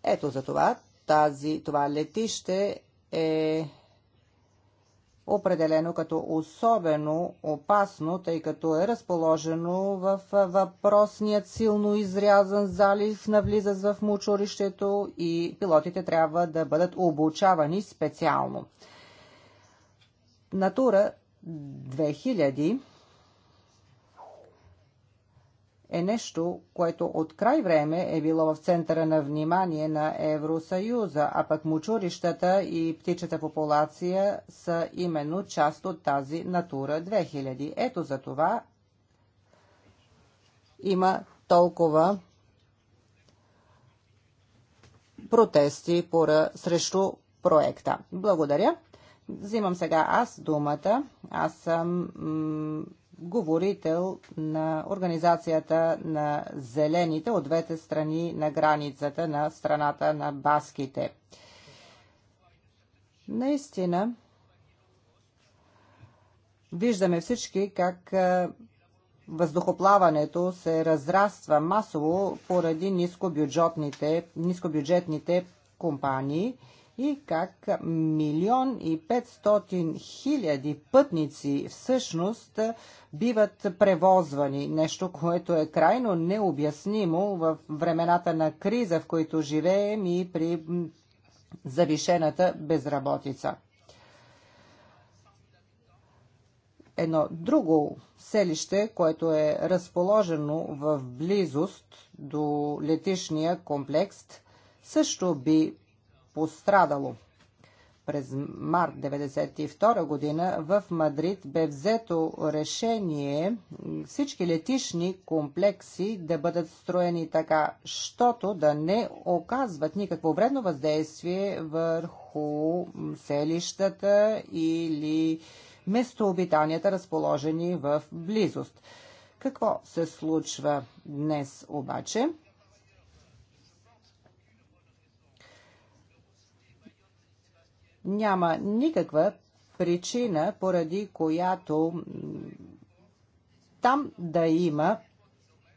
Ето за това, тази, това летище е определено като особено опасно, тъй като е разположено в въпросният силно изрязан залив, навлиза в мучурището и пилотите трябва да бъдат обучавани специално. Натура 2000 е нещо, което от край време е било в центъра на внимание на Евросъюза, а пък мучурищата и птичата популация са именно част от тази Натура 2000. Ето за това има толкова протести пора срещу проекта. Благодаря. Взимам сега аз думата. Аз съм говорител на Организацията на зелените от двете страни на границата на страната на баските. Наистина, виждаме всички как въздухоплаването се разраства масово поради нискобюджетните, нискобюджетните компании – и как милион и 500 хиляди пътници всъщност биват превозвани. Нещо, което е крайно необяснимо в времената на криза, в които живеем и при завишената безработица. едно друго селище, което е разположено в близост до летишния комплекс, също би пострадало. През март 1992 година в Мадрид бе взето решение всички летишни комплекси да бъдат строени така, щото да не оказват никакво вредно въздействие върху селищата или местообитанията, разположени в близост. Какво се случва днес обаче? Няма никаква причина, поради която там да има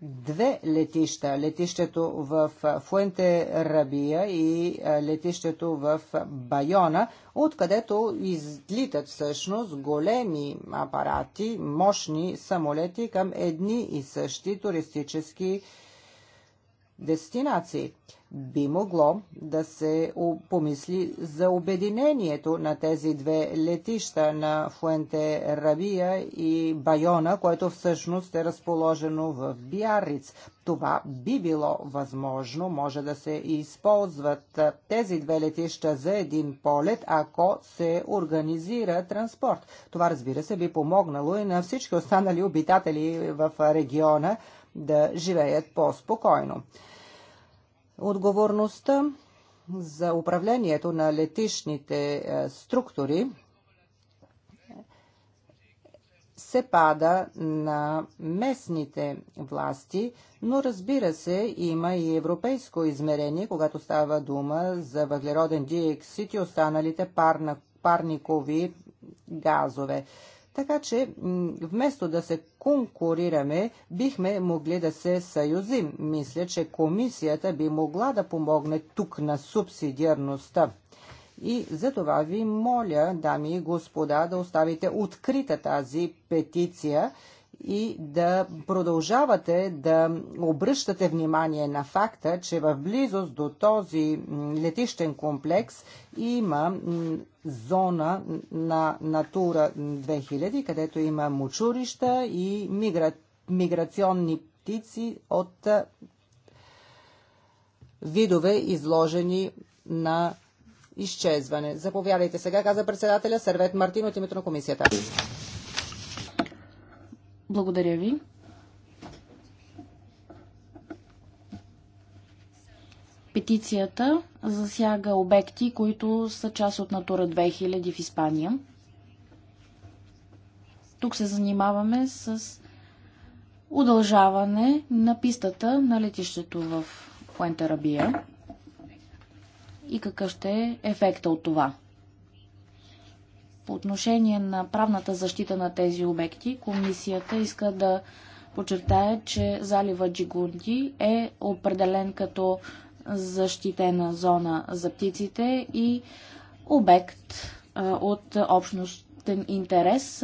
две летища. Летището в Фуенте Рабия и летището в Байона, откъдето излитат всъщност големи апарати, мощни самолети към едни и същи туристически дестинации. Би могло да се помисли за обединението на тези две летища на Фуенте Рабия и Байона, което всъщност е разположено в Биарриц. Това би било възможно, може да се използват тези две летища за един полет, ако се организира транспорт. Това разбира се би помогнало и на всички останали обитатели в региона да живеят по-спокойно. Отговорността за управлението на летишните е, структури се пада на местните власти, но разбира се, има и европейско измерение, когато става дума за въглероден диоксид и останалите парна, парникови газове. Така че вместо да се конкурираме, бихме могли да се съюзим. Мисля, че комисията би могла да помогне тук на субсидиарността. И за това ви моля, дами и господа, да оставите открита тази петиция, и да продължавате да обръщате внимание на факта, че в близост до този летищен комплекс има зона на Натура 2000, където има мочурища и мигра... миграционни птици от видове изложени на изчезване. Заповядайте сега, каза председателя Сервет Мартин от името на комисията. Благодаря ви. Петицията засяга обекти, които са част от Натура 2000 в Испания. Тук се занимаваме с удължаване на пистата на летището в Пуентерабия и какъв ще е ефекта от това. По отношение на правната защита на тези обекти, комисията иска да подчертая, че залива Джигунди е определен като защитена зона за птиците и обект от общност обществен интерес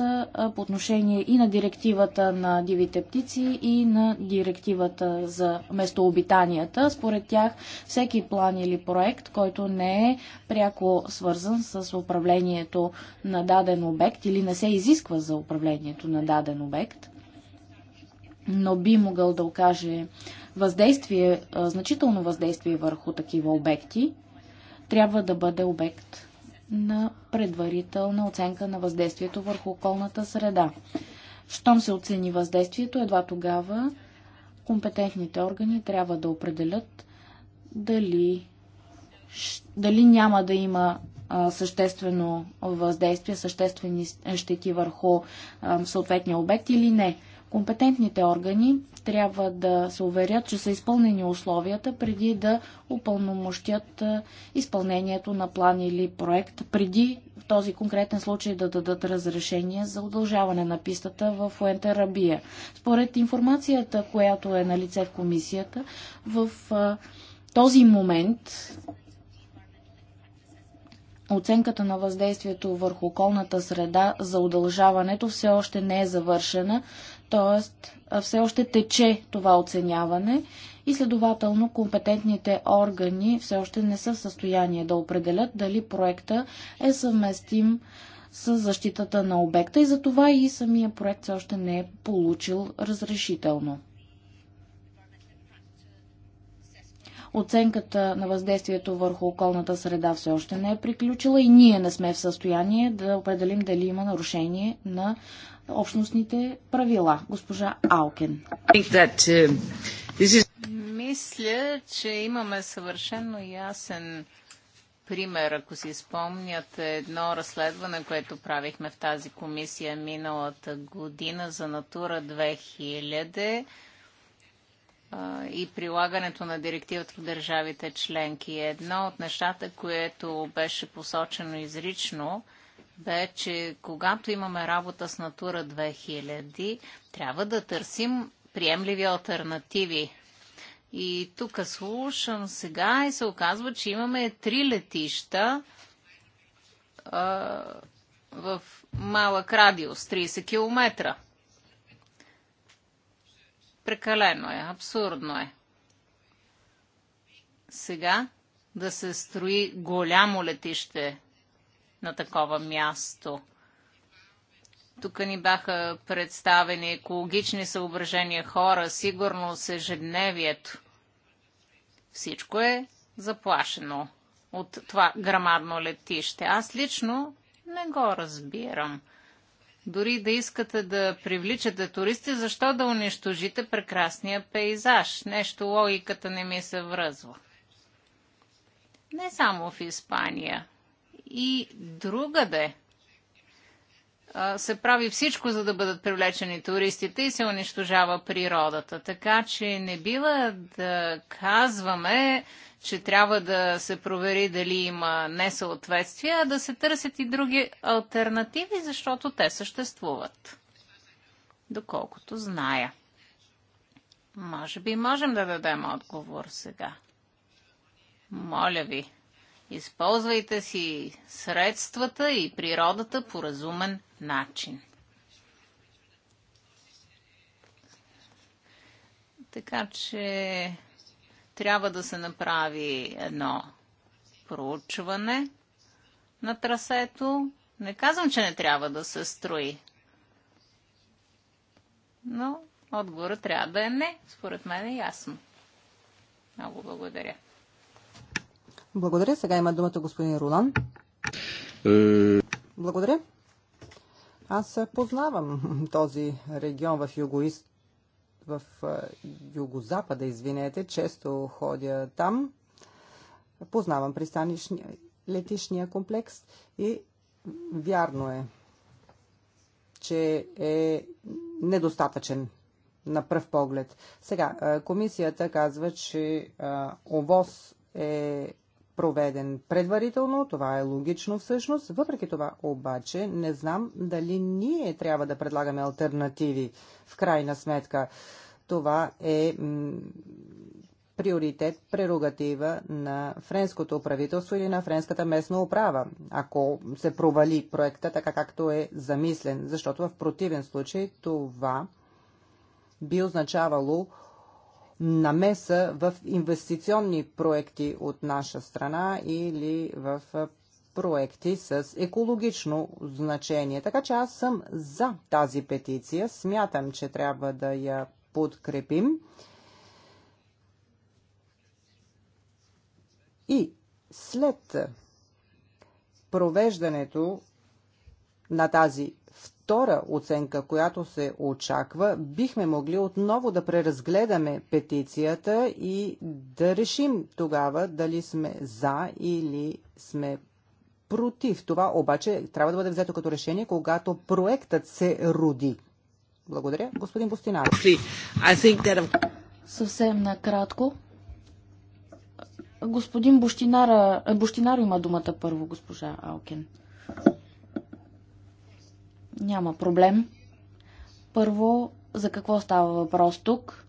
по отношение и на директивата на дивите птици и на директивата за местообитанията. Според тях всеки план или проект, който не е пряко свързан с управлението на даден обект или не се изисква за управлението на даден обект, но би могъл да окаже въздействие, значително въздействие върху такива обекти, трябва да бъде обект на предварителна оценка на въздействието върху околната среда. Щом се оцени въздействието, едва тогава компетентните органи трябва да определят дали, дали няма да има съществено въздействие, съществени щети върху съответния обект или не. Компетентните органи трябва да се уверят, че са изпълнени условията преди да упълномощят изпълнението на план или проект, преди в този конкретен случай да дадат разрешение за удължаване на пистата в Фуентерабия. Според информацията, която е на лице в комисията, в този момент Оценката на въздействието върху околната среда за удължаването все още не е завършена, т.е. все още тече това оценяване и следователно компетентните органи все още не са в състояние да определят дали проекта е съвместим с защитата на обекта и затова и самия проект все още не е получил разрешително. Оценката на въздействието върху околната среда все още не е приключила и ние не сме в състояние да определим дали има нарушение на общностните правила. Госпожа Алкен. Uh, Мисля, че имаме съвършенно ясен пример, ако си спомняте едно разследване, което правихме в тази комисия миналата година за Натура 2000 и прилагането на директивата в държавите членки. Едно от нещата, което беше посочено изрично, бе, че когато имаме работа с Натура 2000, трябва да търсим приемливи альтернативи. И тук слушам сега и се оказва, че имаме три летища а, в малък радиус, 30 км. Прекалено е, абсурдно е. Сега да се строи голямо летище на такова място. Тук ни бяха представени екологични съображения хора, сигурност, ежедневието. Всичко е заплашено от това грамадно летище. Аз лично не го разбирам. Дори да искате да привличате туристи, защо да унищожите прекрасния пейзаж? Нещо логиката не ми се връзва. Не само в Испания и другаде се прави всичко, за да бъдат привлечени туристите и се унищожава природата. Така че не бива да казваме, че трябва да се провери дали има несъответствия, а да се търсят и други альтернативи, защото те съществуват. Доколкото зная. Може би можем да дадем отговор сега. Моля ви. Използвайте си средствата и природата по разумен начин. Така че трябва да се направи едно проучване на трасето. Не казвам, че не трябва да се строи. Но отговорът трябва да е не. Според мен е ясно. Много благодаря. Благодаря. Сега има думата господин Рулан. Е. Благодаря. Аз познавам този регион в юго в е, югозапада, извинете, често ходя там. Познавам пристанищния летишния комплекс и вярно е, че е недостатъчен на пръв поглед. Сега, е, комисията казва, че ОВОС е проведен предварително, това е логично всъщност. Въпреки това обаче не знам дали ние трябва да предлагаме альтернативи. В крайна сметка това е приоритет, прерогатива на френското правителство или на френската местна управа, ако се провали проекта така както е замислен, защото в противен случай това би означавало намеса в инвестиционни проекти от наша страна или в проекти с екологично значение. Така че аз съм за тази петиция. Смятам, че трябва да я подкрепим. И след провеждането на тази втора оценка, която се очаква, бихме могли отново да преразгледаме петицията и да решим тогава дали сме за или сме против. Това обаче трябва да бъде взето като решение, когато проектът се роди. Благодаря. Господин Бостинар. Съвсем накратко. Господин Бощинара, Бощинар има думата първо, госпожа Алкен. Няма проблем. Първо, за какво става въпрос тук?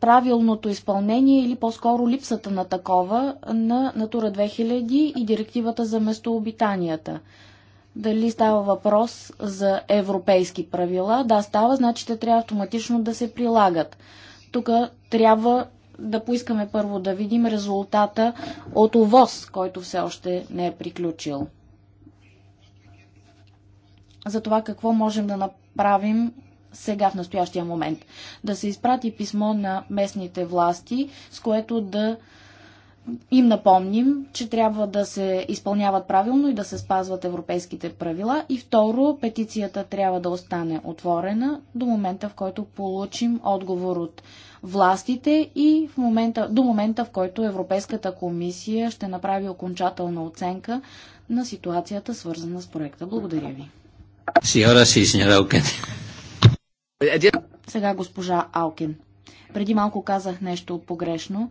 Правилното изпълнение или по-скоро липсата на такова на Натура 2000 и директивата за местообитанията. Дали става въпрос за европейски правила? Да, става, значи те трябва автоматично да се прилагат. Тук трябва да поискаме първо да видим резултата от ОВОз, който все още не е приключил за това какво можем да направим сега в настоящия момент. Да се изпрати писмо на местните власти, с което да им напомним, че трябва да се изпълняват правилно и да се спазват европейските правила. И второ, петицията трябва да остане отворена до момента, в който получим отговор от властите и в момента, до момента, в който Европейската комисия ще направи окончателна оценка на ситуацията, свързана с проекта. Благодаря ви. Сиора си, сеньора Аукен. Сега госпожа Аукен. Преди малко казах нещо погрешно.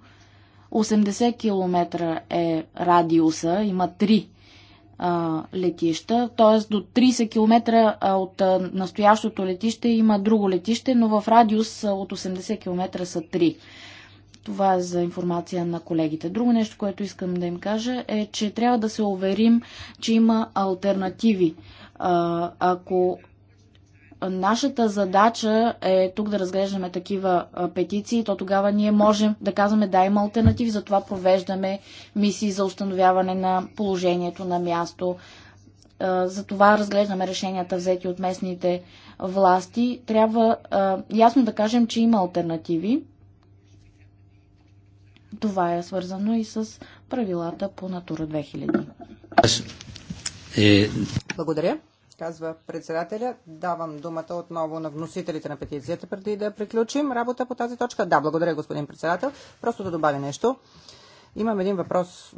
80 км е радиуса, има 3 а, летища, т.е. до 30 км от а, настоящото летище има друго летище, но в радиус от 80 км са 3. Това е за информация на колегите. Друго нещо, което искам да им кажа е, че трябва да се уверим, че има альтернативи ако нашата задача е тук да разглеждаме такива петиции, то тогава ние можем да казваме да, има альтернатив, затова провеждаме мисии за установяване на положението на място. За това разглеждаме решенията взети от местните власти. Трябва ясно да кажем, че има альтернативи. Това е свързано и с правилата по Натура 2000. Е, Благодаря казва председателя. Давам думата отново на вносителите на петицията, преди да приключим работа по тази точка. Да, благодаря, господин председател. Просто да добавя нещо. Имам един въпрос.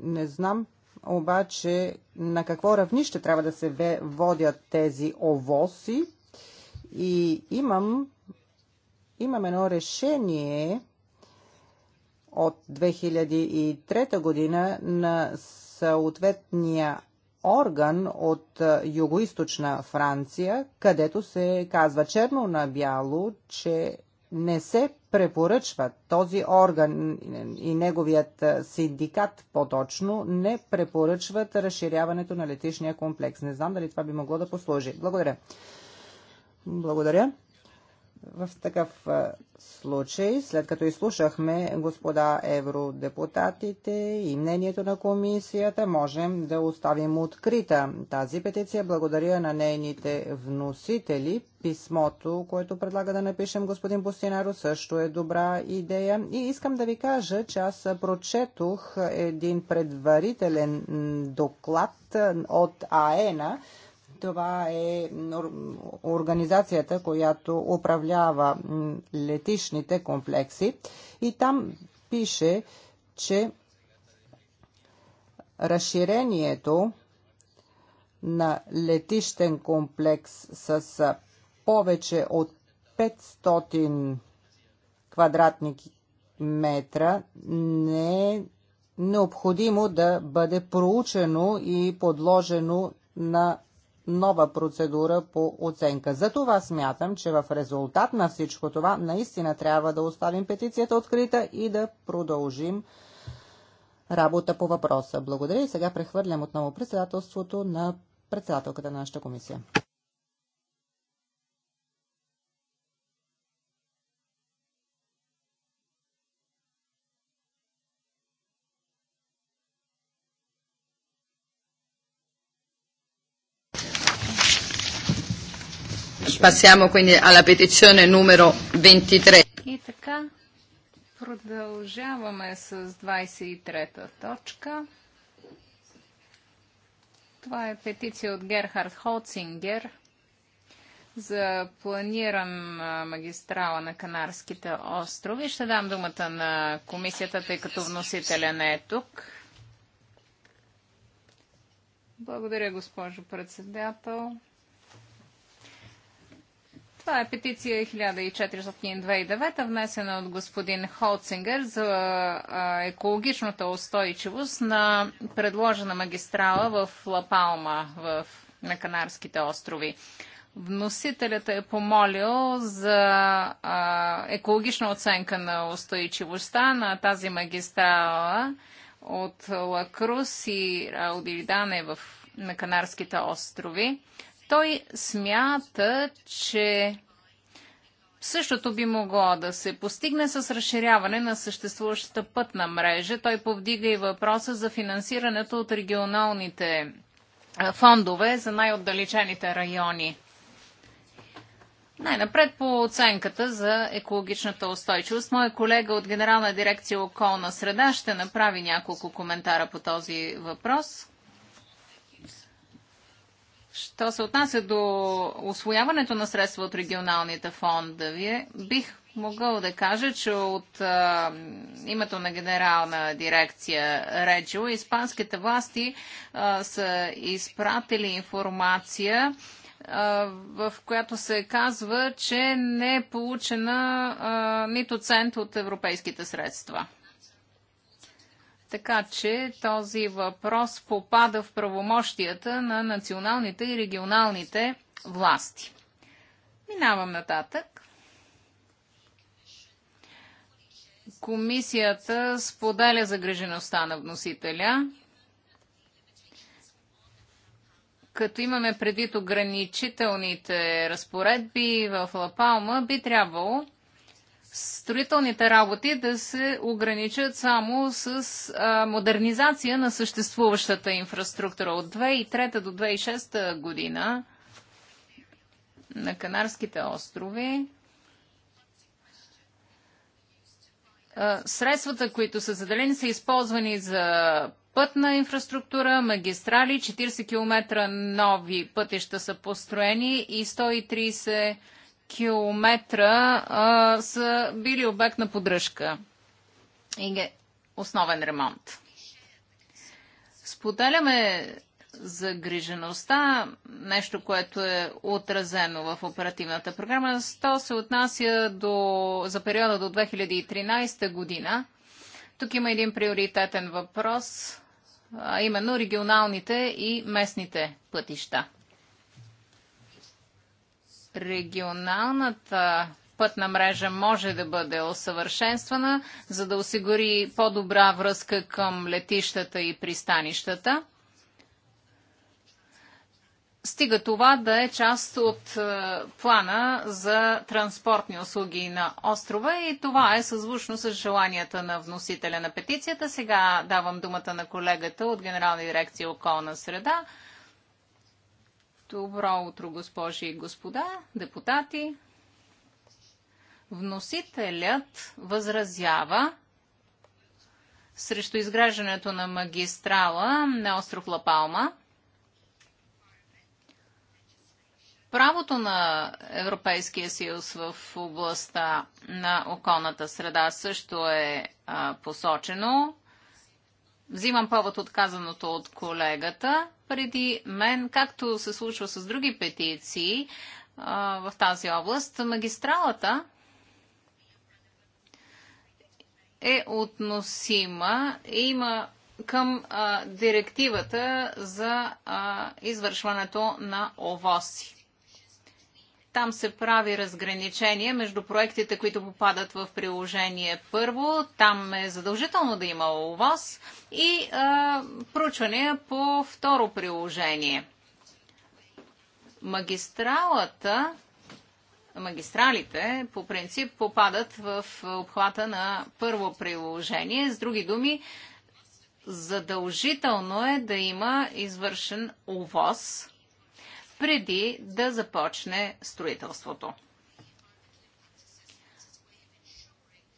Не знам обаче на какво равнище трябва да се водят тези овоси. И имам, имам едно решение от 2003 година на съответния орган от е, югоисточна Франция, където се казва черно на бяло, че не се препоръчва този орган и неговият е, синдикат по-точно не препоръчват разширяването на летишния комплекс. Не знам дали това би могло да послужи. Благодаря. Благодаря. В такъв случай, след като изслушахме господа евродепутатите и мнението на комисията, можем да оставим открита тази петиция. Благодаря на нейните вносители. Писмото, което предлага да напишем господин Бустинаро, също е добра идея. И искам да ви кажа, че аз прочетох един предварителен доклад от АЕНА, това е организацията, която управлява летишните комплекси. И там пише, че разширението на летищен комплекс с повече от 500 квадратни метра не е необходимо да бъде проучено и подложено на нова процедура по оценка. За това смятам, че в резултат на всичко това наистина трябва да оставим петицията открита и да продължим работа по въпроса. Благодаря и сега прехвърлям отново председателството на председателката на нашата комисия. Passiamo quindi alla petizione numero 23. И така, продължаваме с 23-та точка. Това е петиция от Герхард Холцингер за планиран магистрала на Канарските острови. Ще дам думата на комисията, тъй като вносителя не е тук. Благодаря, госпожо председател. Това е петиция 1429, внесена от господин Холцингер за екологичната устойчивост на предложена магистрала в Лапалма, в, на Канарските острови. Вносителят е помолил за а, екологична оценка на устойчивостта на тази магистрала от Лакрус и Аудиридане в, на Канарските острови. Той смята, че Същото би могло да се постигне с разширяване на съществуващата пътна мрежа. Той повдига и въпроса за финансирането от регионалните фондове за най-отдалечените райони. Най-напред по оценката за екологичната устойчивост. Моя колега от Генерална дирекция околна среда ще направи няколко коментара по този въпрос. Що се отнася до освояването на средства от регионалните фондове, бих могъл да кажа, че от а, името на генерална дирекция Реджо, испанските власти а, са изпратили информация в която се казва, че не е получена а, нито цент от европейските средства. Така че този въпрос попада в правомощията на националните и регионалните власти. Минавам нататък. Комисията споделя загрежеността на вносителя, като имаме предвид ограничителните разпоредби в Лапалма, би трябвало строителните работи да се ограничат само с а, модернизация на съществуващата инфраструктура. От 2003 до 2006 година на Канарските острови а, средствата, които са заделени, са използвани за пътна инфраструктура, магистрали, 40 км нови пътища са построени и 130 км километра а, са били обект на поддръжка и основен ремонт. Споделяме загрижеността, нещо, което е отразено в оперативната програма. То се отнася до, за периода до 2013 година. Тук има един приоритетен въпрос, а именно регионалните и местните пътища регионалната пътна мрежа може да бъде усъвършенствана, за да осигури по-добра връзка към летищата и пристанищата. Стига това да е част от е, плана за транспортни услуги на острова и това е съзвучно с желанията на вносителя на петицията. Сега давам думата на колегата от Генерална дирекция околна среда. Добро утро, госпожи и господа, депутати. Вносителят възразява срещу изграждането на магистрала на остров Лапалма. Правото на Европейския съюз в областта на околната среда също е посочено. Взимам повод от казаното от колегата преди мен, както се случва с други петиции а, в тази област, магистралата е относима и има към а, директивата за а, извършването на овоси. Там се прави разграничение между проектите, които попадат в приложение първо. Там е задължително да има ОВОС и а, проучвания по второ приложение. Магистралата, магистралите по принцип попадат в обхвата на първо приложение. С други думи, задължително е да има извършен увоз преди да започне строителството.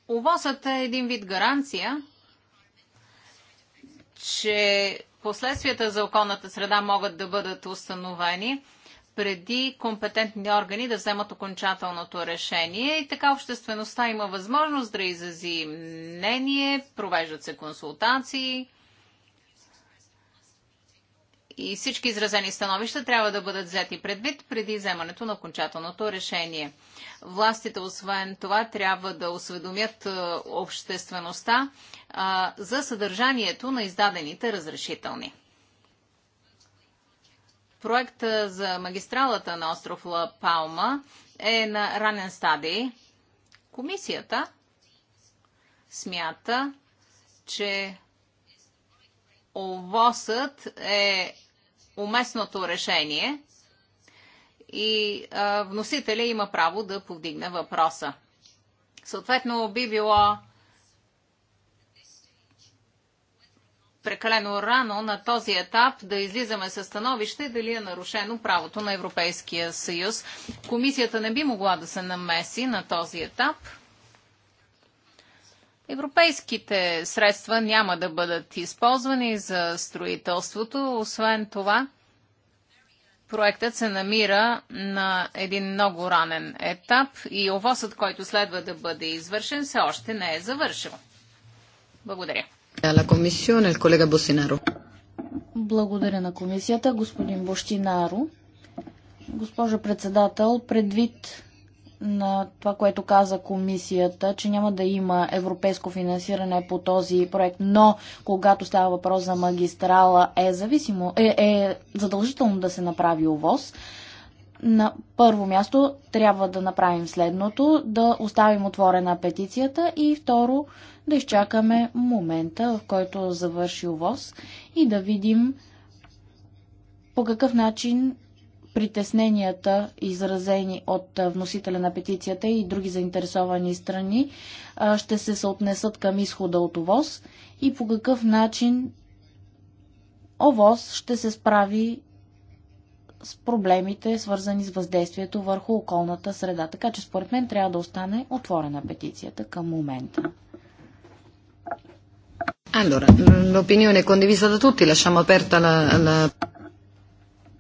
Овосът е един вид гаранция, че последствията за околната среда могат да бъдат установени преди компетентни органи да вземат окончателното решение и така обществеността има възможност да изрази мнение, провеждат се консултации – и всички изразени становища трябва да бъдат взети предвид преди вземането на окончателното решение. Властите, освен това, трябва да осведомят е, обществеността е, за съдържанието на издадените разрешителни. Проект за магистралата на остров Ла Палма е на ранен стадий. Комисията смята, че овосът е уместното решение и вносителя има право да повдигне въпроса. Съответно, би било прекалено рано на този етап да излизаме със становище дали е нарушено правото на Европейския съюз. Комисията не би могла да се намеси на този етап – Европейските средства няма да бъдат използвани за строителството. Освен това, проектът се намира на един много ранен етап и овосът, който следва да бъде извършен, все още не е завършил. Благодаря. Благодаря на комисията, господин Бощинаро. Госпожо председател, предвид на това, което каза комисията, че няма да има европейско финансиране по този проект, но когато става въпрос за магистрала е, зависимо, е, е задължително да се направи овоз. На първо място трябва да направим следното, да оставим отворена петицията и второ да изчакаме момента, в който завърши овоз и да видим по какъв начин притесненията, изразени от вносителя на петицията и други заинтересовани страни, ще се съотнесат към изхода от ОВОз и по какъв начин ОВОз ще се справи с проблемите, свързани с въздействието върху околната среда. Така че според мен трябва да остане отворена петицията към момента. Allora, l'opinione condivisa da tutti, lasciamo aperta la, la...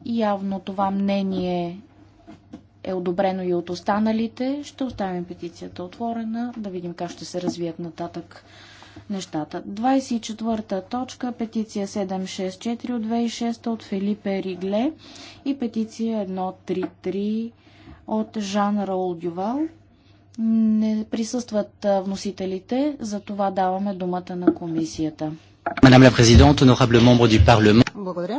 Явно това мнение е одобрено и от останалите. Ще оставим петицията отворена, да видим как ще се развият нататък нещата. 24-та точка, петиция 764 от 2006 от Филипе Ригле и петиция 133 от Жан Раул Дювал. Не присъстват вносителите, за това даваме думата на комисията. Мадам ла президент, honorable membre du Parlement. Благодаря.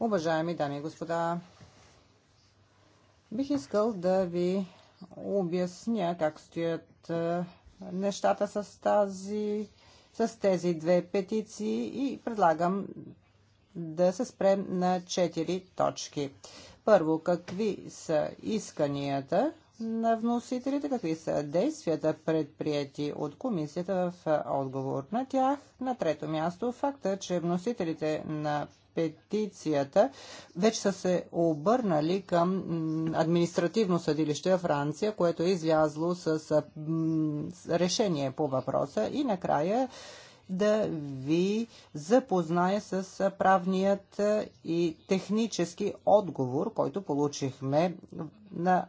Уважаеми дами и господа, бих искал да ви обясня как стоят нещата с, тази, с тези две петиции и предлагам да се спрем на четири точки. Първо, какви са исканията на вносителите, какви са действията предприяти от комисията в отговор на тях. На трето място факта, че вносителите на петицията, вече са се обърнали към административно съдилище в Франция, което е излязло с решение по въпроса и накрая да ви запозная с правният и технически отговор, който получихме на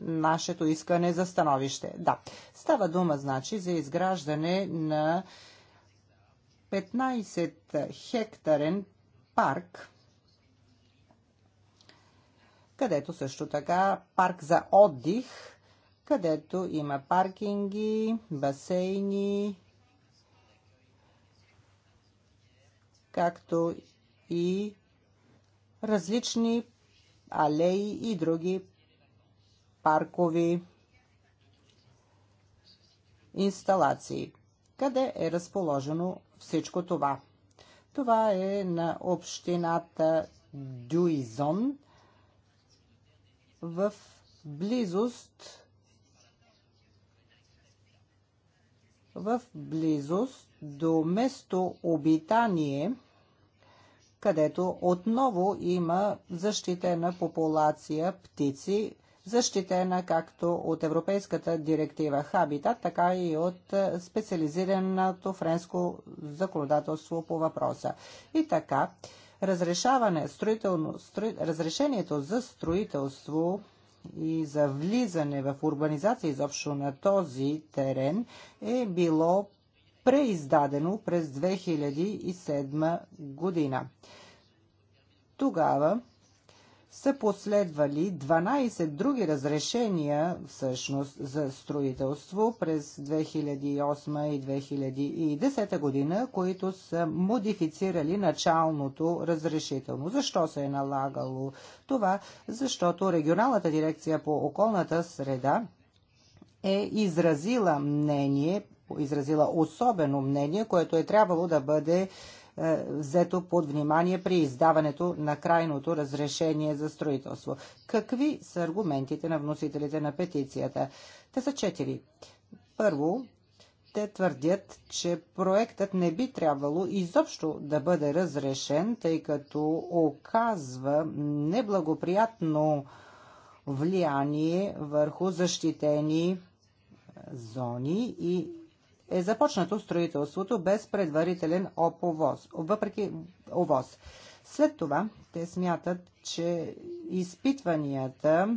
нашето искане за становище. Да, става дума, значи, за изграждане на 15 хектарен парк, където също така парк за отдих, където има паркинги, басейни, както и различни алеи и други паркови инсталации. Къде е разположено всичко това? Това е на общината Дюизон в близост в близост до место обитание, където отново има защитена популация птици, защитена както от Европейската директива Хабитат, така и от специализираното френско законодателство по въпроса. И така, разрешаване, строително, строи, разрешението за строителство и за влизане в урбанизация изобщо на този терен е било преиздадено през 2007 година. Тогава са последвали 12 други разрешения всъщност за строителство през 2008 и 2010 година, които са модифицирали началното разрешително. Защо се е налагало това? Защото регионалната дирекция по околната среда е изразила мнение, изразила особено мнение, което е трябвало да бъде е, взето под внимание при издаването на крайното разрешение за строителство. Какви са аргументите на вносителите на петицията? Те са четири. Първо, те твърдят, че проектът не би трябвало изобщо да бъде разрешен, тъй като оказва неблагоприятно влияние върху защитени е, зони и е започнато строителството без предварителен оповоз, въпреки овоз. След това те смятат, че изпитванията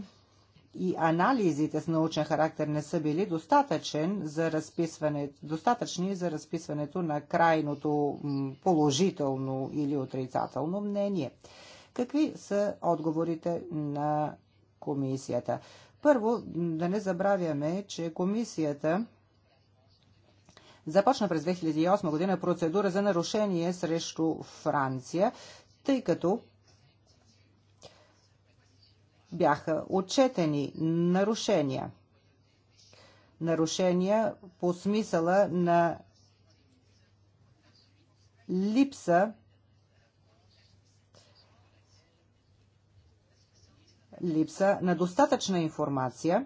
и анализите с научен характер не са били достатъчен за разписване, достатъчни за разписването на крайното положително или отрицателно мнение. Какви са отговорите на комисията? Първо, да не забравяме, че комисията започна през 2008 година процедура за нарушение срещу Франция, тъй като бяха отчетени нарушения. Нарушения по смисъла на липса липса на достатъчна информация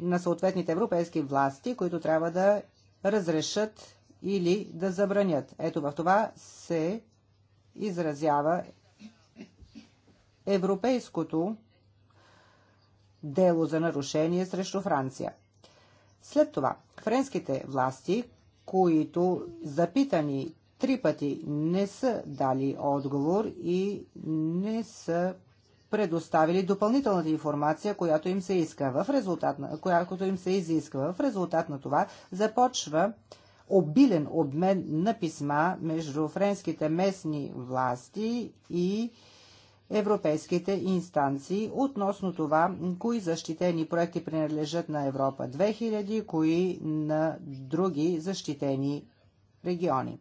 на съответните европейски власти, които трябва да разрешат или да забранят. Ето в това се изразява европейското дело за нарушение срещу Франция. След това френските власти, които запитани три пъти не са дали отговор и не са предоставили допълнителната информация, която им се иска. В резултат на, която им се изисква. В резултат на това започва обилен обмен на писма между френските местни власти и европейските инстанции относно това, кои защитени проекти принадлежат на Европа 2000, кои на други защитени региони.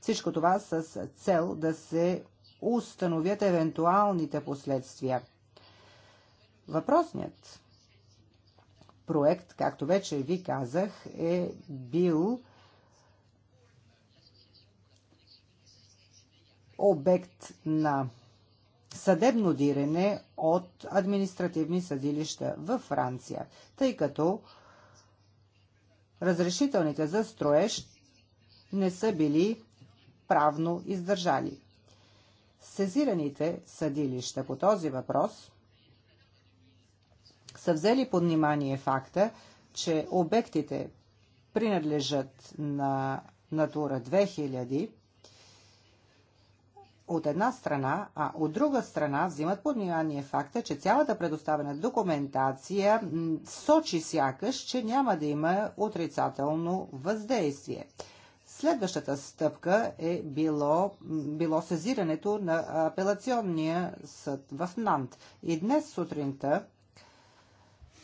Всичко това с цел да се установят евентуалните последствия. Въпросният проект, както вече ви казах, е бил обект на съдебно дирене от административни съдилища във Франция, тъй като разрешителните за строеж не са били правно издържали сезираните съдилища по този въпрос са взели под внимание факта, че обектите принадлежат на Натура 2000 от една страна, а от друга страна взимат под внимание факта, че цялата предоставена документация сочи сякаш, че няма да има отрицателно въздействие. Следващата стъпка е било, било сезирането на апелационния съд в Нант. И днес сутринта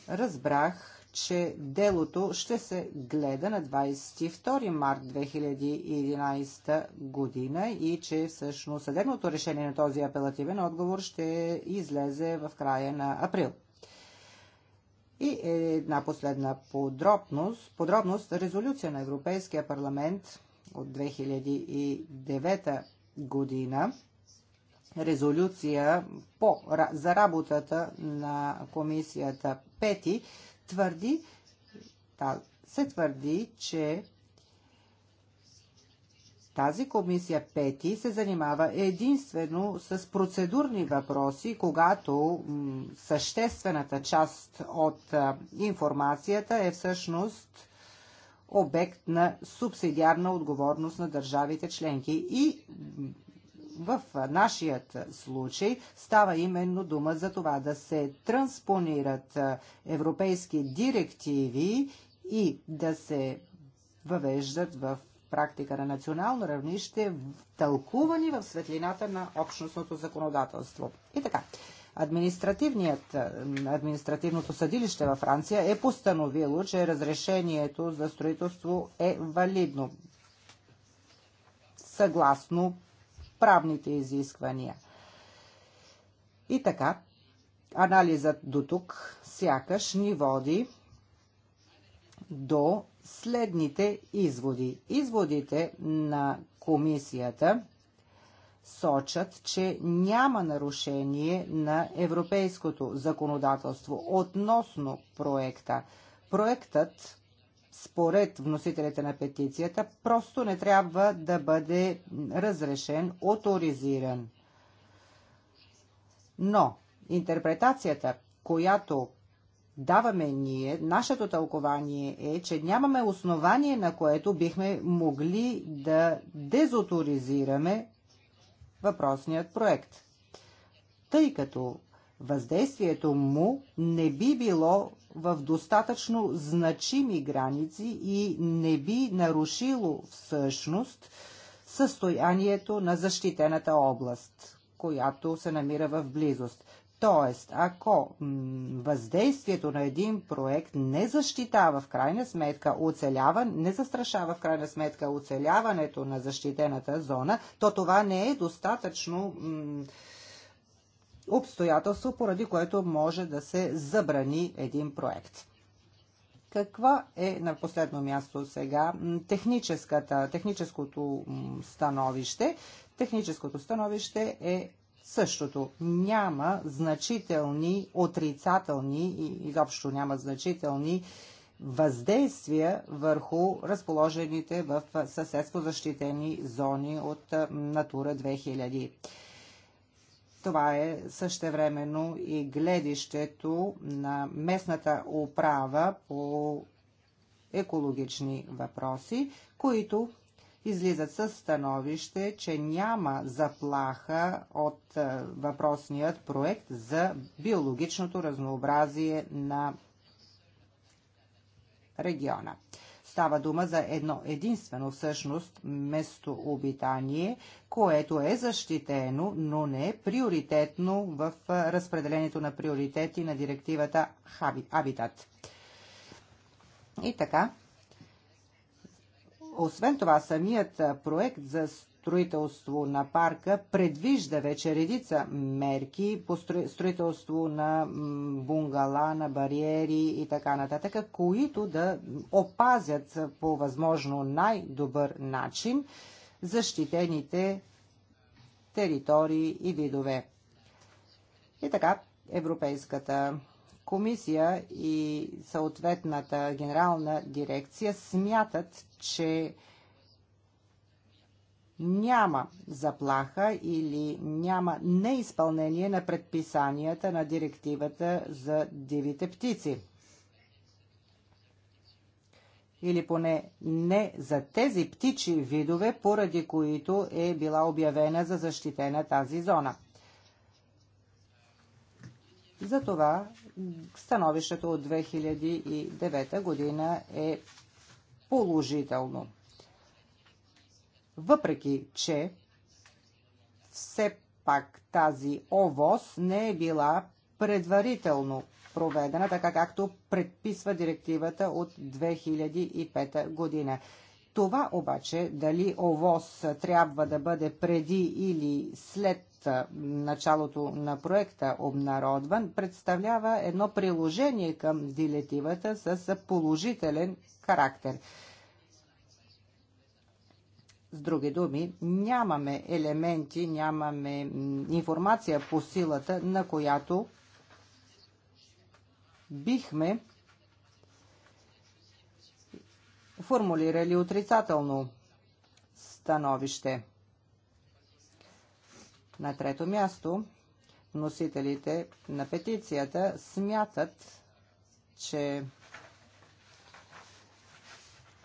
разбрах, че делото ще се гледа на 22 март 2011 година и че всъщност съдебното решение на този апелативен отговор ще излезе в края на април. И една последна подробност, подробност резолюция на Европейския парламент от 2009 година, резолюция по, за работата на комисията Пети, твърди, да, се твърди, че тази комисия пети се занимава единствено с процедурни въпроси, когато съществената част от информацията е всъщност обект на субсидиарна отговорност на държавите членки. И в нашият случай става именно дума за това да се транспонират европейски директиви и да се въвеждат в практика на национално равнище, тълкувани в светлината на общностното законодателство. И така, е, административното съдилище във Франция е постановило, че разрешението за строителство е валидно съгласно правните изисквания. И така, анализът до тук сякаш ни води до следните изводи. Изводите на комисията сочат, че няма нарушение на европейското законодателство относно проекта. Проектът, според вносителите на петицията, просто не трябва да бъде разрешен, авторизиран. Но интерпретацията, която даваме ние, нашето тълкование е, че нямаме основание, на което бихме могли да дезоторизираме въпросният проект, тъй като въздействието му не би било в достатъчно значими граници и не би нарушило всъщност състоянието на защитената област, която се намира в близост. Тоест, ако въздействието на един проект не защитава в крайна сметка оцелява, не застрашава в крайна сметка оцеляването на защитената зона, то това не е достатъчно обстоятелство, поради което може да се забрани един проект. Каква е на последно място сега техническото становище? Техническото становище е същото. Няма значителни отрицателни и изобщо няма значителни въздействия върху разположените в съседско защитени зони от Натура 2000. Това е същевременно и гледището на местната управа по екологични въпроси, които излизат с становище, че няма заплаха от е, въпросният проект за биологичното разнообразие на региона. Става дума за едно единствено всъщност местообитание, което е защитено, но не е приоритетно в е, разпределението на приоритети на директивата Habitat. И така, освен това, самият проект за строителство на парка предвижда вече редица мерки по строителство на бунгала, на бариери и така нататък, които да опазят по възможно най-добър начин защитените територии и видове. И така, Европейската комисия и съответната генерална дирекция смятат, че няма заплаха или няма неизпълнение на предписанията на директивата за дивите птици. Или поне не за тези птичи видове, поради които е била обявена за защитена тази зона. Затова становището от 2009 година е положително. Въпреки, че все пак тази ОВОС не е била предварително проведена, така както предписва директивата от 2005 година. Това обаче, дали ОВОС трябва да бъде преди или след началото на проекта обнародван, представлява едно приложение към дилетивата с положителен характер. С други думи, нямаме елементи, нямаме информация по силата, на която бихме формулирали отрицателно становище. На трето място, носителите на петицията смятат, че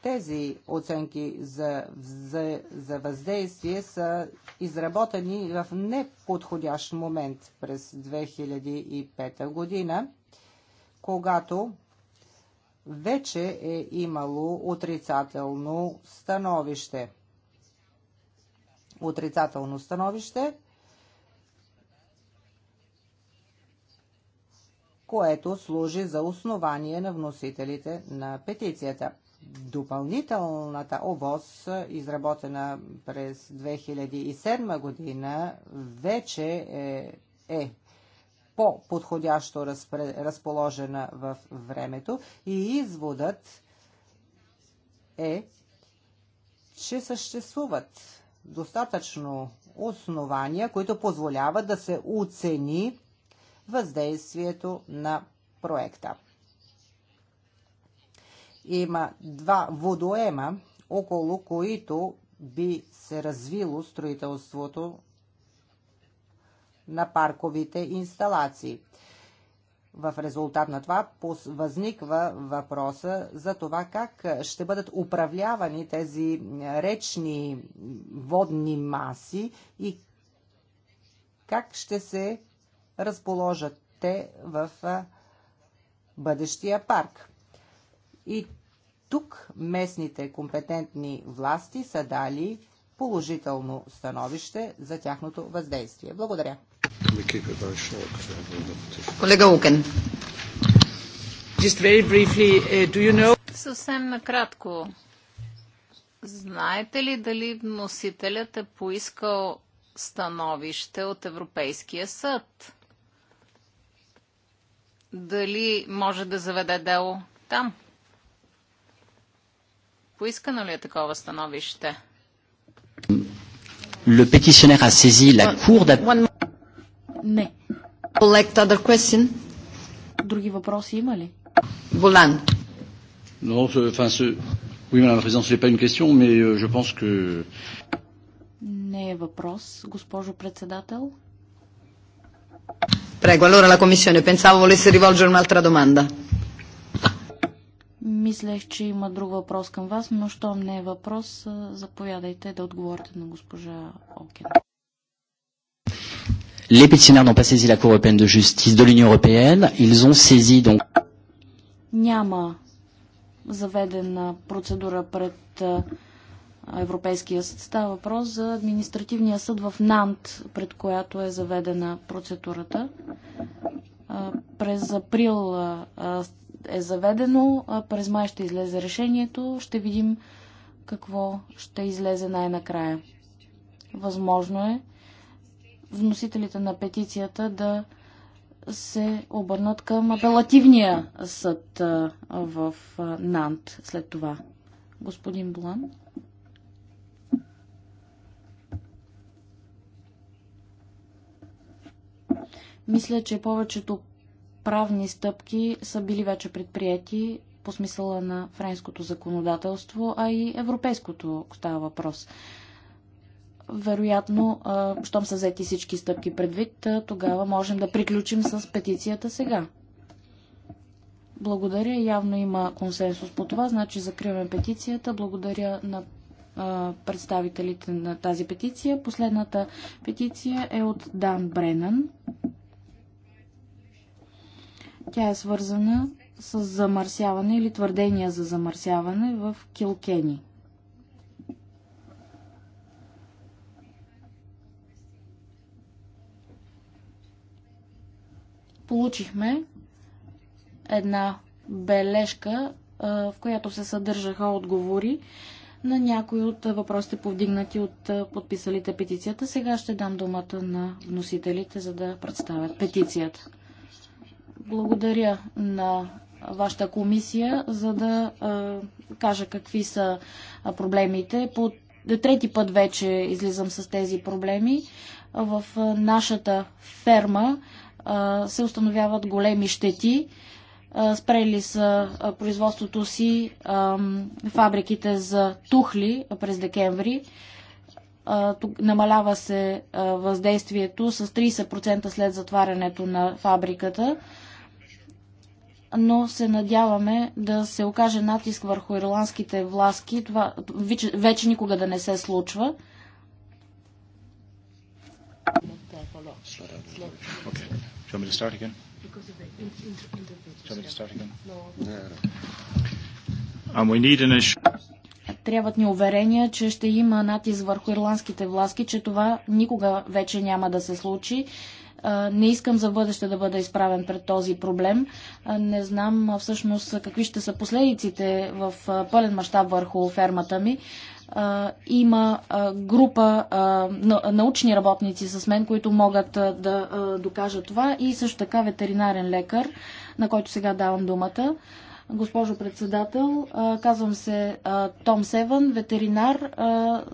тези оценки за, за, за въздействие са изработени в неподходящ момент през 2005 година, когато вече е имало отрицателно становище. Отрицателно становище, което служи за основание на вносителите на петицията. Допълнителната ОВОС, изработена през 2007 година, вече е, е по-подходящо разположена в времето и изводът е, че съществуват достатъчно основания, които позволяват да се оцени въздействието на проекта. Има два водоема, около които би се развило строителството на парковите инсталации. В резултат на това възниква въпроса за това как ще бъдат управлявани тези речни водни маси и как ще се разположат те в бъдещия парк. И тук местните компетентни власти са дали положително становище за тяхното въздействие. Благодаря. Колега Укен. Uh, Съвсем накратко. Знаете ли дали вносителят е поискал становище от Европейския съд? Дали може да заведе дело там? Поискано ли е такова становище? Le pétitionnaire a saisi la cour d'appel. Не. Други въпроси има ли? Волан. Non, enfin, ce... Oui, madame la présidente, ce n'est pas une question, mais euh, je pense que... Не е въпрос, госпожо председател. Prego, allora la Commissione, pensavo volesse rivolgere un'altra domanda. Мислех, че има друг въпрос към вас, но щом не е въпрос, заповядайте да отговорите на госпожа Окен. Les pétitionnaires n'ont pas saisi la Cour européenne de justice de l'Union européenne. Ils ont saisi donc. Няма заведена процедура пред Европейския съд. Става въпрос за административния съд в Нант, пред която е заведена процедурата. През април е заведено, през май ще излезе решението. Ще видим какво ще излезе най-накрая. Възможно е вносителите на петицията да се обърнат към апелативния съд в Нант след това. Господин Булан. Мисля, че повечето правни стъпки са били вече предприяти по смисъла на френското законодателство, а и европейското става въпрос вероятно, щом са взети всички стъпки предвид, тогава можем да приключим с петицията сега. Благодаря. Явно има консенсус по това, значи закриваме петицията. Благодаря на представителите на тази петиция. Последната петиция е от Дан Бренан. Тя е свързана с замърсяване или твърдения за замърсяване в Килкени. получихме една бележка, в която се съдържаха отговори на някои от въпросите повдигнати от подписалите петицията. Сега ще дам думата на вносителите, за да представят петицията. Благодаря на вашата комисия, за да кажа какви са проблемите. По трети път вече излизам с тези проблеми. В нашата ферма се установяват големи щети. Спрели са производството си фабриките за тухли през декември. Намалява се въздействието с 30% след затварянето на фабриката но се надяваме да се окаже натиск върху ирландските власти. Това вече, никога да не се случва. Okay. Do you want me to start again? Because of the inter- Do you want me to start again? No. And um, we need an issue трябват ни уверения, че ще има натиск върху ирландските власти, че това никога вече няма да се случи. Не искам за бъдеще да бъда изправен пред този проблем. Не знам всъщност какви ще са последиците в пълен мащаб върху фермата ми има група научни работници с мен, които могат да докажат това и също така ветеринарен лекар, на който сега давам думата. Госпожо председател, казвам се Том Севън, ветеринар.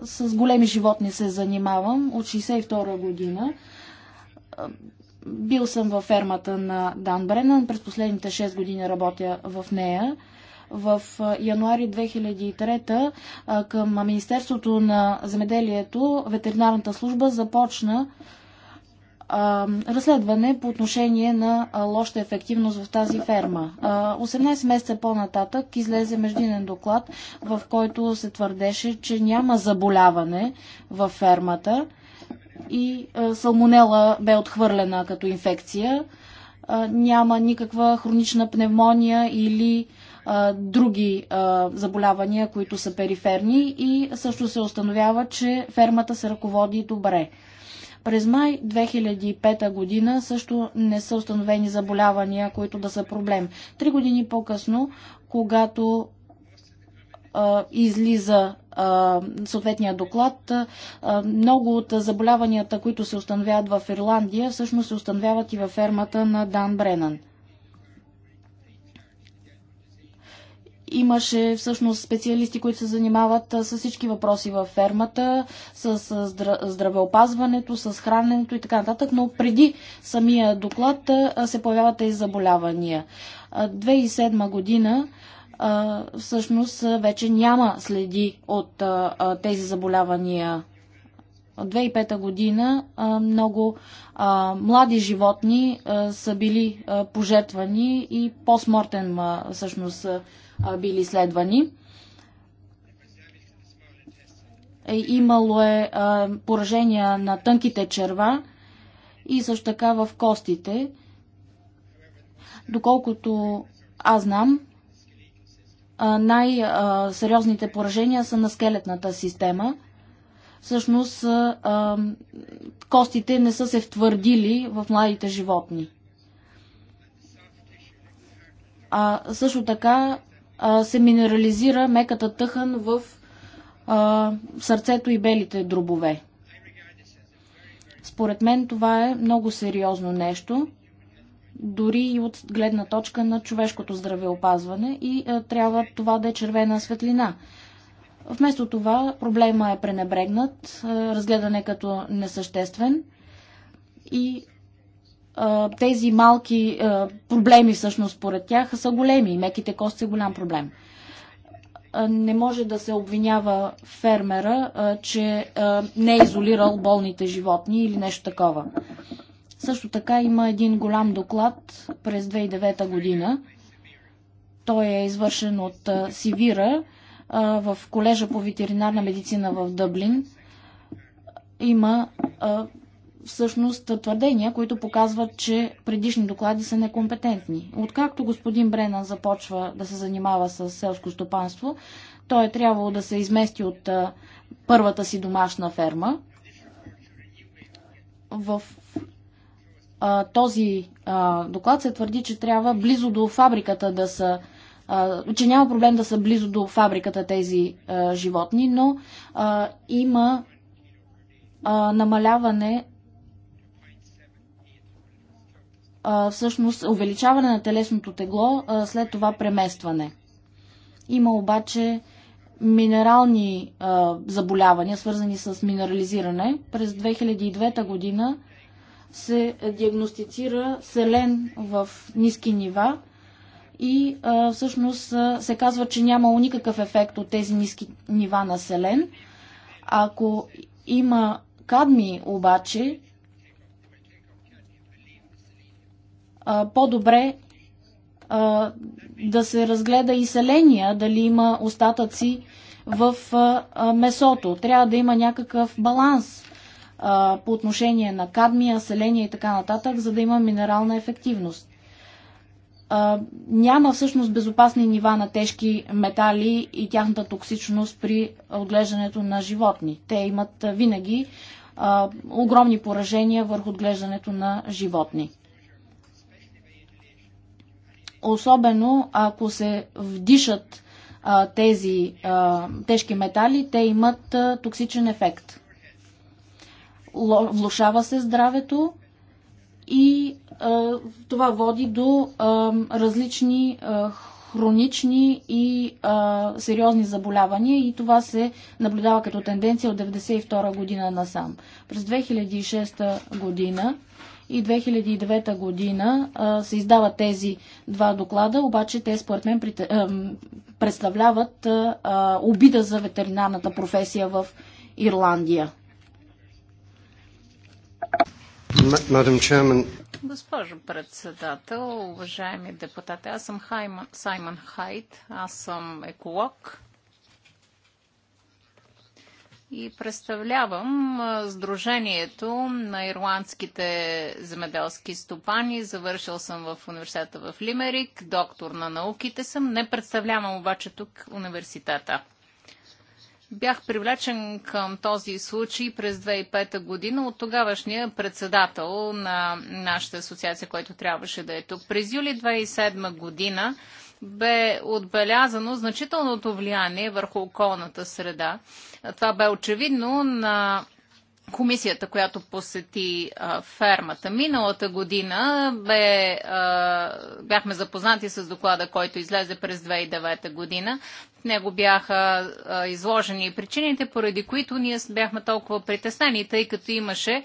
С големи животни се занимавам от 62 година. Бил съм във фермата на Дан Бренън, През последните 6 години работя в нея в януари 2003 към Министерството на земеделието ветеринарната служба започна разследване по отношение на лоша ефективност в тази ферма. 18 месеца по-нататък излезе междинен доклад, в който се твърдеше, че няма заболяване в фермата и салмонела бе отхвърлена като инфекция. Няма никаква хронична пневмония или а, други а, заболявания, които са периферни и също се установява, че фермата се ръководи добре. През май 2005 година също не са установени заболявания, които да са проблем. Три години по-късно, когато а, излиза съответния доклад, много от заболяванията, които се установяват в Ирландия, всъщност се установяват и във фермата на Дан Бренан. Имаше всъщност специалисти, които се занимават с всички въпроси във фермата, с здравеопазването, с храненето и така нататък, но преди самия доклад се появяват тези заболявания. 2007 година всъщност вече няма следи от тези заболявания 2005 година много млади животни са били пожертвани и постмортен всъщност били следвани. Е, имало е поражения на тънките черва и също така в костите. Доколкото аз знам, най-сериозните поражения са на скелетната система. Всъщност, костите не са се втвърдили в младите животни. А също така а, се минерализира меката тъхан в а, сърцето и белите дробове. Според мен това е много сериозно нещо, дори и от гледна точка на човешкото здравеопазване и а, трябва това да е червена светлина. Вместо това проблема е пренебрегнат, разгледан е като несъществен и тези малки проблеми, всъщност, според тях, са големи и меките кости е голям проблем. Не може да се обвинява фермера, че не е изолирал болните животни или нещо такова. Също така има един голям доклад през 2009 година. Той е извършен от Сивира в колежа по ветеринарна медицина в Дъблин. Има всъщност твърдения, които показват, че предишни доклади са некомпетентни. Откакто господин Бренан започва да се занимава с селско стопанство, той е трябвало да се измести от а, първата си домашна ферма в а, този а, доклад се твърди, че трябва близо до фабриката да са а, че няма проблем да са близо до фабриката тези а, животни, но а, има а, намаляване всъщност увеличаване на телесното тегло, след това преместване. Има обаче минерални заболявания, свързани с минерализиране. През 2002 година се диагностицира селен в ниски нива и всъщност се казва, че нямало никакъв ефект от тези ниски нива на селен. Ако има кадми обаче, по-добре да се разгледа и селения, дали има остатъци в месото. Трябва да има някакъв баланс по отношение на кадмия, селения и така нататък, за да има минерална ефективност. Няма всъщност безопасни нива на тежки метали и тяхната токсичност при отглеждането на животни. Те имат винаги огромни поражения върху отглеждането на животни особено ако се вдишат а, тези а, тежки метали, те имат а, токсичен ефект. Ло, влушава се здравето и а, това води до а, различни а, хронични и а, сериозни заболявания и това се наблюдава като тенденция от 1992 година насам. През 2006 година и 2009 година се издават тези два доклада, обаче те според мен представляват обида за ветеринарната професия в Ирландия. Госпожо председател, уважаеми депутати, аз съм Хайман, Саймон Хайт, аз съм еколог и представлявам Сдружението на ирландските земеделски стопани. Завършил съм в университета в Лимерик, доктор на науките съм. Не представлявам обаче тук университета. Бях привлечен към този случай през 2005 година от тогавашния председател на нашата асоциация, който трябваше да е тук. През юли 2007 година бе отбелязано значителното влияние върху околната среда. Това бе очевидно на комисията, която посети а, фермата. Миналата година бе, а, бяхме запознати с доклада, който излезе през 2009 година. В него бяха а, изложени причините, поради които ние бяхме толкова притеснени, тъй като имаше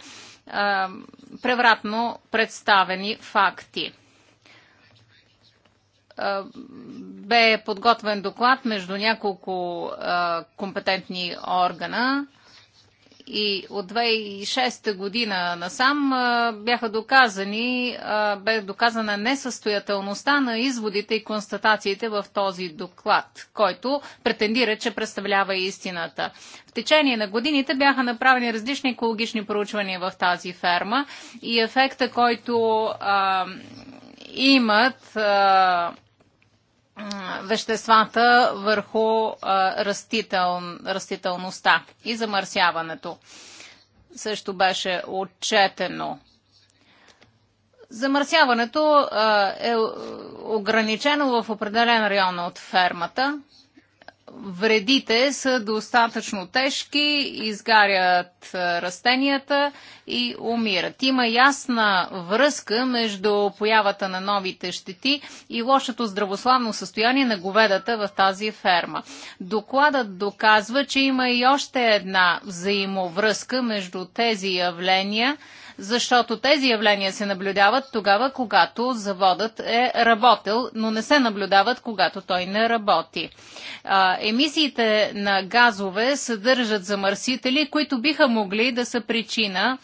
а, превратно представени факти бе подготвен доклад между няколко компетентни органа и от 2006 година насам бяха доказани, бе доказана несъстоятелността на изводите и констатациите в този доклад, който претендира, че представлява истината. В течение на годините бяха направени различни екологични проучвания в тази ферма и ефекта, който а, имат а, веществата върху растител, растителността и замърсяването. Също беше отчетено. Замърсяването е, е ограничено в определен район от фермата, вредите са достатъчно тежки, изгарят растенията и умират. Има ясна връзка между появата на новите щети и лошото здравославно състояние на говедата в тази ферма. Докладът доказва, че има и още една взаимовръзка между тези явления – защото тези явления се наблюдават тогава, когато заводът е работил, но не се наблюдават, когато той не работи. емисиите на газове съдържат замърсители, които биха могли да са причина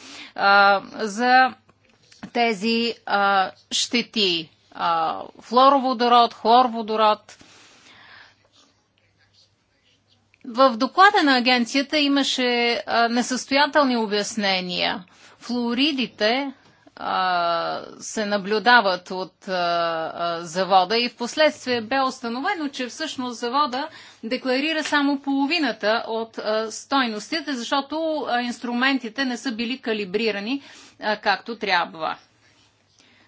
за тези щети. флороводород, хлорводород. В доклада на агенцията имаше а, несъстоятелни обяснения. Флоридите се наблюдават от завода и в последствие бе установено, че всъщност завода декларира само половината от стойностите, защото инструментите не са били калибрирани както трябва.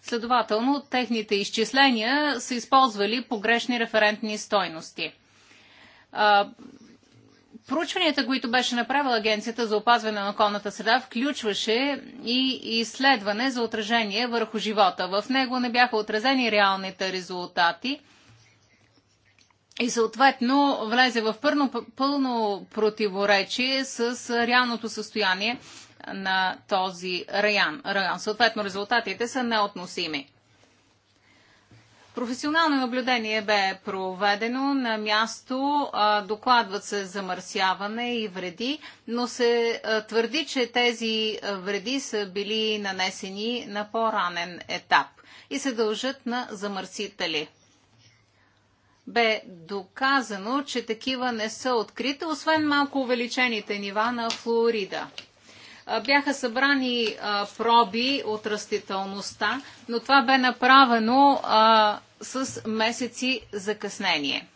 Следователно, техните изчисления са използвали погрешни референтни стойности Проучванията, които беше направила Агенцията за опазване на околната среда, включваше и изследване за отражение върху живота. В него не бяха отразени реалните резултати и съответно влезе в пърно, пълно противоречие с реалното състояние на този район. район. Съответно резултатите са неотносими. Професионално наблюдение бе проведено на място, докладват се замърсяване и вреди, но се твърди, че тези вреди са били нанесени на по-ранен етап и се дължат на замърсители. Бе доказано, че такива не са открити, освен малко увеличените нива на флуорида бяха събрани проби от растителността, но това бе направено с месеци закъснение.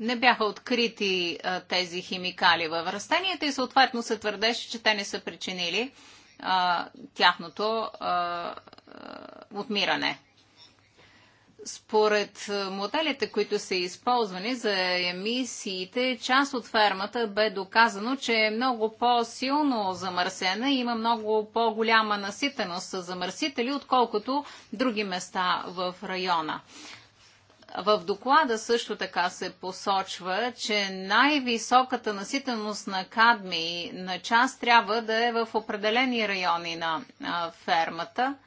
не бяха открити а, тези химикали във растенията и съответно се твърдеше, че те не са причинили а, тяхното а, отмиране. Според е, моделите, които са използвани за емисиите, част от фермата бе доказано, че е много по-силно замърсена и има много по-голяма наситеност с замърсители, отколкото други места в района. В доклада също така се посочва, че най-високата наситеност на кадми на част трябва да е в определени райони на фермата –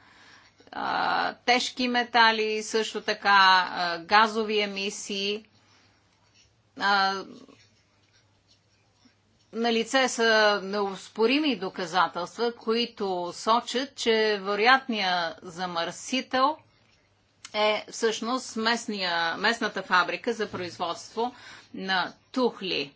тежки метали, също така газови емисии. на лице са неоспорими доказателства, които сочат, че вероятният замърсител е всъщност местния, местната фабрика за производство на тухли.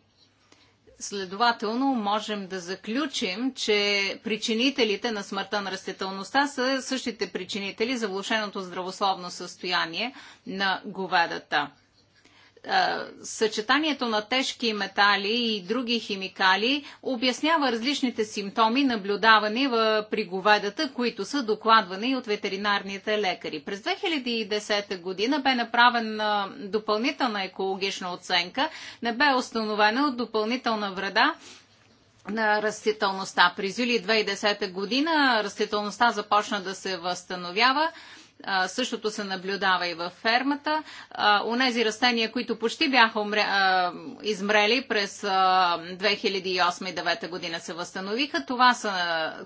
Следователно, можем да заключим, че причинителите на смъртта на растителността са същите причинители за влушеното здравословно състояние на говедата съчетанието на тежки метали и други химикали обяснява различните симптоми, наблюдавани при говедата, които са докладвани от ветеринарните лекари. През 2010 година бе направена допълнителна екологична оценка, не бе установена от допълнителна вреда на растителността. През юли 2010 година растителността започна да се възстановява същото се наблюдава и във фермата. А, унези растения, които почти бяха умре, измрели през 2008-2009 година се възстановиха. Това са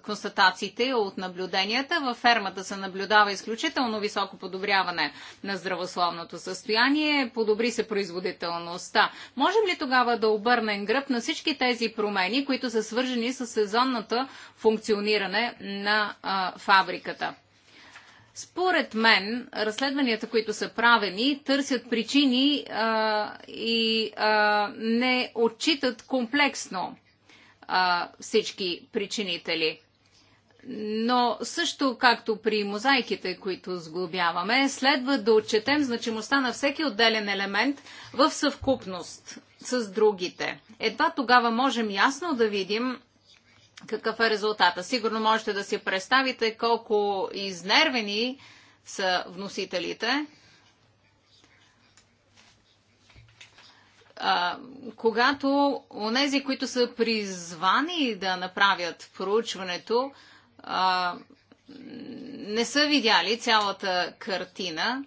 констатациите от наблюденията. Във фермата се наблюдава изключително високо подобряване на здравословното състояние. Подобри се производителността. Можем ли тогава да обърнем гръб на всички тези промени, които са свържени с сезонната функциониране на фабриката? Според мен, разследванията, които са правени, търсят причини а, и а, не отчитат комплексно а, всички причинители. Но също както при мозайките, които сглобяваме, следва да отчетем значимостта на всеки отделен елемент в съвкупност с другите. Едва тогава можем ясно да видим какъв е резултата. Сигурно можете да си представите колко изнервени са вносителите. А, когато онези, които са призвани да направят проучването, а, не са видяли цялата картина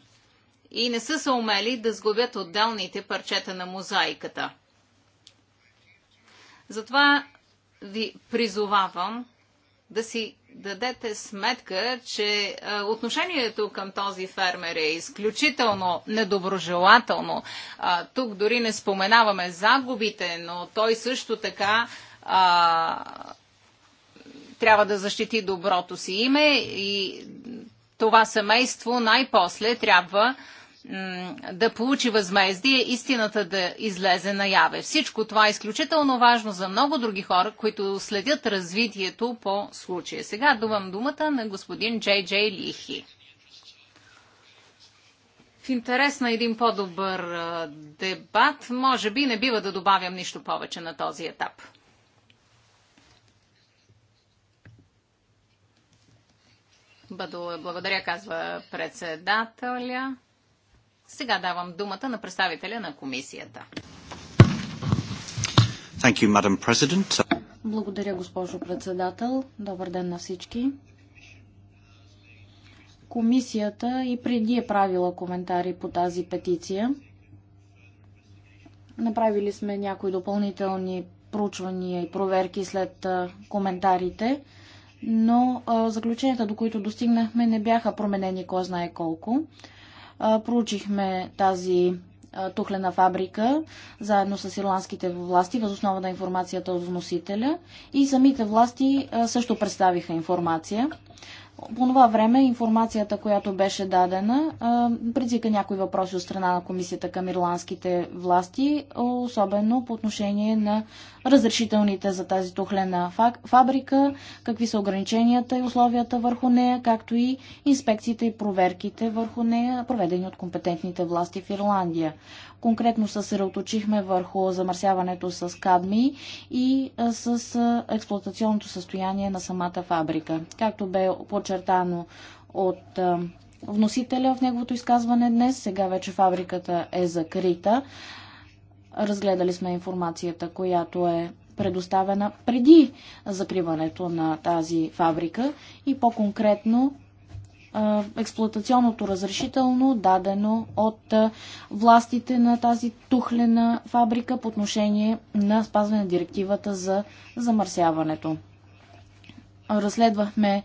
и не са се умели да сгубят отделните парчета на мозайката. Затова ви призовавам да си дадете сметка, че е, отношението към този фермер е изключително недоброжелателно. тук дори не споменаваме загубите, но той също така а, трябва да защити доброто си име и това семейство най-после трябва да получи възмездие, истината да излезе наяве. Всичко това е изключително важно за много други хора, които следят развитието по случая. Сега давам думата на господин Джей Джей Лихи. В интерес на един по-добър дебат, може би не бива да добавям нищо повече на този етап. Благодаря, казва председателя. Сега давам думата на представителя на комисията. Thank you, Madam President. Благодаря, госпожо председател. Добър ден на всички. Комисията и преди е правила коментари по тази петиция. Направили сме някои допълнителни проучвания и проверки след коментарите, но заключенията, до които достигнахме, не бяха променени кой знае колко проучихме тази тухлена фабрика, заедно с ирландските власти, възоснова на информацията от вносителя. И самите власти също представиха информация. По това време информацията, която беше дадена, предизвика някои въпроси от страна на комисията към ирландските власти, особено по отношение на разрешителните за тази тухлена фабрика, какви са ограниченията и условията върху нея, както и инспекциите и проверките върху нея, проведени от компетентните власти в Ирландия. Конкретно се съсредоточихме върху замърсяването с кадми и с експлуатационното състояние на самата фабрика. Както бе подчертано от вносителя в неговото изказване днес, сега вече фабриката е закрита. Разгледали сме информацията, която е предоставена преди закриването на тази фабрика и по-конкретно експлуатационното разрешително, дадено от властите на тази тухлена фабрика по отношение на спазване на директивата за замърсяването. Разследвахме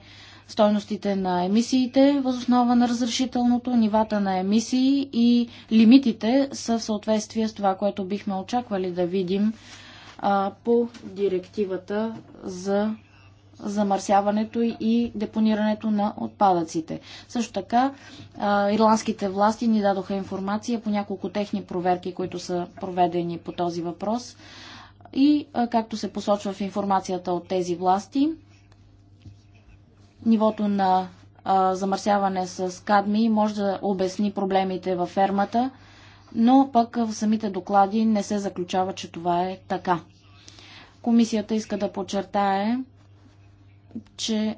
стойностите на емисиите възоснова на разрешителното, нивата на емисии и лимитите са в съответствие с това, което бихме очаквали да видим по директивата за замърсяването и депонирането на отпадъците. Също така, ирландските власти ни дадоха информация по няколко техни проверки, които са проведени по този въпрос. И, както се посочва в информацията от тези власти, нивото на замърсяване с кадми може да обясни проблемите във фермата, но пък в самите доклади не се заключава, че това е така. Комисията иска да подчертае, че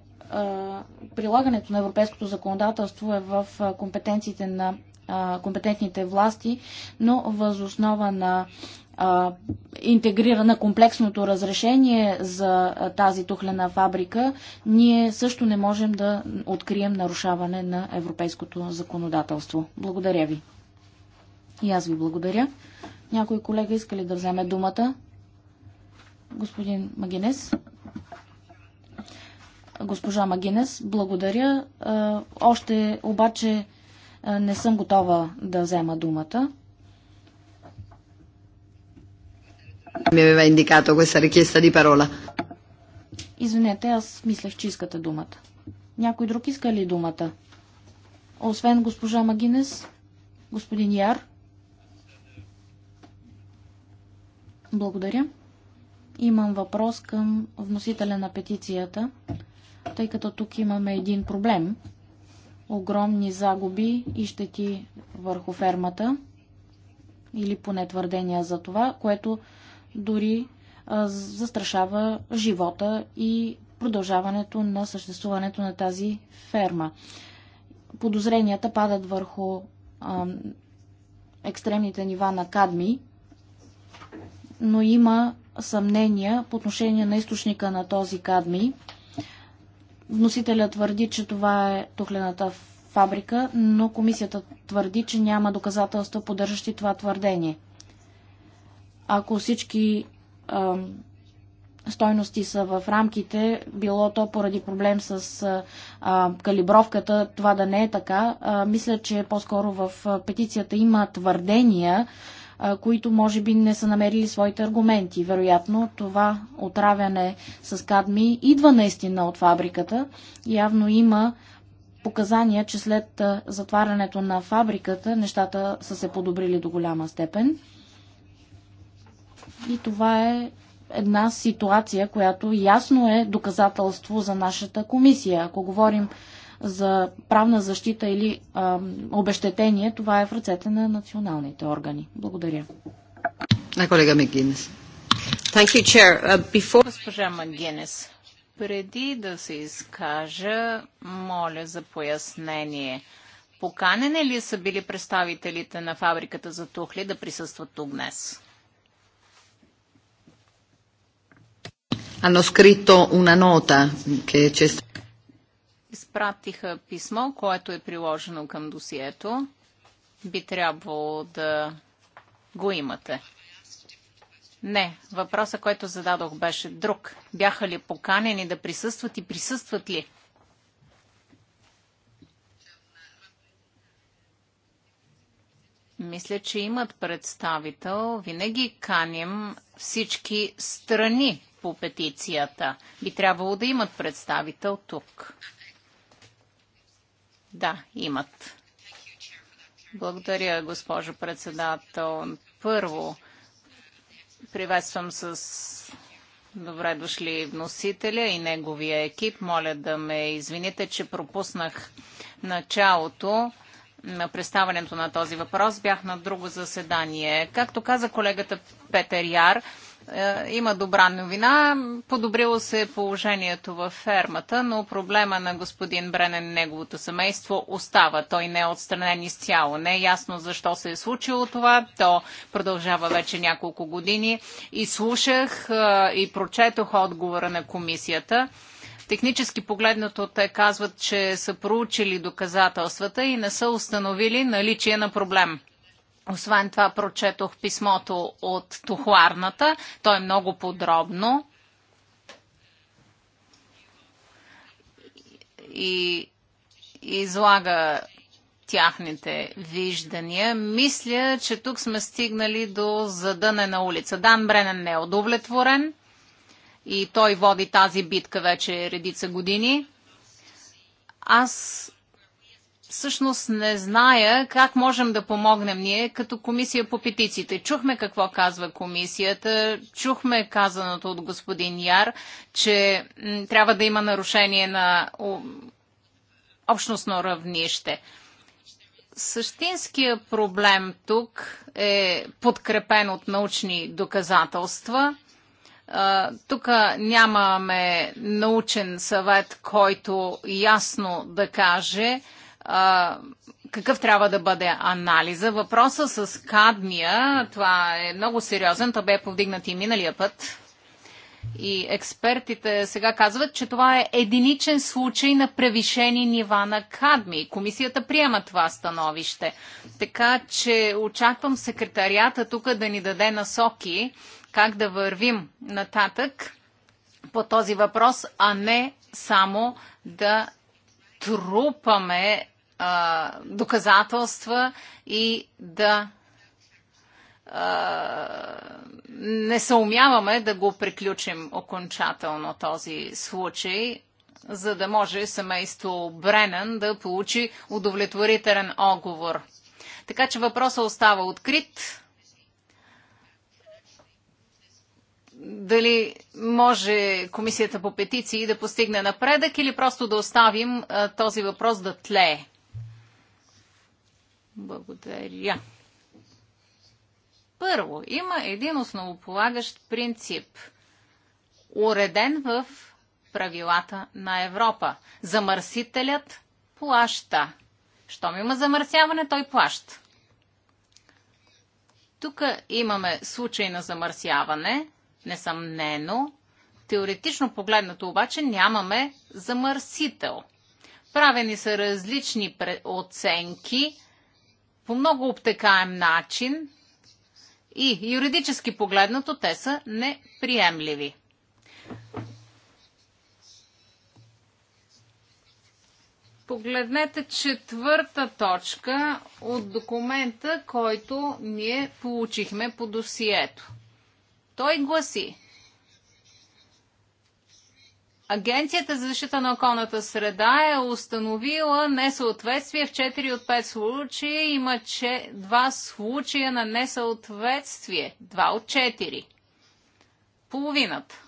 прилагането на европейското законодателство е в компетенциите на компетентните власти, но възоснова на интегрирана комплексното разрешение за тази тухлена фабрика, ние също не можем да открием нарушаване на европейското законодателство. Благодаря ви. И аз ви благодаря. Някой колега иска ли да вземе думата? Господин Магинес госпожа Магинес. Благодаря. Е, още обаче е, не съм готова да взема думата. Ми aveva indicato questa richiesta di parola. Извинете, аз мислех, че искате думата. Някой друг иска ли думата? Освен госпожа Магинес, господин Яр. Благодаря. Имам въпрос към вносителя на петицията тъй като тук имаме един проблем. Огромни загуби и щети върху фермата, или поне твърдения за това, което дори застрашава живота и продължаването на съществуването на тази ферма. Подозренията падат върху екстремните нива на кадми, но има съмнения по отношение на източника на този кадми Вносителя твърди, че това е тухлената фабрика, но комисията твърди, че няма доказателства, поддържащи това твърдение. Ако всички а, стойности са в рамките, било то поради проблем с а, калибровката, това да не е така. А, мисля, че по-скоро в петицията има твърдения които може би не са намерили своите аргументи. Вероятно това отравяне с кадми идва наистина от фабриката. Явно има показания, че след затварянето на фабриката нещата са се подобрили до голяма степен. И това е една ситуация, която ясно е доказателство за нашата комисия. Ако говорим за правна защита или а, обещетение, това е в ръцете на националните органи. Благодаря. На колега Мегинес. Uh, before... Госпожа Магинес, преди да се изкажа, моля за пояснение. Поканени ли са били представителите на фабриката за тухли да присъстват тук днес? Hanno scritto una nota che c'è stata изпратиха писмо, което е приложено към досието. Би трябвало да го имате. Не, въпросът, който зададох, беше друг. Бяха ли поканени да присъстват и присъстват ли? Мисля, че имат представител. Винаги каним всички страни по петицията. Би трябвало да имат представител тук. Да, имат. Благодаря, госпожо председател. Първо, приветствам с добре дошли вносителя и неговия екип. Моля да ме извините, че пропуснах началото представането на този въпрос. Бях на друго заседание. Както каза колегата Петър Яр, е, има добра новина. Подобрило се положението във фермата, но проблема на господин Бренен и неговото семейство остава. Той не е отстранен изцяло. Не е ясно защо се е случило това. То продължава вече няколко години. И слушах е, и прочетох отговора на комисията технически погледнато те казват, че са проучили доказателствата и не са установили наличие на проблем. Освен това, прочетох писмото от тухуарната. То е много подробно. И излага тяхните виждания. Мисля, че тук сме стигнали до задънена улица. Дан Бренен не е удовлетворен и той води тази битка вече редица години. Аз всъщност не зная как можем да помогнем ние като комисия по петициите. Чухме какво казва комисията, чухме казаното от господин Яр, че трябва да има нарушение на общностно равнище. Същинския проблем тук е подкрепен от научни доказателства тук нямаме научен съвет, който ясно да каже какъв трябва да бъде анализа. Въпроса с кадмия, това е много сериозен, то бе повдигнат и миналия път. И експертите сега казват, че това е единичен случай на превишени нива на кадми. Комисията приема това становище. Така че очаквам секретарията тук да ни даде насоки как да вървим нататък по този въпрос, а не само да трупаме а, доказателства и да не съумяваме да го приключим окончателно този случай, за да може семейство Бренен да получи удовлетворителен оговор. Така че въпросът остава открит. дали може комисията по петиции да постигне напредък или просто да оставим този въпрос да тлее. Благодаря. Първо, има един основополагащ принцип, уреден в правилата на Европа. Замърсителят плаща. Щом има замърсяване, той плаща. Тук имаме случай на замърсяване, несъмнено. Теоретично погледнато обаче нямаме замърсител. Правени са различни оценки по много обтекаем начин и юридически погледнато те са неприемливи. Погледнете четвърта точка от документа, който ние получихме по досието. Той гласи Агенцията за защита на околната среда е установила несъответствие в 4 от 5 случаи. Има 2 случая на несъответствие. 2 от 4. Половината.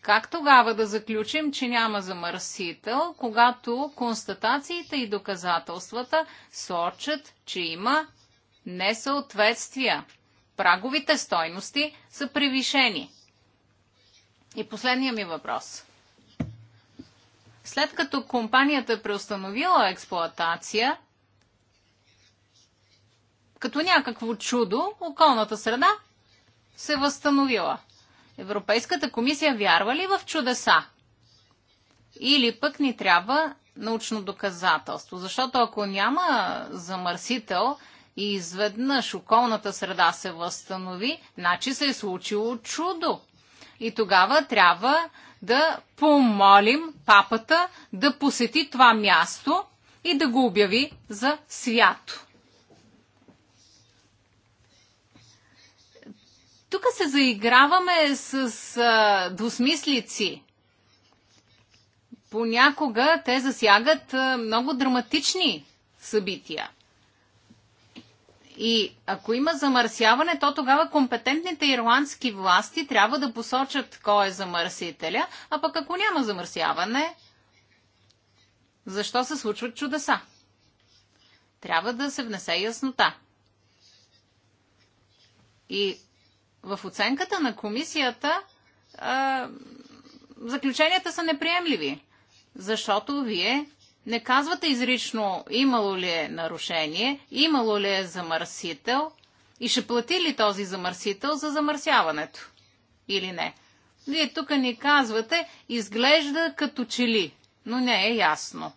Как тогава да заключим, че няма замърсител, когато констатациите и доказателствата сочат, че има несъответствия? праговите стойности са превишени. И последния ми въпрос. След като компанията е преустановила експлоатация, като някакво чудо, околната среда се е възстановила. Европейската комисия вярва ли в чудеса? Или пък ни трябва научно доказателство? Защото ако няма замърсител, и изведнъж околната среда се възстанови, значи се е случило чудо. И тогава трябва да помолим папата да посети това място и да го обяви за свято. Тук се заиграваме с а, двусмислици. Понякога те засягат а, много драматични събития. И ако има замърсяване, то тогава компетентните ирландски власти трябва да посочат кой е замърсителя, а пък ако няма замърсяване, защо се случват чудеса? Трябва да се внесе яснота. И в оценката на комисията заключенията са неприемливи, защото вие не казвате изрично имало ли е нарушение, имало ли е замърсител и ще плати ли този замърсител за замърсяването или не. Вие тук ни казвате, изглежда като чели, но не е ясно.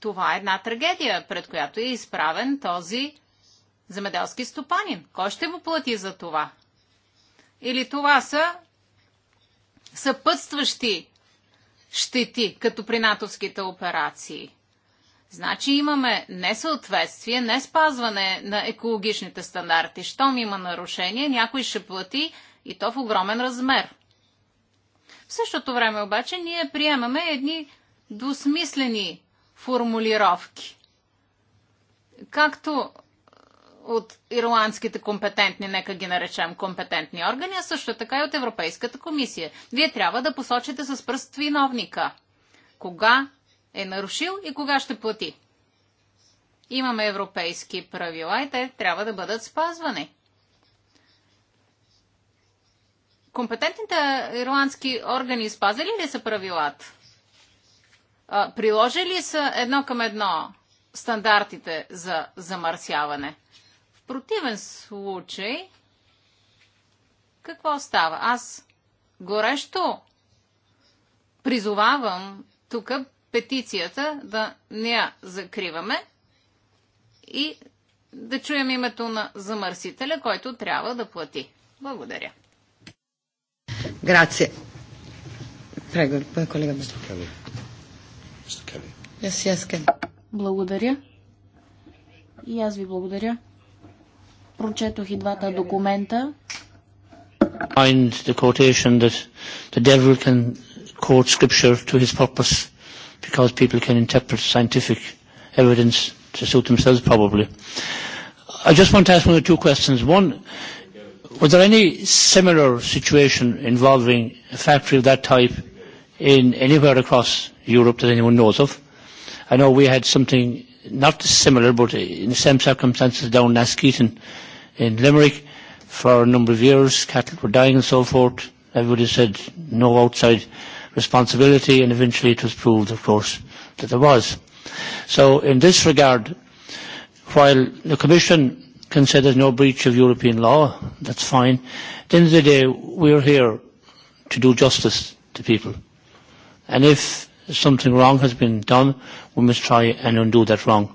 Това е една трагедия, пред която е изправен този земеделски стопанин. Кой ще му плати за това? Или това са съпътстващи щети, като при натовските операции. Значи имаме несъответствие, не спазване на екологичните стандарти. Щом има нарушение, някой ще плати и то в огромен размер. В същото време обаче ние приемаме едни двусмислени формулировки. Както от ирландските компетентни, нека ги наречем компетентни органи, а също така и от Европейската комисия. Вие трябва да посочите с пръст виновника. Кога е нарушил и кога ще плати. Имаме европейски правила и те трябва да бъдат спазвани. Компетентните ирландски органи спазили ли са правилата? Приложили са едно към едно стандартите за замърсяване? противен случай, какво става? Аз горещо призовавам тук петицията да не я закриваме и да чуем името на замърсителя, който трябва да плати. Благодаря. Грация. Прегор колега collega Благодаря. И аз ви благодаря. Прочетох и двата документа. because people can interpret scientific evidence to suit themselves probably. I just want to ask one or two questions. One, was there any similar situation involving a factory of that type in anywhere across Europe that anyone knows of? I know we had something not similar but in the same circumstances down in Askeaton in Limerick for a number of years. Cattle were dying and so forth. Everybody said no outside responsibility, and eventually it was proved, of course, that there was. So in this regard, while the Commission can say there's no breach of European law, that's fine, at the end of the day, we're here to do justice to people. And if something wrong has been done, we must try and undo that wrong.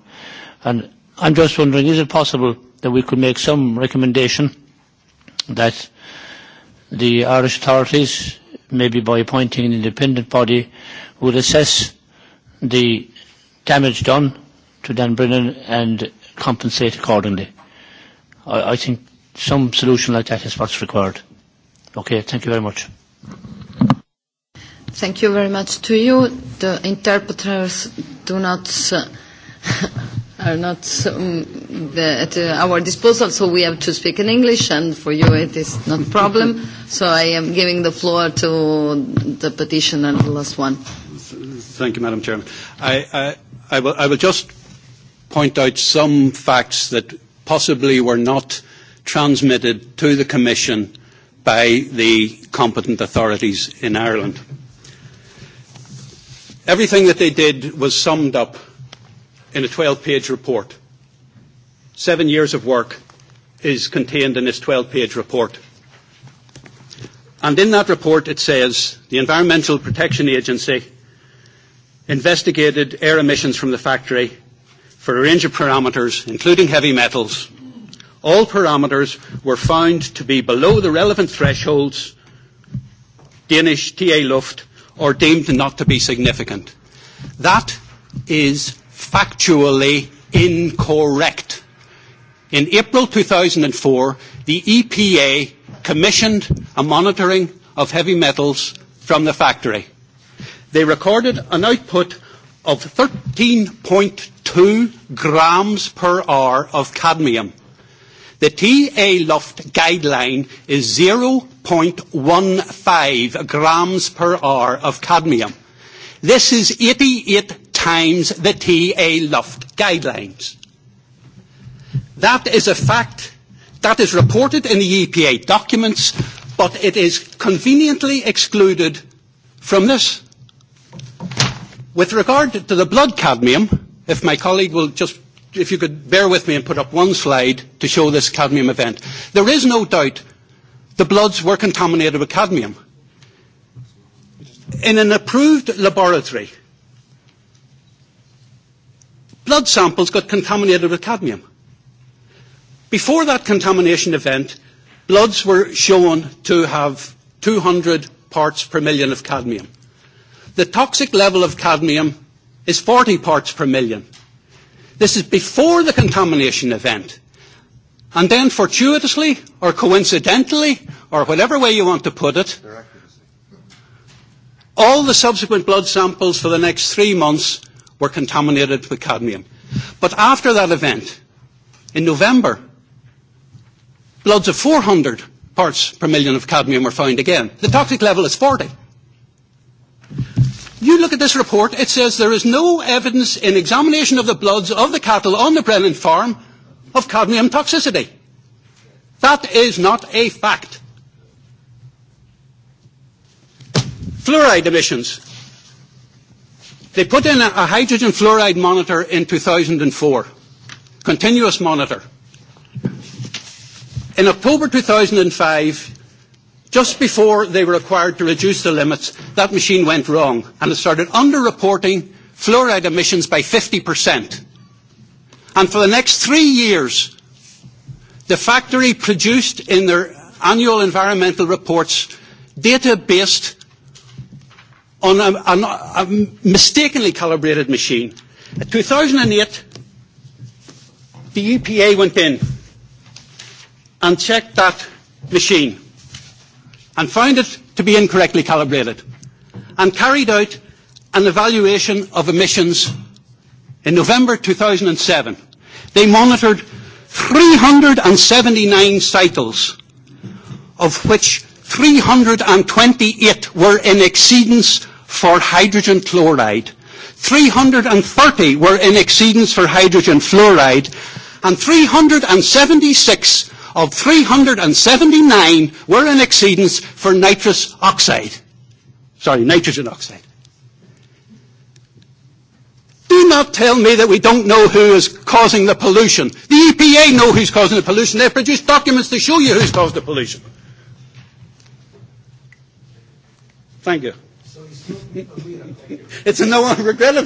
And I'm just wondering, is it possible that we could make some recommendation that the Irish authorities, maybe by appointing an independent body, would assess the damage done to Dan Brennan and compensate accordingly. I, I think some solution like that is what's required. Okay, thank you very much. Thank you very much to you. The interpreters do not are not um, the, at uh, our disposal, so we have to speak in English, and for you it is not a problem. So I am giving the floor to the petitioner, the last one. Thank you, Madam Chairman. I, I, I, will, I will just point out some facts that possibly were not transmitted to the Commission by the competent authorities in Ireland. Everything that they did was summed up in a 12-page report. Seven years of work is contained in this 12-page report. And in that report it says the Environmental Protection Agency investigated air emissions from the factory for a range of parameters, including heavy metals. All parameters were found to be below the relevant thresholds, Danish TA Luft, or deemed not to be significant. That is factually incorrect. In April 2004, the EPA commissioned a monitoring of heavy metals from the factory. They recorded an output of 13.2 grams per hour of cadmium. The TA Luft guideline is 0.15 grams per hour of cadmium. This is 88 times the TA Luft guidelines. That is a fact that is reported in the EPA documents, but it is conveniently excluded from this. With regard to the blood cadmium, if my colleague will just, if you could bear with me and put up one slide to show this cadmium event. There is no doubt the bloods were contaminated with cadmium. In an approved laboratory, blood samples got contaminated with cadmium. Before that contamination event, bloods were shown to have 200 parts per million of cadmium. The toxic level of cadmium is 40 parts per million. This is before the contamination event. And then fortuitously or coincidentally or whatever way you want to put it, all the subsequent blood samples for the next three months were contaminated with cadmium. But after that event, in November, bloods of 400 parts per million of cadmium were found again. The toxic level is 40. You look at this report, it says there is no evidence in examination of the bloods of the cattle on the Brennan farm of cadmium toxicity. That is not a fact. Fluoride emissions. They put in a, a hydrogen fluoride monitor in 2004, continuous monitor. In October 2005, just before they were required to reduce the limits, that machine went wrong and it started underreporting fluoride emissions by 50%. And for the next three years, the factory produced in their annual environmental reports data based on a, a, a mistakenly calibrated machine. In 2008, the EPA went in and checked that machine and found it to be incorrectly calibrated and carried out an evaluation of emissions in November 2007. They monitored 379 cycles, of which 328 were in exceedance for hydrogen chloride. 330 were in exceedance for hydrogen fluoride, and 376 of 379 were in exceedance for nitrous oxide. Sorry, nitrogen oxide. Do not tell me that we don't know who is causing the pollution. The EPA know who's causing the pollution. They've produced documents to show you who's caused the pollution. Thank you it's a no regrettable